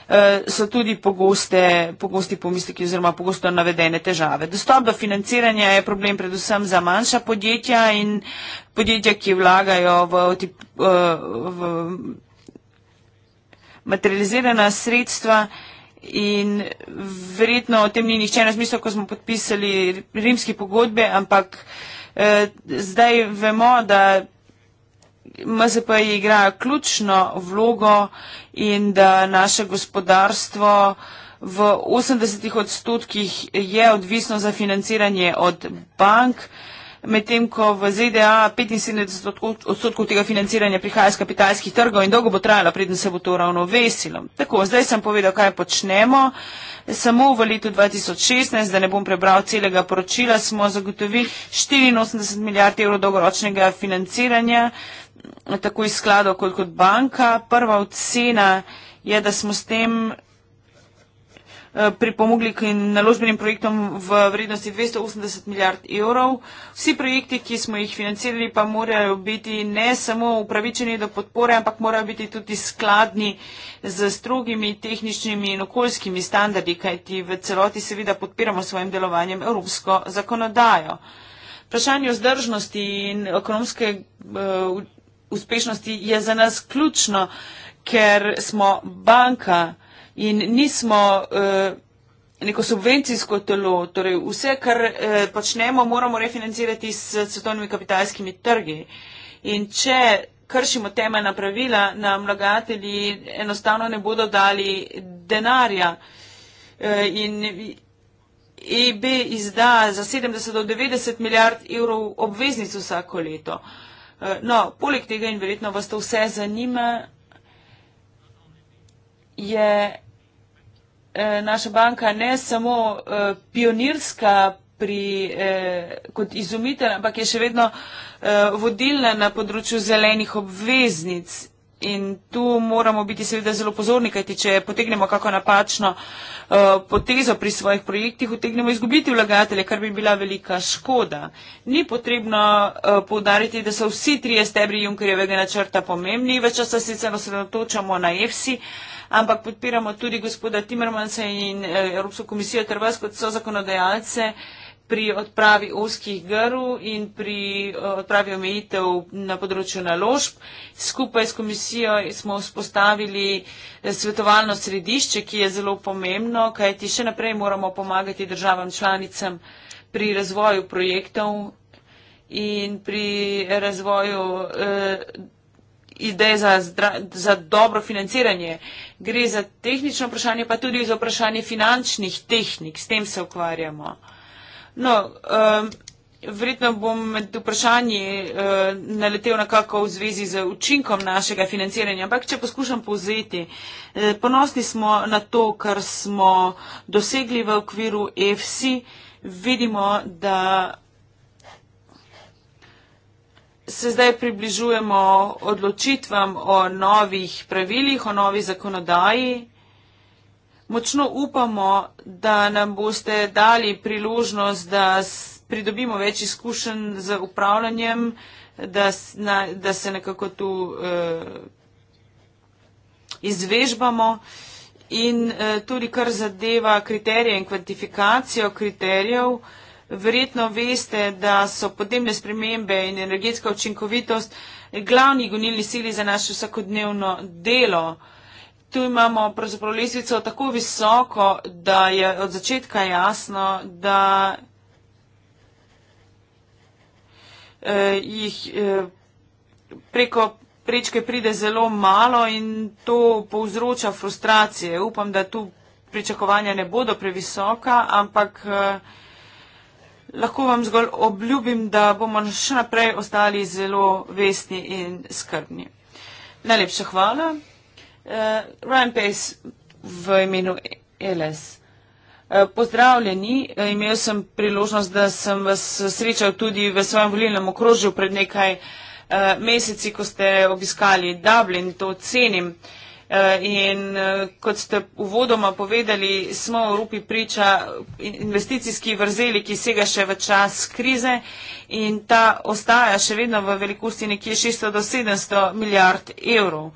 Eh, so tudi pogoste, pogosti pomisliki oziroma pogosto navedene težave. Dostop do financiranja je problem predvsem za manjša podjetja in podjetja, ki vlagajo v, eh, v materializirana sredstva. In verjetno o tem ni nihče na smislu, ko smo podpisali rimske pogodbe, ampak eh, zdaj vemo, da MZP igrajo ključno vlogo in da naše gospodarstvo v 80 odstotkih je odvisno za financiranje od bank, medtem ko v ZDA 75 odstotkov tega financiranja prihaja iz kapitalskih trgov in dolgo bo trajalo, preden se bo to ravnovesilo. Tako, zdaj sem povedal, kaj počnemo. Samo v letu 2016, da ne bom prebral celega poročila, smo zagotovili 84 milijard evrov dolgoročnega financiranja tako iz sklada, kot kot banka. Prva ocena je, da smo s tem eh, pripomogli k naložbenim projektom v vrednosti 280 milijard evrov. Vsi projekti, ki smo jih financirali, pa morajo biti ne samo upravičeni do podpore, ampak morajo biti tudi skladni z strogimi tehničnimi in okoljskimi standardi, kajti v celoti seveda podpiramo svojim delovanjem evropsko zakonodajo. Vprašanje vzdržnosti in ekonomske uh, uspešnosti je za nas ključno, ker smo banka in nismo eh, neko subvencijsko telo, torej vse, kar eh, počnemo, moramo refinancirati s svetovnimi kapitalskimi trgi. In če kršimo temeljna pravila, nam vlagatelji enostavno ne bodo dali denarja. Eh, in EB izda za 70 do 90 milijard evrov obveznic vsako leto. Eh, no, poleg tega in verjetno vas to vse zanima, je eh, naša banka ne samo eh, pionirska pri, kot izumitelj, ampak je še vedno vodilna na področju zelenih obveznic in tu moramo biti seveda zelo pozorni, kajti če potegnemo kako napačno uh, potezo pri svojih projektih, utegnemo izgubiti vlagatelje, kar bi bila velika škoda. Ni potrebno uh, poudariti, da so vsi trije stebri Junkerjevega načrta pomembni, več časa sicer osredotočamo na EFSI, ampak podpiramo tudi gospoda Timmermansa in uh, Evropsko komisijo ter vas kot so zakonodajalce. Uh, pri odpravi oskih grl in pri eh, odpravi omejitev na področju naložb. Skupaj s komisijo smo vzpostavili eh, svetovalno središče, ki je zelo pomembno, kajti še naprej moramo pomagati državam članicam pri razvoju projektov in pri razvoju eh, ideje za, za dobro financiranje. Gre za tehnično vprašanje, pa tudi za vprašanje finančnih tehnik. S tem se ukvarjamo. No, um, verjetno bom med vprašanji uh, naletel na kako v zvezi z učinkom našega financiranja, ampak če poskušam povzeti, eh, ponosni smo na to, kar smo dosegli v okviru EFSI. Vidimo, da se zdaj približujemo odločitvam o novih pravilih, o novi zakonodaji Močno upamo, da nam boste dali priložnost, da pridobimo več izkušenj z upravljanjem, da, na, da se nekako tu eh, izvežbamo. In eh, tudi kar zadeva kriterije in kvantifikacijo kriterijev, verjetno veste, da so podnebne spremembe in energetska učinkovitost glavni gonilni sili za naše vsakodnevno delo. Eh, tu imamo pravzaprav lesvico tako visoko, da je od začetka jasno, da eh, jih eh, preko prečke pride zelo malo in to povzroča frustracije. Upam, da tu pričakovanja ne bodo previsoka, ampak eh, lahko vam zgolj obljubim, da bomo še naprej ostali zelo vestni in skrbni. Najlepša hvala. Uh, Ryan Pace v imenu LS. Eh, pozdravljeni, eh, imel sem priložnost, da sem vas srečal tudi v svojem volilnem okrožju pred nekaj meseci, ko ste obiskali Dublin, to cenim. In kot ste uvodoma povedali, smo v Evropi priča investicijski vrzeli, ki sega še v čas krize in ta ostaja še vedno v velikosti nekje 600 do 700 milijard evrov.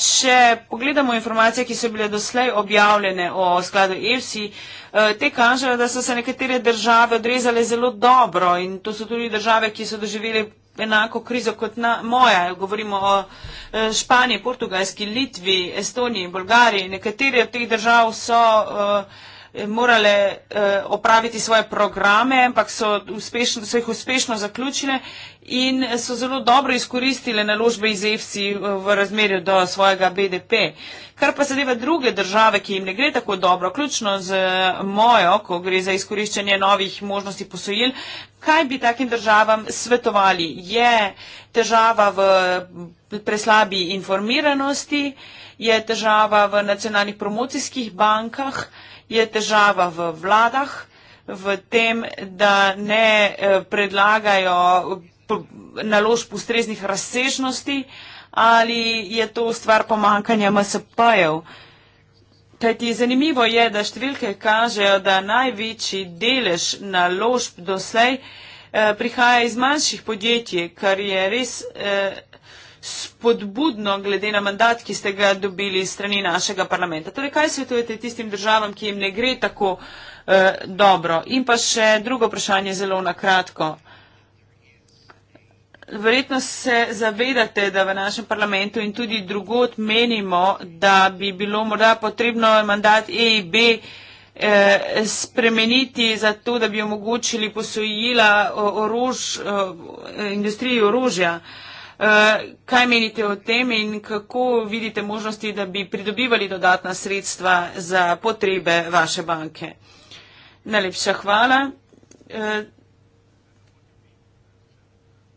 Če pogledamo informacije, ki so bile doslej objavljene o skladu EFSI, eh, te kažejo, da so se nekatere države odrezale zelo dobro in to so tudi države, ki so doživele enako krizo kot na, moja. Govorimo o eh, Španiji, Portugalski, Litvi, Estoniji, Bolgariji. Nekatere od teh držav so. Uh, morale eh, opraviti svoje programe, ampak so, uspešno, so jih uspešno zaključile in so zelo dobro izkoristile naložbe iz EFC eh, v razmerju do svojega BDP. Kar pa zadeva druge države, ki jim ne gre tako dobro, ključno z eh, mojo, ko gre za izkoriščanje novih možnosti posojil, kaj bi takim državam svetovali? Je težava v preslabi informiranosti, je težava v nacionalnih promocijskih bankah, je težava v vladah, v tem, da ne eh, predlagajo naložb ustreznih razsežnosti ali je to stvar pomankanja MSP-jev. Kajti zanimivo je, da številke kažejo, da največji delež naložb doslej eh, prihaja iz manjših podjetij, kar je res. Eh, spodbudno glede na mandat, ki ste ga dobili strani našega parlamenta. Torej, kaj svetujete tistim državam, ki jim ne gre tako eh, dobro? In pa še drugo vprašanje, zelo na kratko. Verjetno se zavedate, da v našem parlamentu in tudi drugot menimo, da bi bilo morda potrebno mandat EIB eh, spremeniti za to, da bi omogočili posojila oruž, industriji orožja. Eh, kaj menite o tem in kako vidite možnosti, da bi pridobivali dodatna sredstva za potrebe vaše banke? Najlepša hvala. Eh,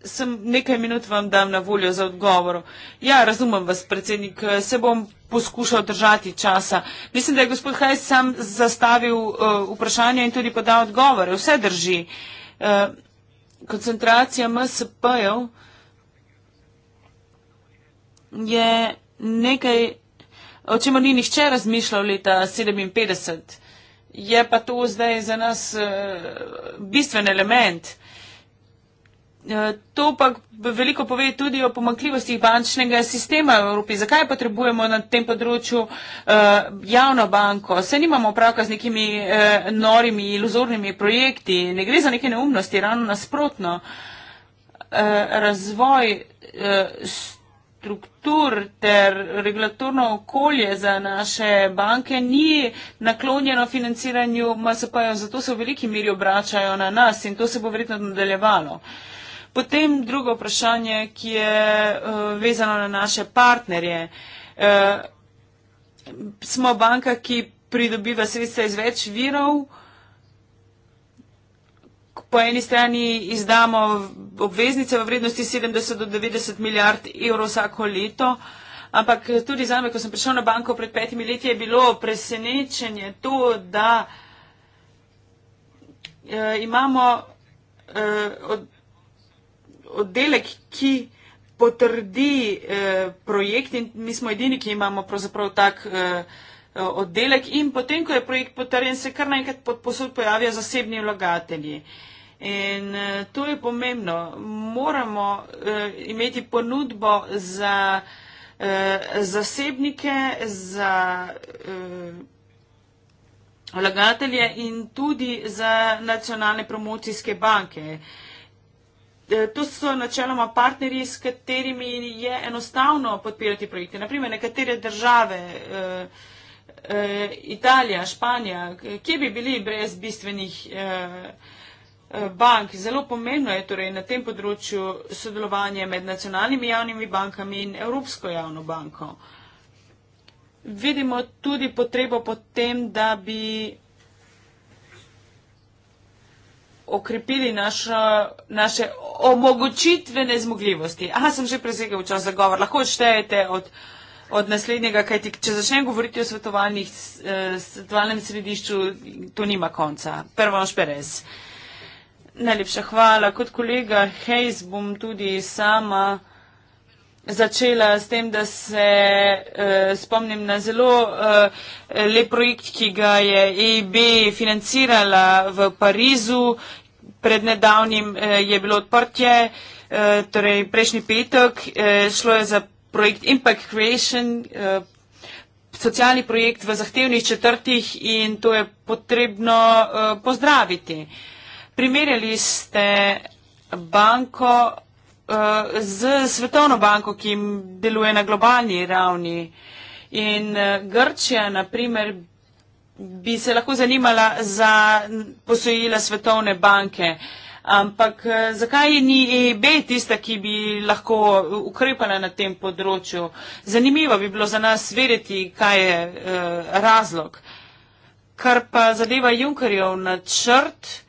sem nekaj minut vam dam na voljo za odgovor. Ja, razumem vas, predsednik, eh, se bom poskušal držati časa. Mislim, da je gospod Hajs sam zastavil vprašanje in tudi podal odgovore. Vse drži. Koncentracija MSP-jev je nekaj, o čemer ni nihče razmišljal leta 1957. Je pa to zdaj za nas eh, bistven element. Eh, to pa veliko pove tudi o pomankljivostih bančnega sistema v Evropi. Zakaj potrebujemo na tem področju uh, javno banko? Se nimamo opravka z nekimi uh, norimi, iluzornimi projekti, ne gre za neke neumnosti, ravno nasprotno. Uh, razvoj uh, struktur ter regulatorno okolje za naše banke ni naklonjeno financiranju MSP-jev, zato se v veliki meri obračajo na nas in to se bo verjetno nadaljevalo. Potem drugo vprašanje, ki je eh, vezano na naše partnerje. Eh, smo banka, ki pridobiva sredstva iz več virov po eni strani izdamo obveznice v vrednosti 70 do 90 milijard evrov vsako leto, ampak tudi za me, ko sem prišel na banko pred petimi leti, je bilo presenečenje to, da eh, imamo eh, od, oddelek, ki potrdi eh, projekt in mi smo edini, ki imamo pravzaprav tak eh, oddelek in potem, ko je projekt potrjen, se kar naenkrat pod posod pojavijo zasebni vlagatelji. Eh, In uh, to je pomembno. Moramo uh, imeti ponudbo za uh, zasebnike, za uh, vlagatelje in tudi za nacionalne promocijske banke. To so načeloma partnerji, s katerimi je enostavno podpirati projekte. Naprimer, nekatere države, eh, eh, Italija, Španija, kje bi bili brez bistvenih eh, Eh, bank. Zelo pomembno je torej na tem področju sodelovanje med nacionalnimi javnimi bankami in Evropsko javno banko. Vidimo tudi potrebo po tem, da bi okrepili našo, naše omogočitvene zmogljivosti. Aha, sem že presegel čas za govor. Lahko odštejete od, od naslednjega, kajti če začnem govoriti o eh, svetovalnem središču, to nima konca. Prvo šperes. Uh, Najlepša hvala. Kot kolega Hayes bom tudi sama začela s tem, da se eh, spomnim na zelo eh, lep projekt, ki ga je EIB financirala v Parizu. Pred nedavnim eh, je bilo odprtje, eh, torej prejšnji petek, eh, šlo je za projekt Impact Creation. Eh, socialni projekt v zahtevnih četrtih in to je potrebno uh, pozdraviti. Uh, Primerjali ste banko eh, z Svetovno banko, ki jim deluje na globalni ravni. In eh, Grčija, na primer, bi se lahko zanimala za posojila Svetovne banke. Ampak eh, zakaj ni EIB tista, ki bi lahko ukrepala na tem področju? Zanimivo bi bilo za nas vedeti, kaj je razlog. Kar pa zadeva Junkerjev načrt,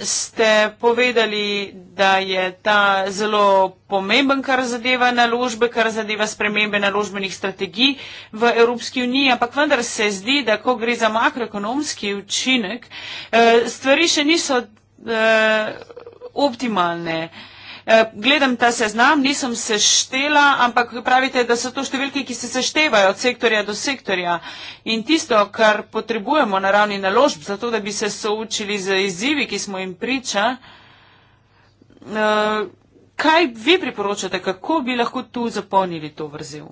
ste povedali, da je ta zelo pomemben, kar zadeva naložbe, kar zadeva spremembe naložbenih strategij v Evropski uniji, ampak vendar se zdi, da ko gre za makroekonomski učinek, eh, stvari še niso eh, optimalne. Eh, gledam ta seznam, nisem se štela, ampak pravite, da so to številke, ki se seštevajo od sektorja do sektorja. In tisto, kar potrebujemo na ravni naložb, zato da bi se soočili z izzivi, ki smo jim priča, eh, kaj vi priporočate, kako bi lahko tu zapolnili to vrzel?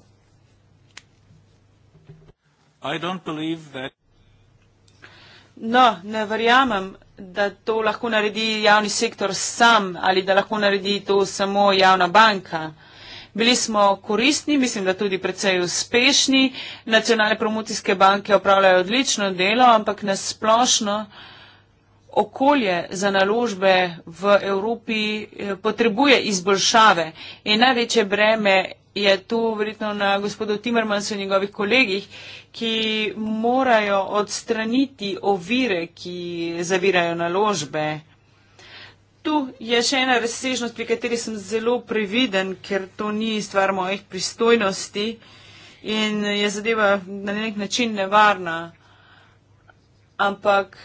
No, ne verjamem, da to lahko naredi javni sektor sam ali da lahko naredi to samo javna banka. Bili smo koristni, mislim, da tudi precej uspešni. Nacionalne promocijske banke opravljajo odlično delo, ampak nasplošno okolje za naložbe v Evropi eh, potrebuje izboljšave in največje breme je tu verjetno na gospodu Timmermansu in njegovih kolegih, ki morajo odstraniti ovire, ki zavirajo naložbe. Tu je še ena razsežnost, pri kateri sem zelo previden, ker to ni stvar mojih pristojnosti in je zadeva na nek način nevarna. Ampak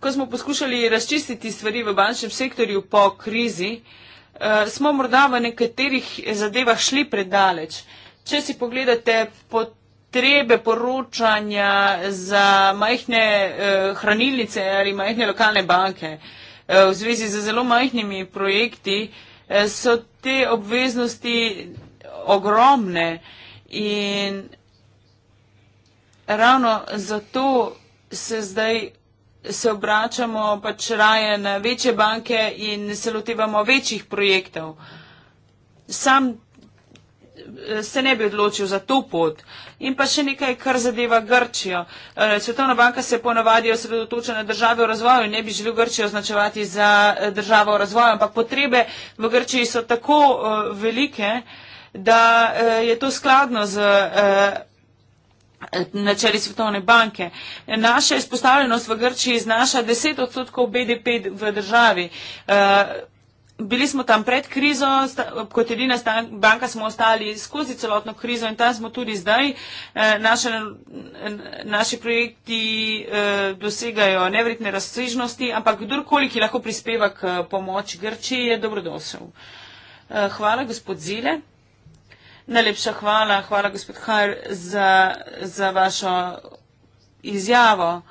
Ko smo poskušali razčistiti stvari v bančnem sektorju po krizi, eh, smo morda v nekaterih zadevah šli predaleč. Če si pogledate potrebe poročanja za majhne eh, hranilnice ali majhne lokalne banke eh, v zvezi z zelo majhnimi projekti, so te obveznosti ogromne in ravno zato se zdaj se obračamo pač raje na večje banke in se lotevamo večjih projektov. Sam eh, se ne bi odločil za to pot. In pa še nekaj, kar zadeva Grčijo. Eh, Svetovna banka se ponavadi osredotoča na države v razvoju in ne bi želel Grčijo označevati za eh, državo v razvoju, ampak potrebe v Grčiji so tako velike, da je to skladno z načeli Svetovne banke. Naša izpostavljenost v Grčiji znaša 10 odstotkov BDP v državi. Eh, bili smo tam pred krizo, kot edina banka smo ostali skozi celotno krizo in tam smo tudi zdaj. Eh, Naše, naši projekti eh, dosegajo nevritne razsežnosti, ampak kdorkoli, ki lahko prispeva k pomoči Grčiji, je dobrodošel. Hvala, gospod Zile. Najlepša hvala, hvala gospod Hajr za, za vašo izjavo.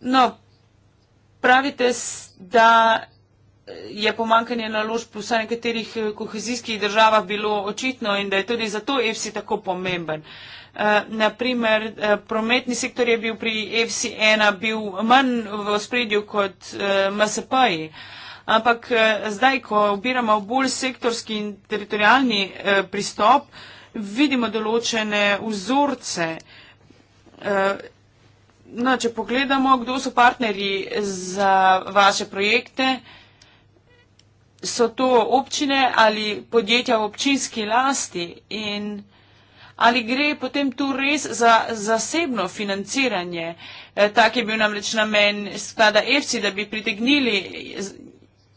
No, pravite, da je pomankanje naložb v vsaj nekaterih eh, kohezijskih državah bilo očitno in da je tudi zato EFSI tako pomemben. Eh, Naprimer, eh, prometni sektor je bil pri EFSI ena bil manj v spredju kot MSP-ji. Ampak eh, zdaj, ko obiramo bolj sektorski in teritorijalni eh, pristop, vidimo določene vzorce. Eh, no, če pogledamo, kdo so partnerji za vaše projekte, so to občine ali podjetja v občinski lasti in ali gre potem tu res za zasebno financiranje. Tak je bil namreč namen sklada EFSI, da bi pritegnili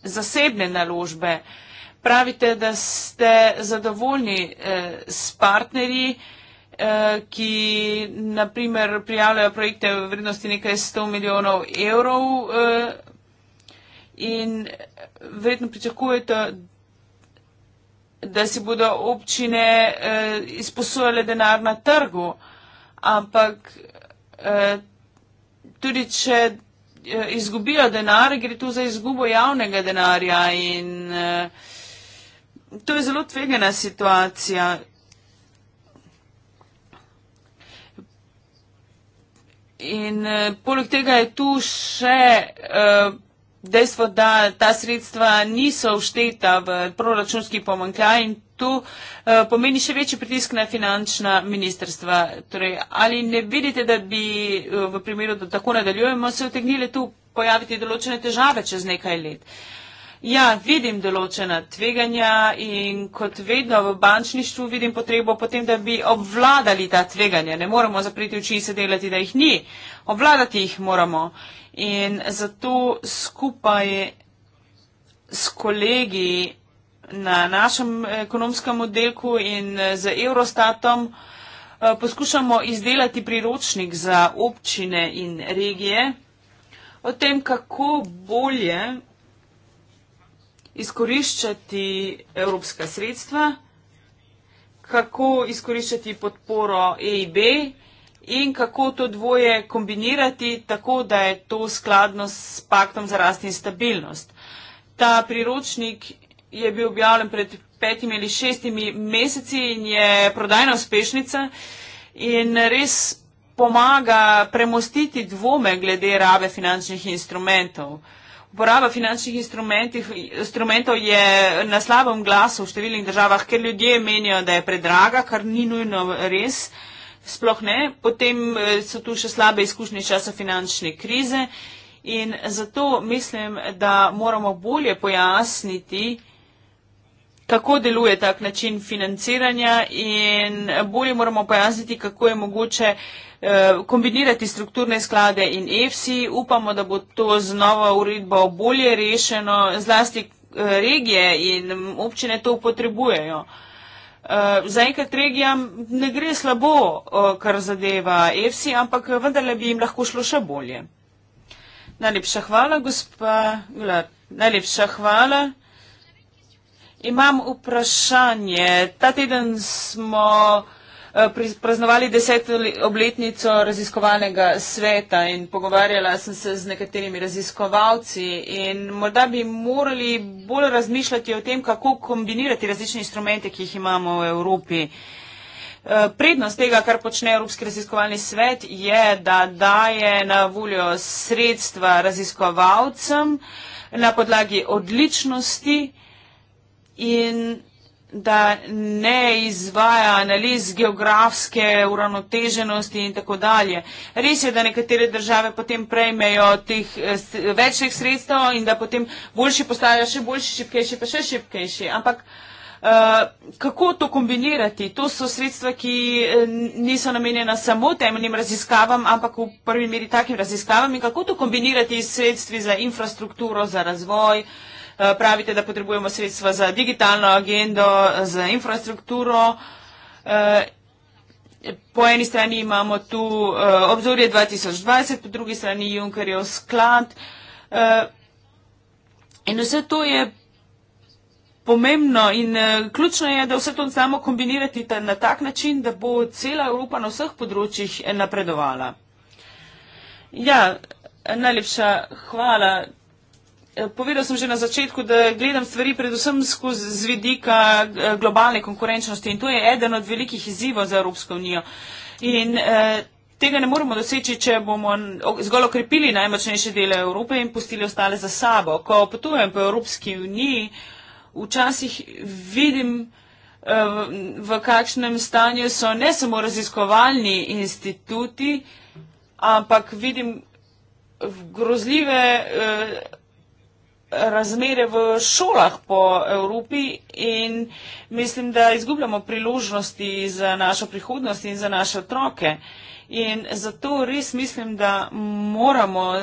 zasebne naložbe. Pravite, da ste zadovoljni eh, s partnerji, eh, ki naprimer prijavljajo projekte v vrednosti nekaj 100 milijonov evrov eh, in verjetno pričakujete, da si bodo občine eh, izposojale denar na trgu, ampak eh, tudi če Eh, izgubijo denar, gre tu za izgubo javnega denarja in eh, to je zelo tvegana situacija. In eh, poleg tega je tu še dejstvo, da ta sredstva niso všteta v proračunski pomankljaj in tu eh, pomeni še večji pritisk na finančna ministrstva. Torej, ali ne vidite, da bi eh, v primeru, da tako nadaljujemo, se otegnile tu pojaviti določene težave čez nekaj let? Ja, vidim določena tveganja in kot vedno v bančništvu vidim potrebo potem, da bi obvladali ta tveganja. Ne moramo zapriti oči in se delati, da jih ni. Obvladati jih moramo. In zato skupaj s kolegi na našem ekonomskem oddelku in eh, z Eurostatom eh, poskušamo izdelati priročnik za občine in regije o tem, kako bolje izkoriščati evropska sredstva, kako izkoriščati podporo EIB in kako to dvoje kombinirati tako, da je to skladno s paktom za rast in stabilnost. Ta priročnik je bil objavljen pred petimi ali šestimi meseci in je prodajna uspešnica in res pomaga premostiti dvome glede rabe finančnih instrumentov. Uporaba finančnih instrumentov je na slabem glasu v številnih državah, ker ljudje menijo, da je predraga, kar ni nujno res, sploh ne. Potem eh, so tu še slabe izkušnje časa finančne krize in zato mislim, da moramo bolje pojasniti, kako deluje tak način financiranja in bolje moramo pojasniti, kako je mogoče eh, kombinirati strukturne sklade in EFSI. Upamo, da bo to z novo uredbo bolje rešeno, zlasti eh, regije in občine to potrebujejo. Eh, zaenkrat regijam ne gre slabo, kar zadeva EFSI, ampak vendarle bi jim lahko šlo še bolje. Najlepša hvala, gospa. Najlepša hvala. Imam vprašanje. Ta teden smo eh, praznovali deset obletnico raziskovalnega sveta in pogovarjala sem se z nekaterimi raziskovalci in morda bi morali bolj razmišljati o tem, kako kombinirati različne instrumente, ki jih imamo v Evropi. Eh, prednost tega, kar počne Evropski raziskovalni svet, je, da daje na voljo sredstva raziskovalcem na podlagi odličnosti, in da ne izvaja analiz geografske uravnoteženosti in tako dalje. Res je, da nekatere države potem prejmejo teh eh, večjih sredstev in da potem boljši postajajo še boljši, šipkejši, pa še šipkejši. Ampak eh, kako to kombinirati? To so sredstva, ki eh, niso namenjena samo temeljnim raziskavam, ampak v prvi meri takim raziskavam. In kako to kombinirati s sredstvi za infrastrukturo, za razvoj? Eh, pravite, da potrebujemo sredstva za digitalno agendo, za infrastrukturo. Eh, po eni strani imamo tu eh, obzorje 2020, po drugi strani Junkerjev sklad. In vse to je pomembno in ključno je, da vse to znamo kombinirati na tak način, da bo cela Evropa na vseh področjih napredovala. Ja, najlepša hvala. Eh, povedal sem že na začetku, da gledam stvari predvsem skozi z vidika eh, globalne konkurenčnosti in to je eden od velikih izzivov za Evropsko unijo. In eh, tega ne moremo doseči, če bomo zgolj okrepili najmočnejše dele Evrope in pustili ostale za sabo. Ko potujem po Evropski uniji, včasih vidim, eh, v kakšnem stanju so ne samo raziskovalni instituti, ampak vidim eh, grozljive. Eh, razmere v šolah po Evropi in mislim, da izgubljamo priložnosti za našo prihodnost in za naše otroke. In zato res mislim, da moramo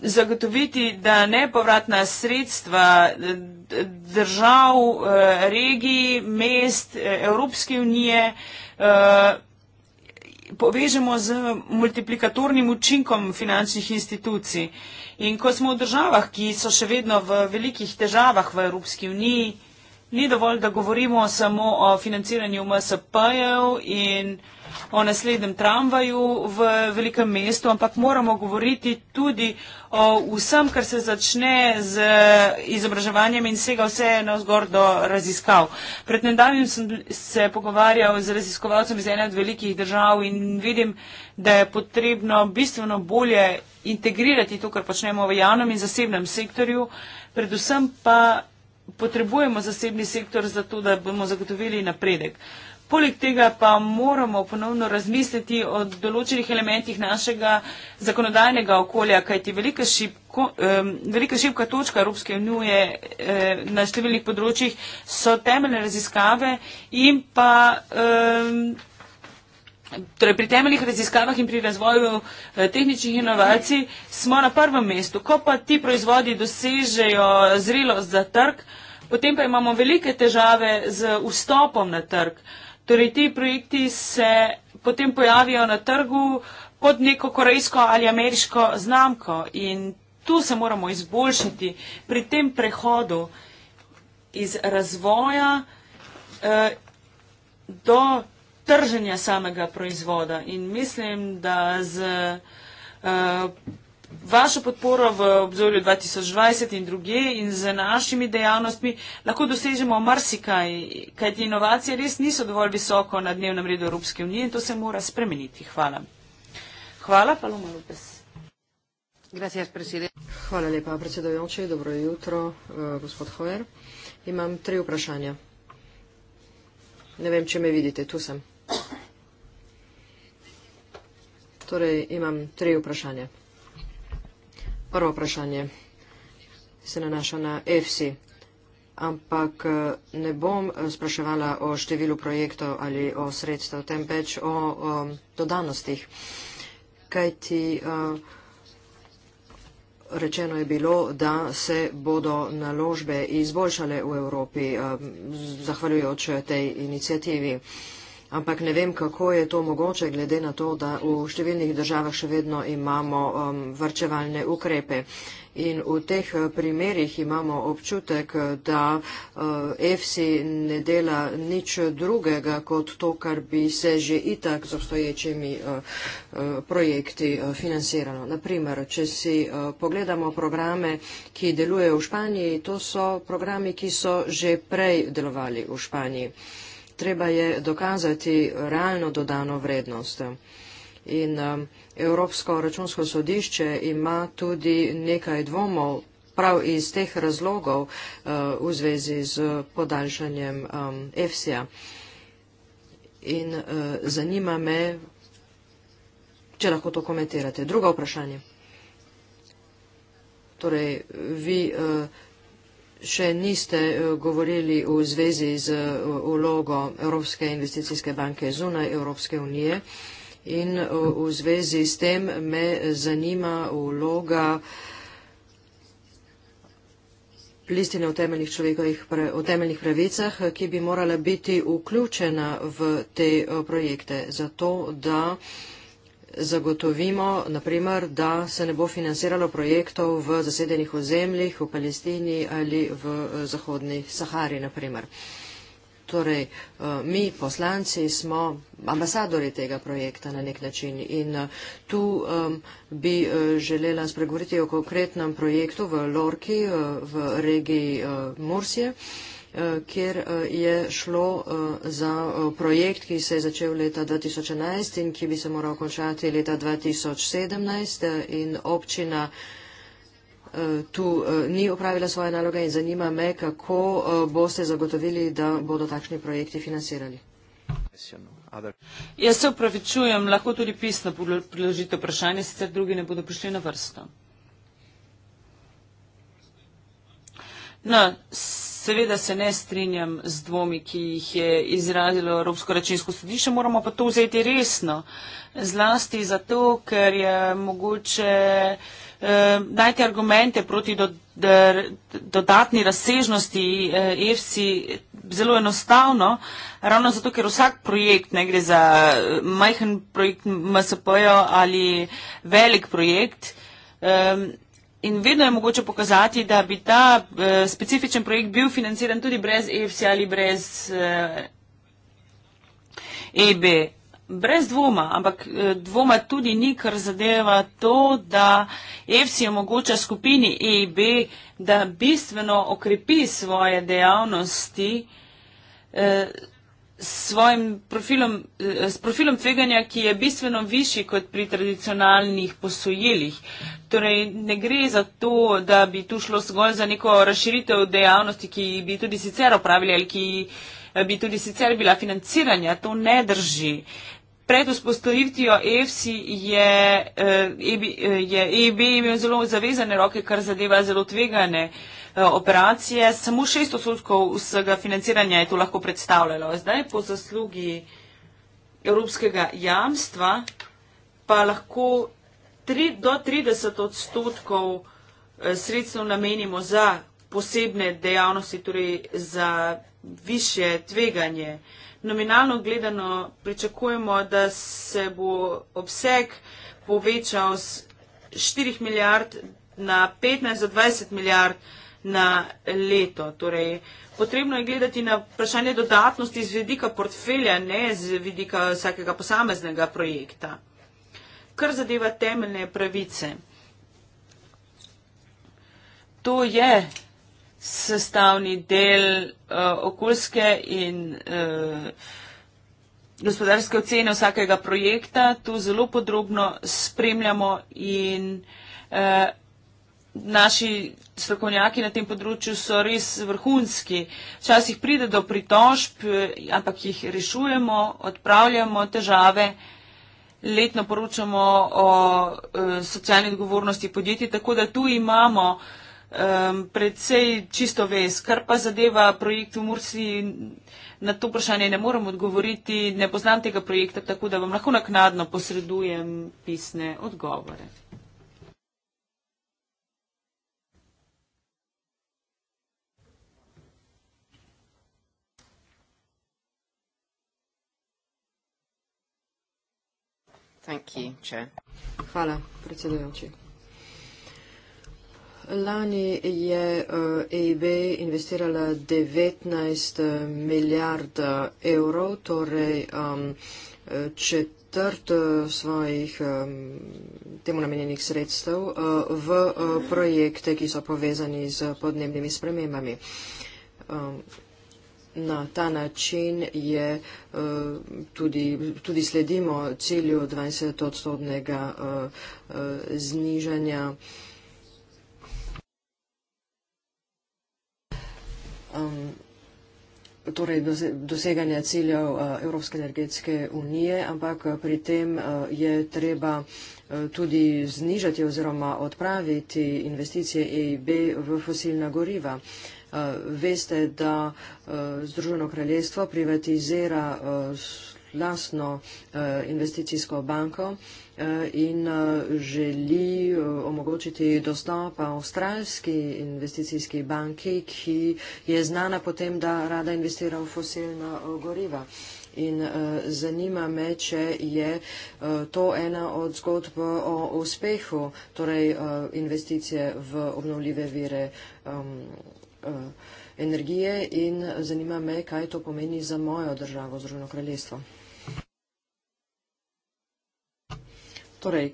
zagotoviti, da nepovratna sredstva držav, eh, regij, mest, eh, Evropske unije eh, povežemo z multiplikatornim učinkom finančnih institucij. In ko smo v državah, ki so še vedno v velikih težavah v Evropski uniji, ni dovolj, da govorimo samo o financiranju MSP-jev in o naslednjem tramvaju v velikem mestu, ampak moramo govoriti tudi o vsem, kar se začne z izobraževanjem in sega vse na vzgor do raziskav. Pred nedavnim sem se pogovarjal z raziskovalcem iz ene od velikih držav in vidim, da je potrebno bistveno bolje integrirati to, kar počnemo v javnem in zasebnem sektorju, predvsem pa potrebujemo zasebni sektor za to, da bomo zagotovili napredek. Uh, Poleg tega pa moramo ponovno razmisliti o določenih elementih našega zakonodajnega okolja, kajti velika, šipko, eh, velika šipka točka Evropske unije eh, na številnih področjih so temeljne raziskave in pa. Eh, Torej, pri temeljnih raziskavah in pri razvoju eh, tehničnih inovacij smo na prvem mestu. Ko pa ti proizvodi dosežejo zrelost za trg, potem pa imamo velike težave z vstopom na trg. Eh, Torej, ti projekti se potem pojavijo na trgu pod neko korejsko ali ameriško znamko in tu se moramo izboljšati pri tem prehodu iz razvoja eh, do trženja samega proizvoda. In mislim, da z eh, Vaša podpora v obzorju 2020 in druge in z našimi dejavnostmi lahko dosežemo marsikaj, kajti inovacije res niso dovolj visoko na dnevnem redu Evropske unije in to se mora spremeniti. Hvala. Hvala, Paloma Lupes. Hvala lepa, predsedojoči. Dobro jutro, eh, gospod Hoer. Imam tri vprašanja. Ne vem, če me vidite, tu sem. Torej, imam tri vprašanja. Prvo vprašanje se nanaša na EFSI, ampak eh, ne bom eh, spraševala o številu projektov ali o sredstvu, temveč o, o dodanostih. Kaj ti eh, rečeno je bilo, da se bodo naložbe izboljšale v Evropi, zahvaljujoč tej inicijativi ampak ne vem, kako je to mogoče, glede na to, da v številnih državah še vedno imamo um, vrčevalne ukrepe. In v teh uh, primerjih imamo občutek, da uh, EFSI ne dela nič drugega kot to, kar bi se že itak z obstoječimi uh, uh, projekti uh, financiralo. Naprimer, če si uh, pogledamo programe, ki delujejo v Španiji, to so programi, ki so že prej delovali v Španiji. Uh, treba je dokazati realno dodano vrednost. In um, Evropsko računsko sodišče ima tudi nekaj dvomov prav iz teh razlogov uh, v zvezi z podaljšanjem um, EFSI-ja. In uh, zanima me, če lahko to komentirate. Drugo vprašanje. Torej, vi uh, še niste eh, govorili v zvezi z ulogo eh, Evropske investicijske banke zunaj Evropske unije. In eh, v zvezi s tem me zanima vloga listine o temeljnih, človekovih, o temeljnih pravicah, ki bi morala biti vključena v te projekte, zato da zagotovimo, naprimer, da se ne bo financiralo projektov v zasedenih ozemljih v Palestini ali v eh, Zahodni Sahari, naprimer. Torej, eh, mi poslanci smo ambasadori tega projekta na nek način in eh, tu bi želela spregovoriti o konkretnem projektu v Lorki v regiji Mursije. Eh, kjer eh, je šlo eh, za projekt, ki se je začel leta 2011 in ki bi se moral končati leta 2017 in občina tu ni upravila svoje naloge in zanima me, kako boste zagotovili, da bodo takšni projekti financirali. Jaz se upravičujem, lahko tudi pisno priložite vprašanje, sicer drugi ne bodo prišli na vrsto. No, Seveda se ne strinjam z dvomi, ki jih je izrazilo Evropsko računsko sodišče, moramo pa to vzeti resno. Zlasti zato, ker je mogoče eh, dajte argumente proti do, da, dodatni razsežnosti eh, EFSI zelo enostavno, ravno zato, ker vsak projekt, ne gre za eh, majhen projekt MSP-jo ali velik projekt, eh, In vedno je mogoče pokazati, da bi ta uh, specifičen projekt bil financiran tudi brez EFC ali brez uh, eh, EB. Brez dvoma, ampak eh, dvoma tudi ni, kar zadeva to, da EFC omogoča skupini EIB, da bistveno okrepi svoje dejavnosti, svojim profilom, eh, s profilom tveganja, ki je bistveno višji kot pri tradicionalnih posojilih. Torej, ne gre za to, da bi tu šlo zgolj za neko razširitev dejavnosti, ki bi tudi sicer opravili ali ki eh, bi tudi sicer bila financiranja. To ne drži. Pred vzpostavitvijo EFSI je, eh, e je EB imel zelo zavezane roke, kar zadeva zelo tvegane. Eh, operacije. Samo šest odstotkov vsega financiranja je to lahko predstavljalo. Zdaj po zaslugi evropskega jamstva pa lahko tri, do 30 odstotkov eh, sredstev namenimo za posebne dejavnosti, torej za više tveganje. Nominalno gledano pričakujemo, da se bo obseg povečal z 4 milijard na 15 do 20 milijard na leto. Torej, potrebno je gledati na vprašanje dodatnosti z vidika portfelja, ne z vidika vsakega posameznega projekta. Kar zadeva temeljne pravice. To je sestavni del uh, okoljske in uh, gospodarske ocene vsakega projekta. To zelo podrobno spremljamo in uh, naši strokovnjaki na tem področju so res vrhunski. Včasih pride do pritožb, eh, ampak jih rešujemo, odpravljamo težave. Letno poročamo o e, socialni odgovornosti podjetij, tako da tu imamo e, predvsej čisto vez. Kar pa zadeva projekt v Mursi, na to vprašanje ne morem odgovoriti, ne poznam tega projekta, tako da vam lahko naknadno posredujem pisne odgovore. Thank you, Chair. Hvala, predsedujoči. Lani je EIB eh, e investirala 19 eh, milijard eh, evrov, torej četrt svojih temu namenjenih sredstev v projekte, ki so povezani z podnebnimi spremembami. Na ta način je eh, tudi, tudi sledimo cilju 20 odstotnega eh, eh, znižanja. torej doseganja ciljev Evropske energetske unije, ampak pri tem je treba tudi znižati oziroma odpraviti investicije EIB v fosilna goriva. Eh, veste, da eh, Združeno kraljestvo privatizira eh, lastno investicijsko banko in želi omogočiti dostop avstralski investicijski banki, ki je znana potem, da rada investira v fosilna goriva. In uh, zanima me, če je uh, to ena od zgodb o uspehu, torej uh, investicije v obnovljive vire. Um, uh, energije in zanima me, kaj to pomeni za mojo državo, Združeno kraljestvo. Torej,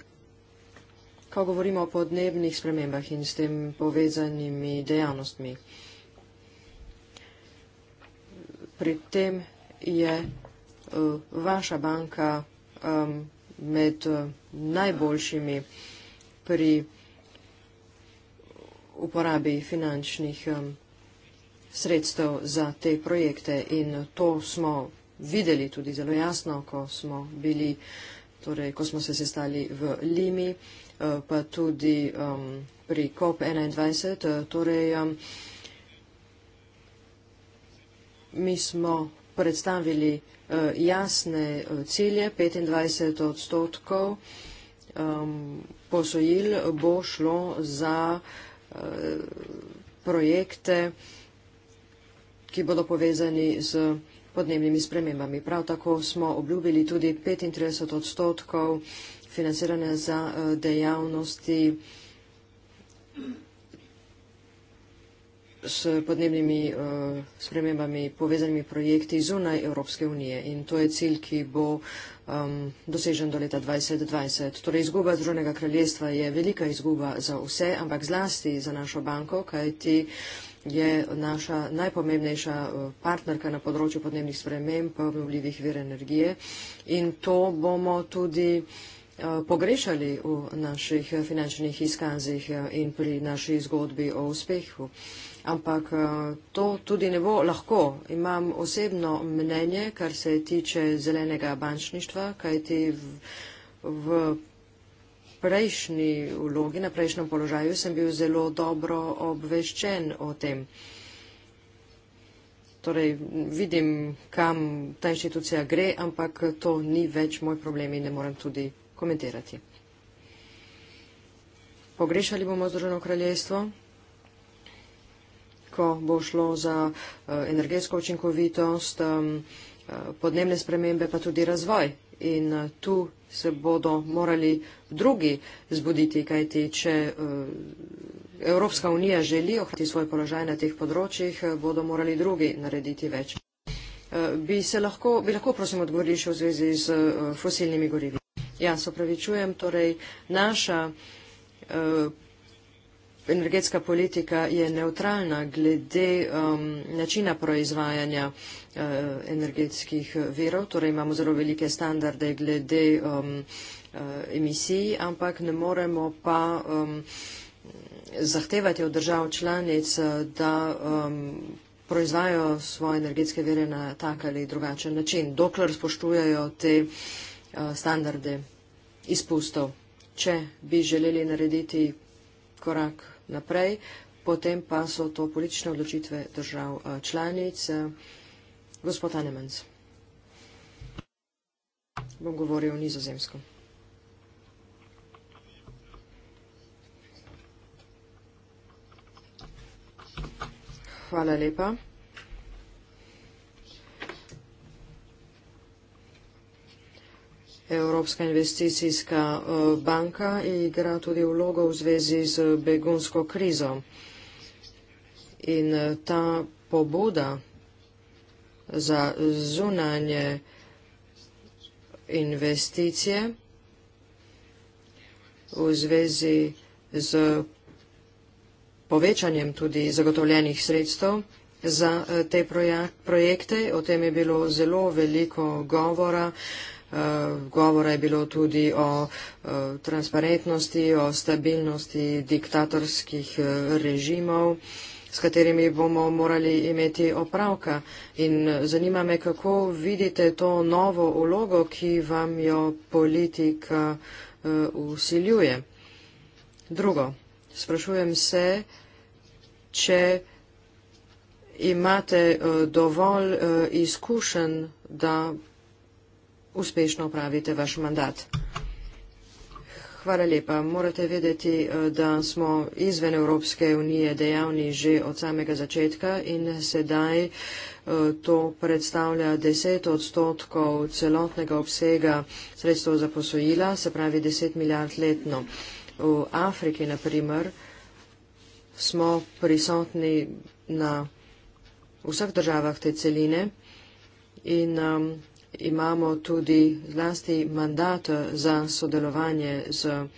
ko govorimo o podnebnih spremembah in s tem povezanimi dejavnostmi, pri tem je uh, vaša banka um, med uh, najboljšimi pri uporabi finančnih um, sredstev za te projekte in to smo videli tudi zelo jasno, ko smo, bili, torej, ko smo se sestali v Limi, uh, pa tudi um, pri COP21. Uh, eh, torej, um, mi smo predstavili uh, jasne uh, cilje, 25 odstotkov um, posojil bo šlo za uh, projekte, ki bodo povezani z podnebnimi spremembami. Prav tako smo obljubili tudi 35 odstotkov financirane za eh, dejavnosti s podnebnimi uh, spremembami povezanimi projekti zunaj Evropske unije in to je cilj, ki bo um, dosežen do leta 2020. Torej, izguba Združenega kraljestva je velika izguba za vse, ampak zlasti za našo banko, kajti je naša najpomembnejša eh, partnerka na področju podnebnih sprememb, pa obnovljivih vir energije in to bomo tudi eh, pogrešali v naših finančnih izkazih in pri naši zgodbi o uspehu ampak eh, to tudi ne bo lahko. Imam osebno mnenje, kar se tiče zelenega bančništva, kajti v, v prejšnji vlogi, na prejšnjem položaju, sem bil zelo dobro obveščen o tem. Torej, vidim, kam ta inštitucija gre, ampak to ni več moj problem in ne moram tudi komentirati. Pogrešali bomo Združeno kraljestvo ko bo šlo za eh, energetsko učinkovitost, eh, podnebne spremembe, pa tudi razvoj. In eh, tu se bodo morali drugi zbuditi, kajti če Evropska unija želi ohraniti svoj položaj na teh področjih, bodo morali drugi narediti več. Bi, lahko, bi lahko, prosim, odgovorili še v zvezi z fosilnimi gorivi? Ja, se opravičujem, torej naša energetska politika je neutralna glede um, načina proizvajanja uh, energetskih verov, torej imamo zelo velike standarde glede um, uh, emisij, ampak ne moremo pa um, zahtevati od držav članic, uh, da um, proizvajajo svoje energetske vere na tak ali drugačen način, dokler spoštujajo te uh, standarde izpustov. Če bi želeli narediti korak naprej, potem pa so to politične odločitve držav eh, članic. Eh, gospod Anemans, bom govoril o nizozemsko. Hvala lepa. Evropska investicijska eh, banka igra tudi vlogo v zvezi z begunsko krizo. In eh, ta pobuda za zunanje investicije v zvezi z povečanjem tudi zagotovljenih sredstev za eh, te projekte, o tem je bilo zelo veliko govora. Eh, govora je bilo tudi o eh, transparentnosti, o stabilnosti diktatorskih eh, režimov, s katerimi bomo morali imeti opravka. In zanima me, kako vidite to novo ulogo, ki vam jo politika usiljuje. Drugo, sprašujem se, če imate dovolj izkušen, da uspešno upravite vaš mandat. Hvala lepa. Morate vedeti, eh, da smo izven Evropske unije dejavni že od samega začetka in sedaj eh, to predstavlja 10 odstotkov celotnega obsega sredstev za posojila, se pravi 10 milijard letno. V Afriki, na primer, smo prisotni na vseh državah te celine in um, imamo tudi zlasti mandat za sodelovanje z uh,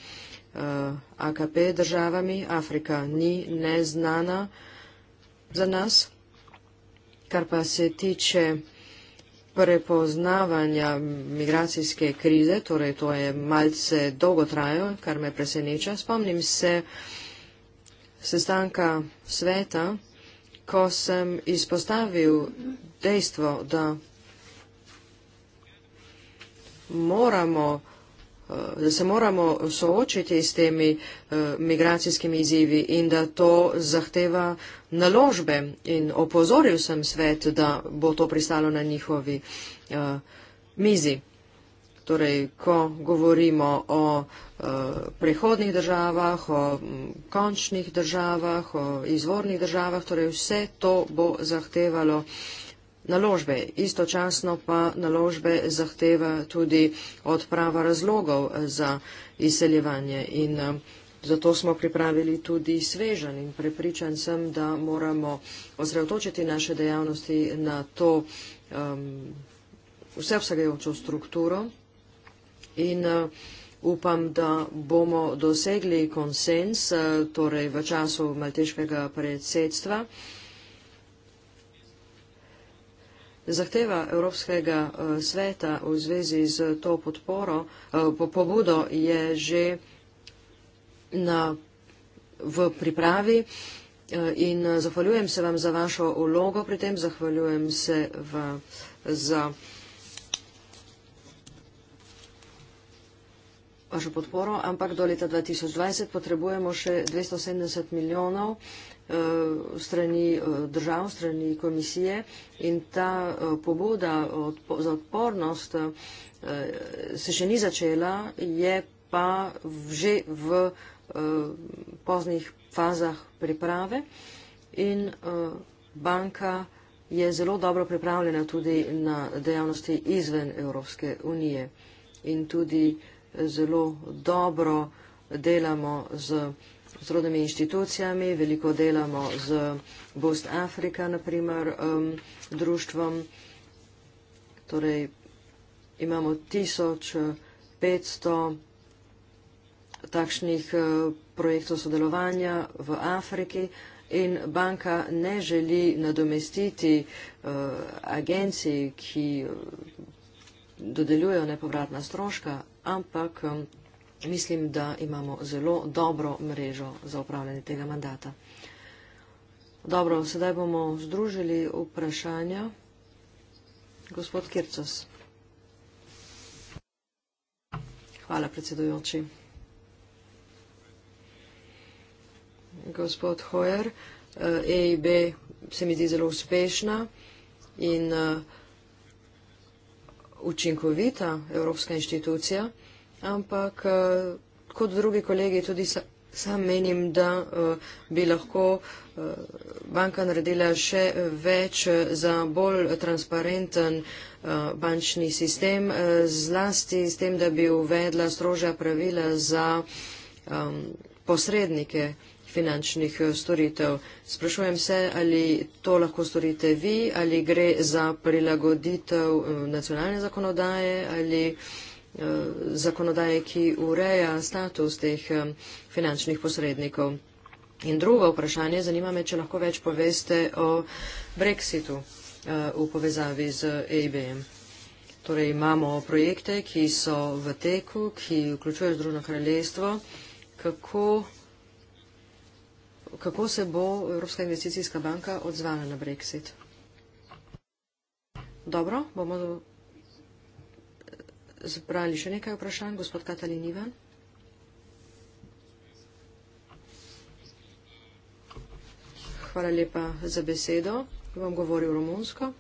eh, AKP državami. Afrika ni neznana za nas. Kar pa se tiče prepoznavanja migracijske krize, torej to je malce dolgo trajalo, kar me preseneča. Spomnim se sestanka sveta, ko sem izpostavil dejstvo, da moramo eh, da se moramo soočiti s temi uh, migracijskimi izzivi in da to zahteva naložbe. In opozoril sem svet, da bo to pristalo na njihovi uh, mizi. Torej, ko govorimo o uh, prehodnih državah, o končnih državah, o izvornih državah, torej vse to bo zahtevalo uh, naložbe. Istočasno pa naložbe zahteva tudi odprava razlogov eh, za izseljevanje in eh, zato smo pripravili tudi svežan in prepričan sem, da moramo osredotočiti naše dejavnosti na to um, ehm, vse vsegajočo strukturo in eh, Upam, da bomo dosegli konsens, torej v času malteškega predsedstva. Zahteva Evropskega eh, sveta v zvezi z to podporo, eh, po pobudo je že na, v pripravi eh, in zahvaljujem se vam za vašo vlogo pri tem, zahvaljujem se v, za vašo podporo, ampak do leta 2020 potrebujemo še 270 milijonov Eh, strani eh, držav, strani komisije in ta eh, pobuda za odpornost se še ni začela, je pa že v poznih fazah priprave in banka je zelo dobro pripravljena tudi na dejavnosti izven Evropske unije in tudi zelo dobro delamo z vsega, zrodnimi inštitucijami, veliko delamo z Bost Afrika, naprimer, um, društvom. Torej, imamo 1500 takšnih uh, projektov sodelovanja v Afriki in banka ne želi nadomestiti uh, eh, agenciji, ki eh, dodeljujo nepovratna stroška, ampak um, mislim, da imamo zelo dobro mrežo za upravljanje tega mandata. Dobro, sedaj bomo združili vprašanja. Gospod Kircos. Hvala, predsedujoči. Gospod Hojer, EIB eh, e se mi zdi zelo uspešna in eh, učinkovita evropska inštitucija ampak uh, kot drugi kolegi tudi sa, sam menim, da uh, bi lahko uh, banka naredila še več za bolj transparenten uh, bančni sistem, uh, zlasti s tem, da bi uvedla strožja pravila za um, posrednike finančnih storitev. Sprašujem se, ali to lahko storite vi, ali gre za prilagoditev nacionalne zakonodaje, ali uh, Eh, zakonodaje, ki ureja status teh eh, finančnih posrednikov. In drugo vprašanje, zanima me, če lahko več poveste o Brexitu eh, v povezavi z EIB-em. Torej imamo projekte, ki so v teku, ki vključujejo Združeno kraljestvo. Kako, kako se bo Evropska investicijska banka odzvala na Brexit? Dobro, bomo zbrali še nekaj vprašanj. Gospod Katalin Ivan. Hvala lepa za besedo. Vam govoril romunsko.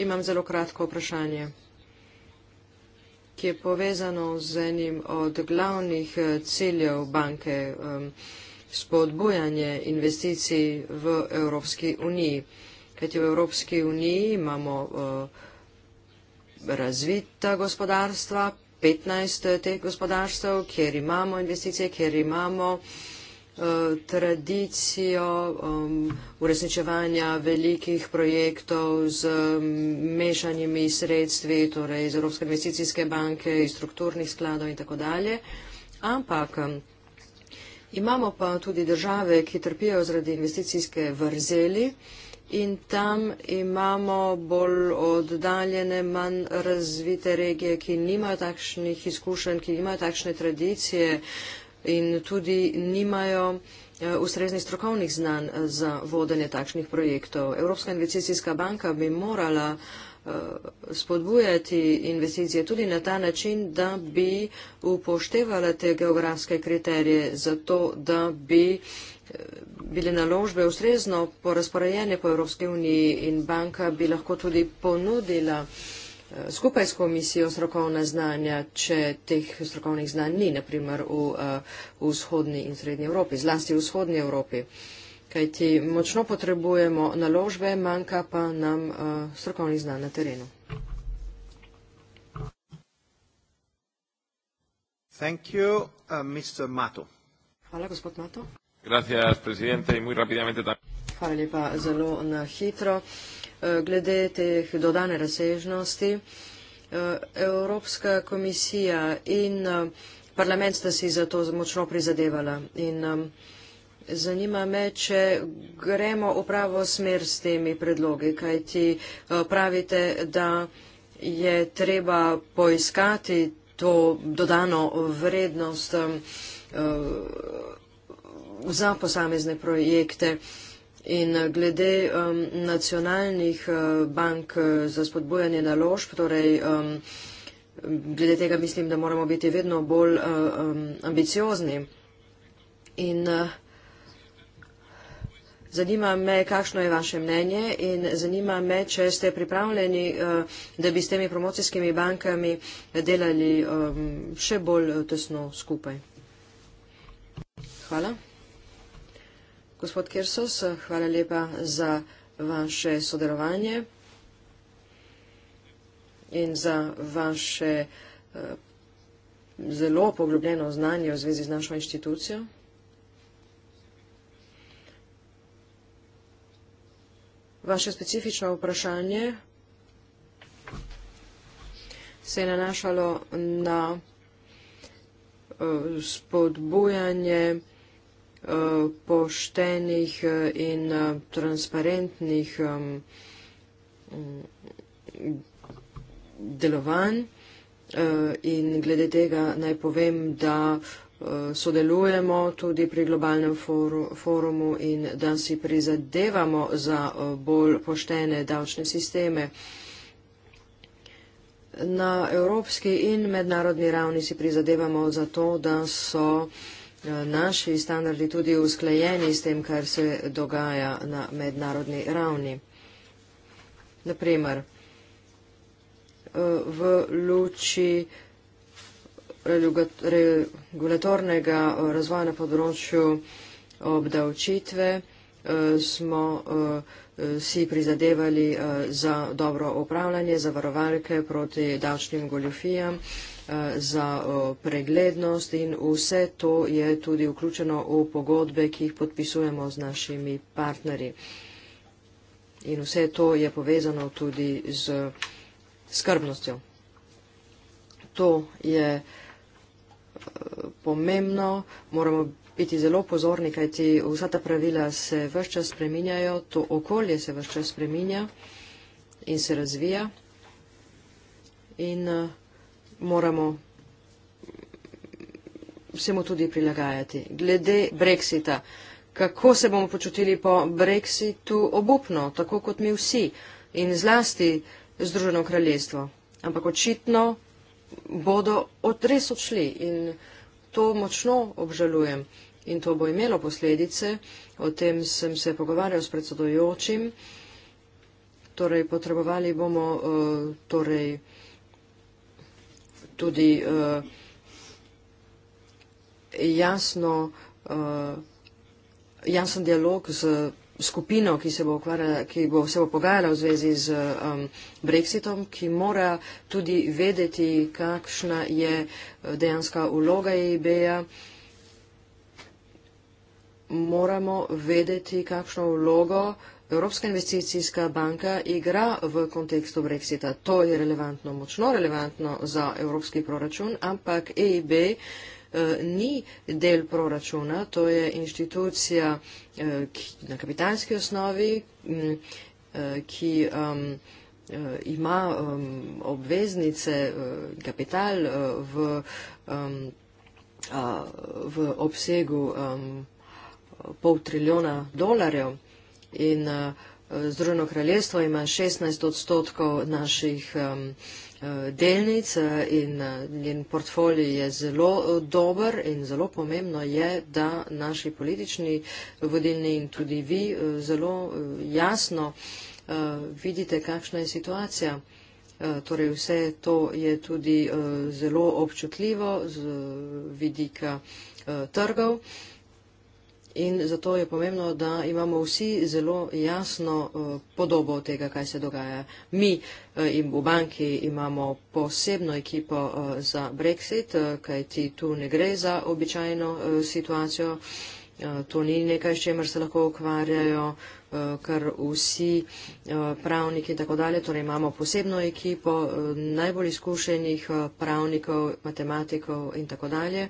Imam zelo kratko vprašanje, ki je povezano z enim od glavnih eh, ciljev banke ehm, spodbujanje investicij v Evropski uniji. Kajti v Evropski uniji imamo eh, razvita gospodarstva, 15 eh, teh gospodarstv, kjer imamo investicije, kjer imamo eh, tradicijo um, uresničevanja velikih projektov z um, mešanjimi sredstvi, torej iz Evropske investicijske banke, iz strukturnih skladov in tako dalje. Ampak um, imamo pa tudi države, ki trpijo zaradi investicijske vrzeli, uh, in tam imamo bolj oddaljene, manj razvite regije, ki nimajo takšnih izkušenj, ki nimajo takšne tradicije in tudi nimajo eh, ustreznih strokovnih znanj eh, za vodenje takšnih projektov. Evropska investicijska banka bi morala eh, spodbujati investicije tudi na ta način, da bi upoštevala te geografske kriterije za to, da bi bile naložbe ustrezno porazporejene po Evropske uniji in banka bi lahko tudi ponudila eh, skupaj s komisijo strokovna znanja, če teh strokovnih znanj ni, naprimer v, eh, v vzhodni in srednji Evropi, zlasti v vzhodni Evropi. Kajti močno potrebujemo naložbe, manjka pa nam eh, strokovnih znanj na terenu. Thank you, uh, Mr. Mato. Hvala, gospod Mato. Gracias, presidente. Y muy rápidamente también. Hvala lepa, zelo na hitro. Eh, glede teh dodane razsežnosti, eh, Evropska komisija in eh, parlament sta si za to močno prizadevala. In zanima me, če gremo v pravo smer s temi predlogi, kaj ti pravite, da je treba poiskati to dodano vrednost za posamezne projekte. In eh, glede um, nacionalnih uh, bank eh, za spodbujanje naložb, torej um, glede tega mislim, da moramo biti vedno bolj uh, um, ambiciozni. In uh, zanima me, kakšno je vaše mnenje in zanima me, če ste pripravljeni, uh, da bi s temi promocijskimi bankami delali um, še bolj tesno skupaj. Hvala. Gospod Kersos, hvala lepa za vaše sodelovanje in za vaše eh, zelo poglobljeno znanje v zvezi z našo inštitucijo. Vaše specifično vprašanje se je nanašalo na eh, spodbujanje poštenih eh, in eh, transparentnih mm, delovanj eh, in glede tega naj povem, da sodelujemo tudi pri globalnem forumu in da si prizadevamo za bolj poštene davčne sisteme. Na evropski in mednarodni ravni si prizadevamo za to, da so naši standardi tudi usklajeni s tem, kar se dogaja na mednarodni ravni. Naprimer, eh, v luči regulatornega eh, razvoja na področju obdavčitve eh, smo si prizadevali za dobro upravljanje, za varovalke proti davčnim goljofijam. Eh, za preglednost in vse to je tudi vključeno v pogodbe, ki jih podpisujemo z našimi partnerji. In vse to je povezano tudi z skrbnostjo. To je eh, pomembno, moramo biti zelo pozorni, kajti vsa ta pravila se vse čas spreminjajo, to okolje se vse čas spreminja in se razvija. In uh, moramo se mu tudi prilagajati. Glede Brexita, kako se bomo počutili po Brexitu obupno, tako kot mi vsi in zlasti Združeno kraljestvo. Ampak očitno bodo odres odšli in to močno obžalujem in to bo imelo posledice. O tem sem se pogovarjal s predsedojočim. Torej, potrebovali bomo uh, torej, tudi uh, jasno, uh, jasen dialog z skupino, ki se bo, ki bo se bo pogajala v zvezi z um, Brexitom, ki mora tudi vedeti, kakšna je eh, dejanska uloga EIB-ja. Moramo vedeti, kakšno vlogo uh, Evropska investicijska banka igra v kontekstu brexita. To je relevantno, močno relevantno za evropski proračun, ampak EIB eh, ni del proračuna, to je inštitucija eh, na kapitalski osnovi, mm, eh, ki ima obveznice, kapital v, v obsegu pol trilijona dolarjev in uh, Združeno kraljestvo ima 16 odstotkov naših um, delnic in njen portfolio je zelo dober in zelo pomembno je, da naši politični vodilni in tudi vi zelo jasno vidite, kakšna je situacija. Torej vse to je tudi zelo občutljivo z vidika trgov. In zato je pomembno, da imamo vsi zelo jasno eh, podobo tega, kaj se dogaja. Mi eh, in v banki imamo posebno ekipo eh, za Brexit, kajti tu ne gre za običajno situacijo. To ni nekaj, s čemer se lahko ukvarjajo kar vsi pravniki in tako dalje. Torej imamo posebno ekipo najbolj izkušenih pravnikov, matematikov in tako dalje.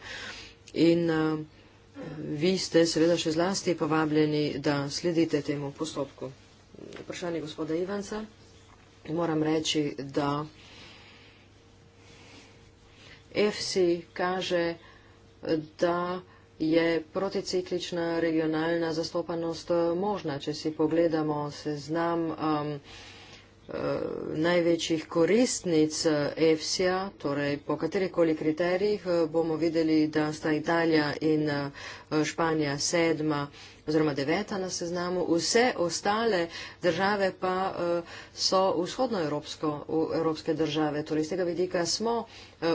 Vi ste seveda še zlasti povabljeni, da sledite temu postopku. Vprašanje gospoda Ivanca. Moram reči, da FC kaže, da je proticiklična regionalna zastopanost možna, če si pogledamo seznam. Um, Eh, največjih koristnic eh, EFSA, torej po katerih koli kriterijih eh, bomo videli, da sta Italija in Španija sedma oziroma deveta na seznamu, vse ostale države pa so vzhodnoevropske države. Torej z tega vidika smo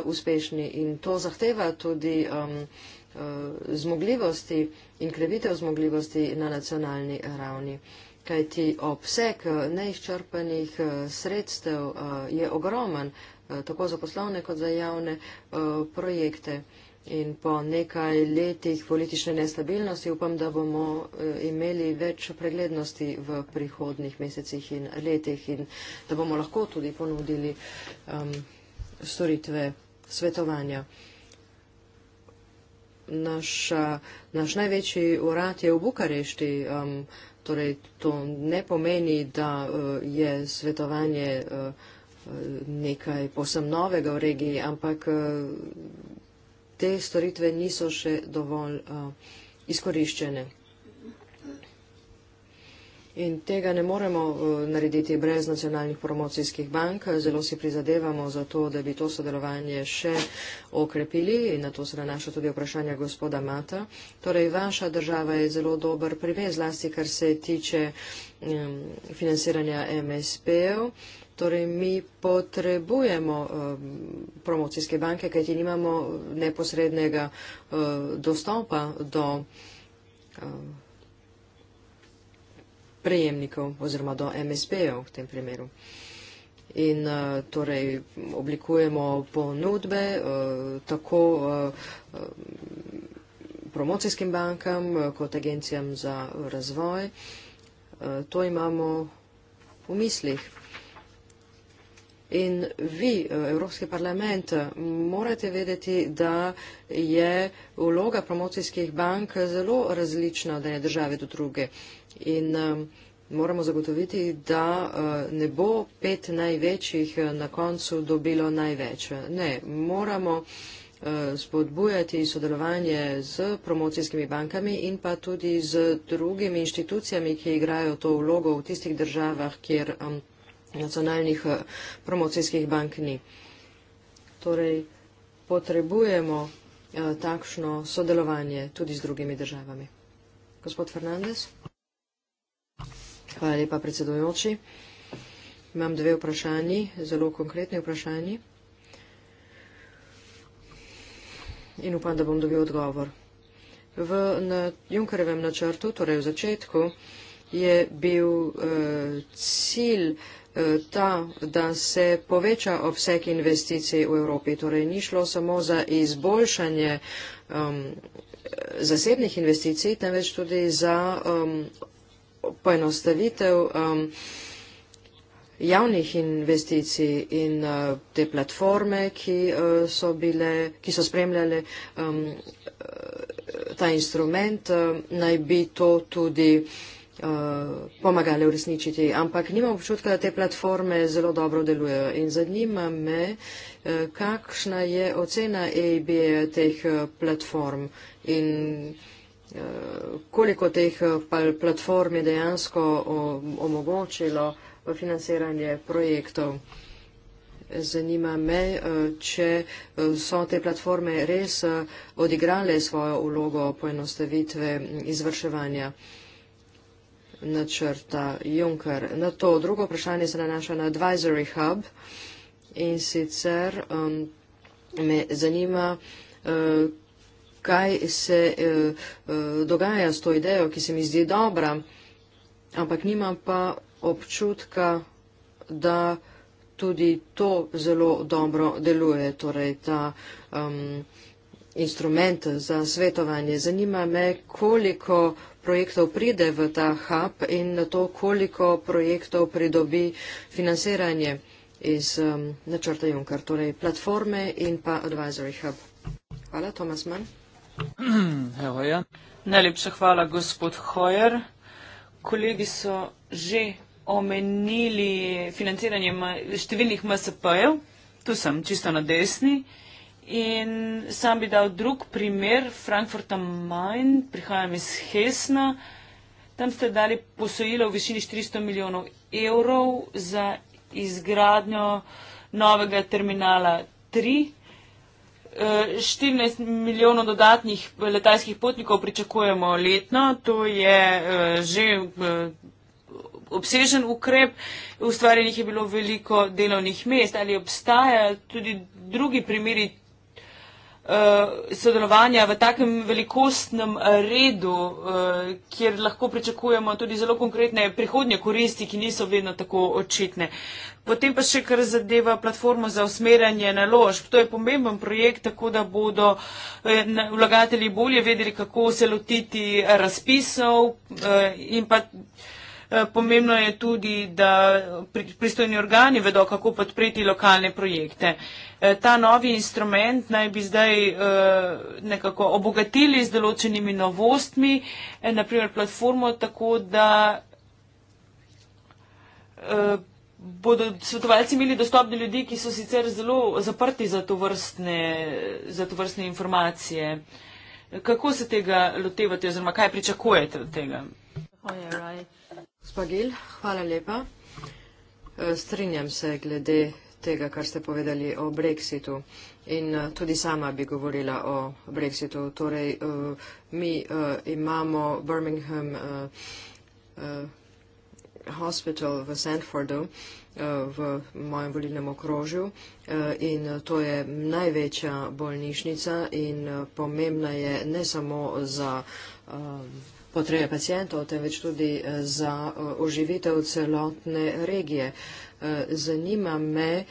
uspešni in to zahteva tudi um, zmogljivosti in krevitev zmogljivosti na nacionalni ravni kajti obseg eh, neizčrpanih eh, sredstev eh, je ogromen, tako za poslovne kot za javne projekte. In po nekaj letih politične nestabilnosti upam, da bomo imeli več preglednosti v prihodnih mesecih in letih in da bomo lahko tudi ponudili um, storitve svetovanja. Naš, naš največji urad je v Bukarešti. Um, Torej, to ne pomeni, da eh, je svetovanje eh, nekaj posem novega v regiji, ampak eh, te storitve niso še dovolj izkoriščene in tega ne moremo eh, narediti brez nacionalnih promocijskih bank. Zelo si prizadevamo za to, da bi to sodelovanje še okrepili in na to se nanaša tudi vprašanje gospoda Mata. Torej, vaša država je zelo dober primer, zlasti kar se tiče um, financiranja MSP-ev. Torej, mi potrebujemo um, promocijske banke, kajti nimamo neposrednega uh, dostopa do. Uh, prejemnikov oziroma do MSB-ov v tem primeru. In eh, torej oblikujemo ponudbe eh, tako eh, promocijskim bankam kot agencijam za razvoj. To imamo v mislih. In vi, Evropski parlament, morate vedeti, da je vloga promocijskih bank zelo različna od ene države do druge. In um, moramo zagotoviti, da uh, ne bo pet največjih uh, na koncu dobilo največ. Ne, moramo uh, spodbujati sodelovanje z promocijskimi bankami in pa tudi z drugimi inštitucijami, ki igrajo to vlogo v tistih državah, kjer um, nacionalnih promocijskih bank ni. Torej, potrebujemo takšno sodelovanje tudi z drugimi državami. Gospod Fernandez. Hvala lepa, predsedujoči. Imam dve vprašanji, zelo konkretni vprašanji. In upam, da bom dobil odgovor. V na Junkerjevem načrtu, torej v začetku, je bil eh, cilj eh, ta, da se poveča obseg investicij v Evropi. Torej ni šlo samo za izboljšanje um, zasebnih investicij, temveč tudi za um, poenostavitev um, javnih investicij in uh, te platforme, ki, uh, so, bile, ki so spremljale um, ta instrument, uh, naj bi to tudi uh, pomagali uresničiti, ampak nimam občutka, da te platforme zelo dobro delujejo. In zanima me, uh, kakšna je ocena EIB e teh uh, platform in koliko teh eh, platform je dejansko omogočilo financiranje projektov. Zanima me, eh, če eh, so te platforme res odigrale svojo ulogo poenostavitve mm, izvrševanja načrta Juncker. Na to drugo vprašanje se nanaša na Advisory Hub in sicer um, me zanima, uh, kaj se eh, eh, dogaja s to idejo, ki se mi zdi dobra, ampak nimam pa občutka, da tudi to zelo dobro deluje, torej ta um, instrument za svetovanje. Zanima me, koliko projektov pride v ta hub in na to, koliko projektov pridobi financiranje iz um, načrta Junker, torej platforme in pa advisory hub. Hvala, Tomas Mann. (clears throat) Evo, ja. Najlepša hvala, gospod Hojer. Kolegi so že omenili financiranje številnih MSP-jev, tu sem čisto na desni. In sam bi dal drug primer, Frankfurt am Main, prihajam iz Hesna. Tam ste dali posojilo v višini 400 milijonov evrov za izgradnjo novega terminala 3, 14 milijonov dodatnih letalskih potnikov pričakujemo letno. To je eh, že eh, obsežen ukrep. Ustvarjenih je bilo veliko delovnih mest. Ali obstajajo tudi drugi primeri uh, sodelovanja v takem velikostnem redu, uh, kjer lahko pričakujemo tudi zelo konkretne prihodnje koristi, ki niso vedno tako očitne. Potem pa še kar zadeva platformo za usmerjanje naložb. To je pomemben projekt, tako da bodo eh, vlagatelji bolje vedeli, kako se lotiti razpisov uh, in pa. Eh, pomembno je tudi, da pristojni organi vedo, kako podpreti lokalne projekte. Eh, ta novi instrument naj bi zdaj eh, nekako obogatili z določenimi novostmi, naprimer platformo, tako da bodo svetovalci imeli dostop do ljudi, ki so sicer zelo zaprti za to vrstne, za to vrstne informacije. Kako se tega lotevate oziroma kaj pričakujete od tega? Oh, yeah, right. Gospa Gil, hvala lepa. E, strinjam se glede tega, kar ste povedali o Brexitu. In e, tudi sama bi govorila o Brexitu. Torej, e, mi imamo Birmingham Hospital v Sandfordu v mojem volilnem okrožju in to je največja bolnišnica in pomembna je ne samo za potrebe pacijentov, temveč tudi eh, za eh, oživitev celotne regije. Eh, zanima me,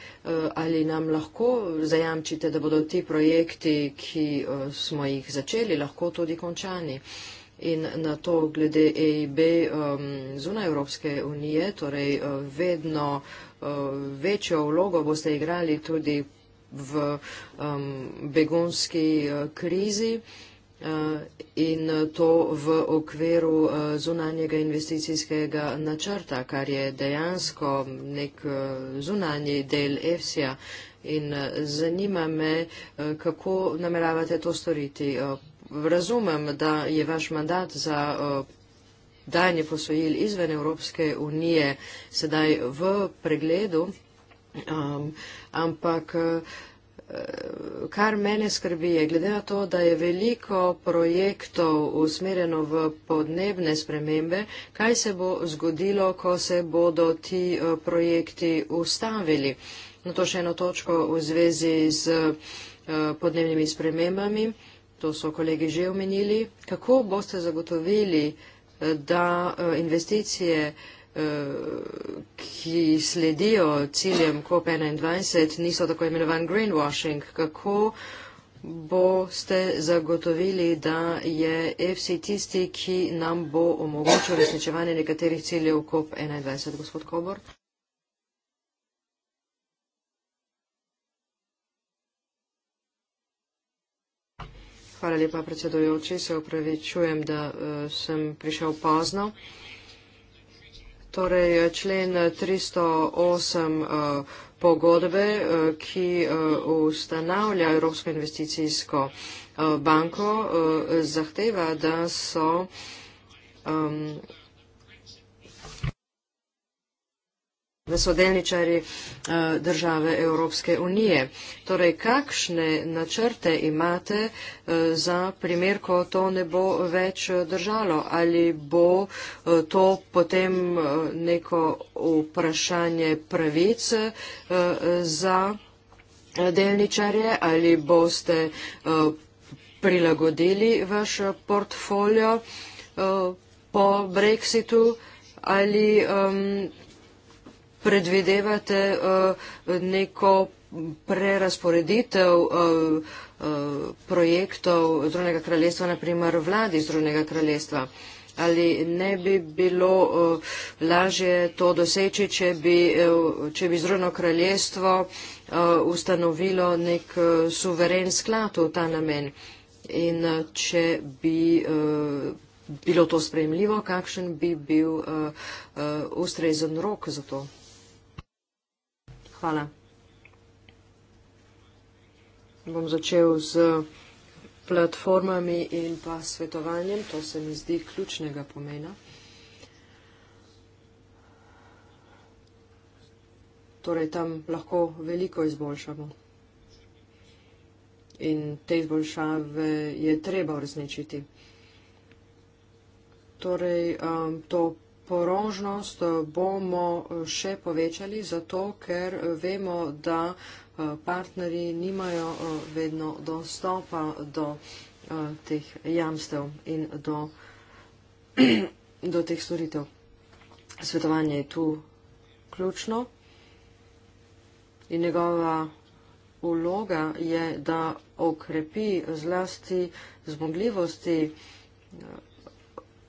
ali nam lahko zajamčite, da bodo ti projekti, ki smo jih začeli, lahko tudi končani. In na to glede EIB ehm, zunaj Evropske unije, torej vedno večjo vlogo boste igrali tudi v ehm, begunski krizi. Eh, in to v okviru eh, zunanjega investicijskega načrta, kar je dejansko nek eh, zunanji del EFSI-ja. In zanima me, kako nameravate to storiti. Razumem, da je vaš mandat za danje posojil izven Evropske unije sedaj v pregledu, ampak kar mene skrbi je, glede na to, da je veliko projektov usmerjeno v podnebne spremembe, kaj se bo zgodilo, ko se bodo ti eh, projekti ustavili. Na no, to še eno točko v zvezi z eh, podnebnimi spremembami, to so kolegi že omenili. Kako boste zagotovili, eh, da investicije Eh, ki sledijo ciljem COP21, niso tako imenovan greenwashing. Kako boste zagotovili, da je EFSI tisti, ki nam bo omogočil resničevanje nekaterih ciljev COP21, gospod Kobor? Hvala lepa, predsedojoči. Se upravičujem, da uh, sem prišel pozno. Uh, torej eh, člen 308 uh, eh, eh, pogodbe, uh, ki uh, ustanavlja Evropsko investicijsko uh, banko, uh, zahteva, da so um, da so delničari eh, države Evropske unije. Torej, kakšne načrte imate eh, za primer, ko to ne bo več držalo? Ali bo eh, to potem neko vprašanje pravic za delničarje ali boste prilagodili vaš portfolio po Brexitu ali predvidevate eh, neko prerasporeditev eh, eh, projektov Združenega kraljestva, naprimer vladi Združenega kraljestva. Ali ne bi bilo lažje to doseči, če bi, če bi Združeno kraljestvo ustanovilo nek suveren sklad v ta namen? In če bi bilo to sprejemljivo, kakšen bi bil ustrezen rok za to? Hvala. Bom začel z platformami in pa svetovanjem. To se mi zdi ključnega pomena. Torej, tam lahko veliko izboljšamo. In te izboljšave je treba uresničiti. Torej, um, to porožnost eh, bomo eh, še povečali, zato ker eh, vemo, da partnerji nimajo vedno dostopa do teh jamstev in do, (clears throat) do teh storitev. Svetovanje je tu ključno in njegova vloga je, da okrepi zlasti zmogljivosti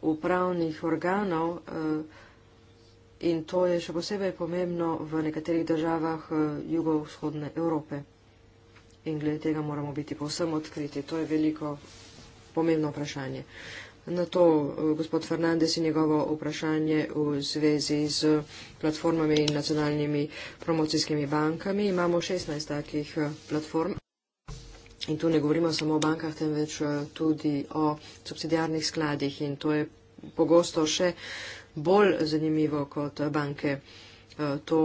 upravnih organov eh, in to je še posebej pomembno v nekaterih državah eh, jugovzhodne Evrope. In glede tega moramo biti povsem odkriti. To je veliko pomembno vprašanje. Na to eh, gospod Fernandez in njegovo vprašanje v zvezi z platformami in nacionalnimi promocijskimi bankami. Imamo 16 takih platform. In tu ne govorimo samo o bankah, temveč eh, tudi o subsidijarnih skladih in to je pogosto še bolj zanimivo kot banke. Eh, to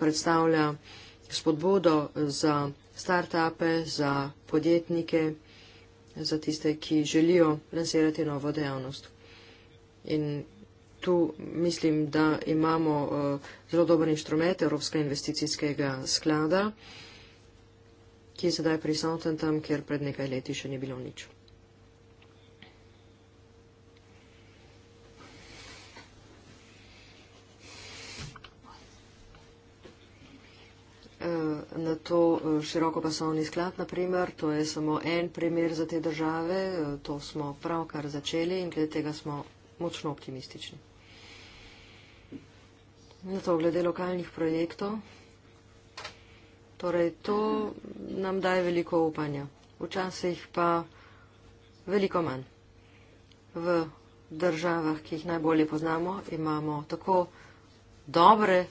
predstavlja spodbudo za start-upe, za podjetnike, za tiste, ki želijo lansirati novo dejavnost. In tu mislim, da imamo eh, zelo dober inštrument Evropskega investicijskega sklada ki je sedaj prisoten tam, kjer pred nekaj leti še ni bilo nič. Eh, na to eh, široko pasovni sklad, na primer, to je samo en primer za te države, eh, to smo pravkar začeli in glede tega smo močno optimistični. Na to glede lokalnih projektov, Torej, to nam daje veliko upanja. Včasih pa veliko manj. V državah, ki jih najbolje poznamo, imamo tako dobre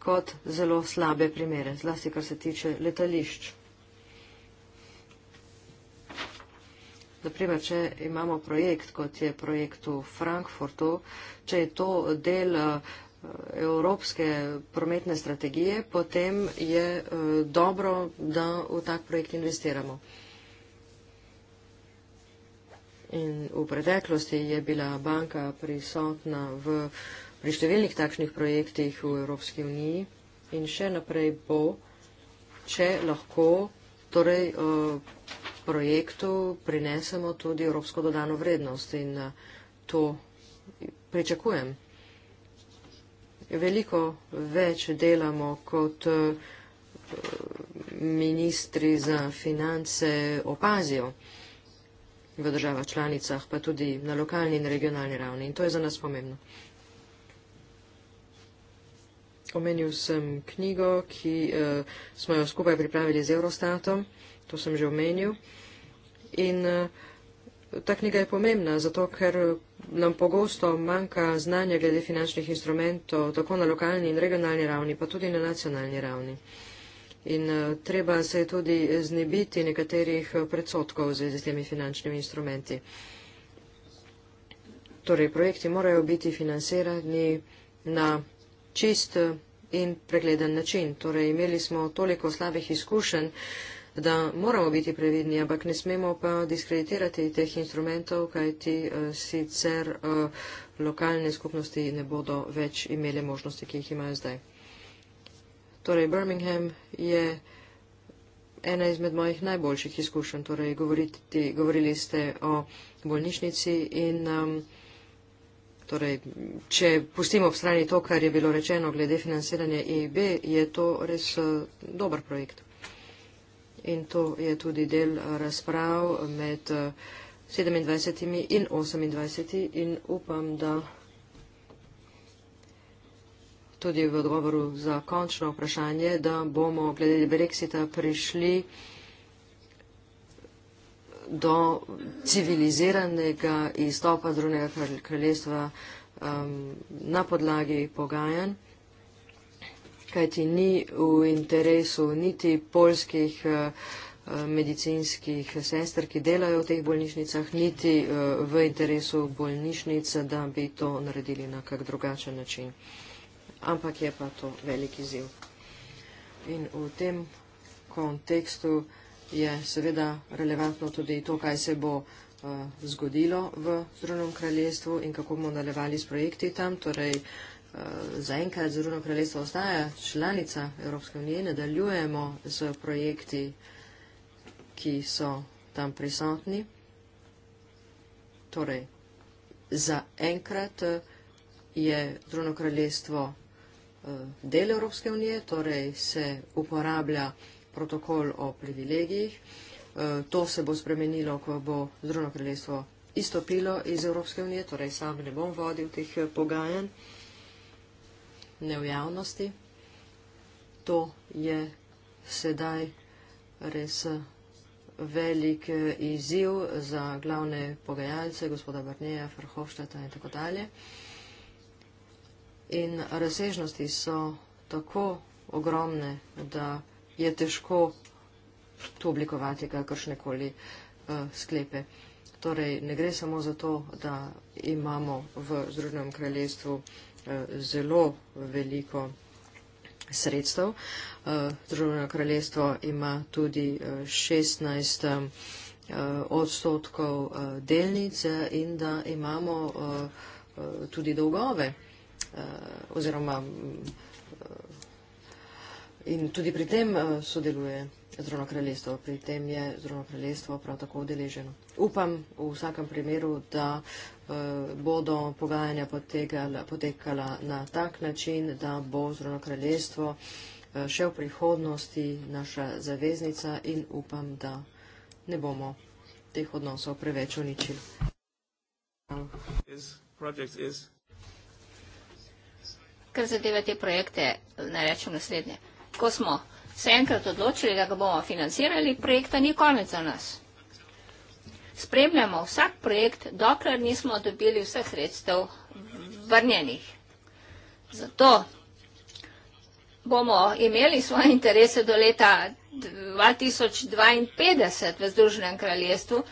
kot zelo slabe primere, zlasti kar se tiče letališč. Naprimer, če imamo projekt, kot je projekt v Frankfurtu, če je to del uh, evropske prometne strategije, potem je eh, dobro, da v tak projekt investiramo. In v preteklosti je bila banka prisotna v, pri številnih takšnih projektih v Evropski uniji in še naprej bo, če lahko torej, eh, projektu prinesemo tudi evropsko dodano vrednost. In eh, to pričakujem veliko več delamo kot eh, ministri za finance opazijo v državah članicah, pa tudi na lokalni in regionalni ravni. In to je za nas pomembno. Omenil sem knjigo, ki eh, smo jo skupaj pripravili z Eurostatom, to sem že omenil. In eh, ta knjiga je pomembna, zato ker nam pogosto manjka znanja glede finančnih instrumentov, tako na lokalni in regionalni ravni, pa tudi na nacionalni ravni. In eh, treba se je tudi znebiti nekaterih eh, predsotkov z temi finančnimi instrumenti. Torej, projekti morajo biti financirani na čist in pregleden način. Torej, imeli smo toliko slabih izkušenj, da moramo biti previdni, ampak ne smemo pa diskreditirati teh instrumentov, kajti uh, sicer uh, lokalne skupnosti ne bodo več imele možnosti, ki jih imajo zdaj. Torej, Birmingham je ena izmed mojih najboljših izkušenj. Torej, govoriti, govorili ste o bolnišnici in um, torej, če pustimo ob strani to, kar je bilo rečeno glede financiranja EIB, je to res uh, dober projekt in to je tudi del eh, razprav med 27. Eh, in 28. in upam, da tudi v odgovoru za končno vprašanje, da bomo glede Brexita prišli do civiliziranega izstopa Združenega kraljestva um, na podlagi pogajanj kajti ni v interesu niti polskih eh, medicinskih sester, ki delajo v teh bolnišnicah, niti eh, v interesu bolnišnic, da bi to naredili na kak drugačen način. Ampak je pa to veliki ziv. In v tem kontekstu je seveda relevantno tudi to, kaj se bo eh, zgodilo v Združenem kraljestvu in kako bomo nadaljevali s projekti tam. Torej, uh, zaenkrat Zoruno kraljestvo ostaja članica Evropske unije, nadaljujemo z projekti, ki so tam prisotni. Torej, zaenkrat eh, je Zoruno kraljestvo eh, del Evropske unije, torej se uporablja protokol o privilegijih. Eh, to se bo spremenilo, ko bo Zoruno kraljestvo izstopilo iz Evropske unije, torej sam ne bom vodil teh pogajanj ne v javnosti. To je sedaj res velik eh, izziv za glavne pogajalce, gospoda Barneja, Frhovšteta in tako dalje. In razsežnosti so tako ogromne, da je težko tu oblikovati kakršne koli uh, eh, sklepe. Torej, ne gre samo za to, da imamo v Združenem kraljestvu uh, Eh, zelo veliko sredstev. Eh, Združeno kraljestvo ima tudi 16 eh, odstotkov delnic in da imamo tudi dolgove oziroma mm, in tudi pri tem sodeluje Združeno kraljestvo, pri tem je Združeno kraljestvo prav tako udeleženo. Upam v vsakem primeru, da eh, bodo pogajanja potekala na tak način, da bo zrono kraljestvo eh, še v prihodnosti naša zaveznica in upam, da ne bomo teh odnosov preveč uničili. Kar zadeva te projekte, naj rečem naslednje. Ko smo se enkrat odločili, da ga bomo financirali, projekta ni konec za nas spremljamo vsak projekt, dokler nismo dobili vseh sredstev vrnjenih. Zato bomo imeli svoje interese do leta 2052 v Združenem kraljestvu,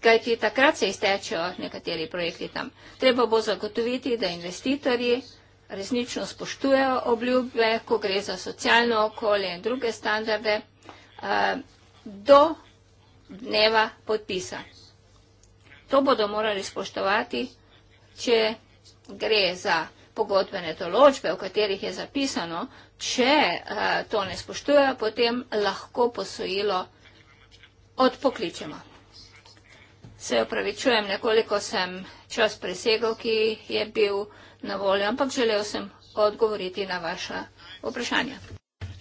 kajti takrat se iztečejo nekateri projekti tam. Treba bo zagotoviti, da investitorji resnično spoštujejo obljube, ko gre za socialno okolje in druge standarde. Eh, do dneva podpisa. To bodo morali spoštovati, če gre za pogodbene določbe, v katerih je zapisano, če uh, to ne spoštujejo, potem lahko posojilo odpokličemo. Se upravičujem, nekoliko sem čas presegel, ki je bil na voljo, ampak želel sem odgovoriti na vaša vprašanja.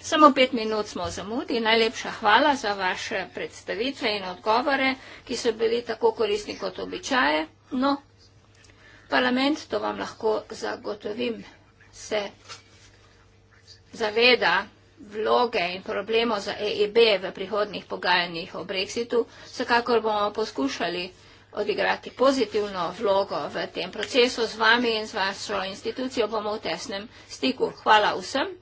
Samo pet minut smo zamudili. Najlepša hvala za vaše predstavitve in odgovore, ki so bili tako koristni kot običaje. No, parlament, to vam lahko zagotovim, se zaveda vloge in problemov za EIB v prihodnih pogajanjih o Brexitu. Vsekakor bomo poskušali odigrati pozitivno vlogo v tem procesu z vami in z vašo institucijo bomo v tesnem stiku. Hvala vsem.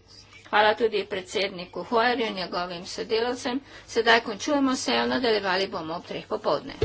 Hvala tudi predsedniku Hojerju in njegovim sodelavcem. Sedaj končujemo sejo, nadaljevali bomo ob treh popovdne.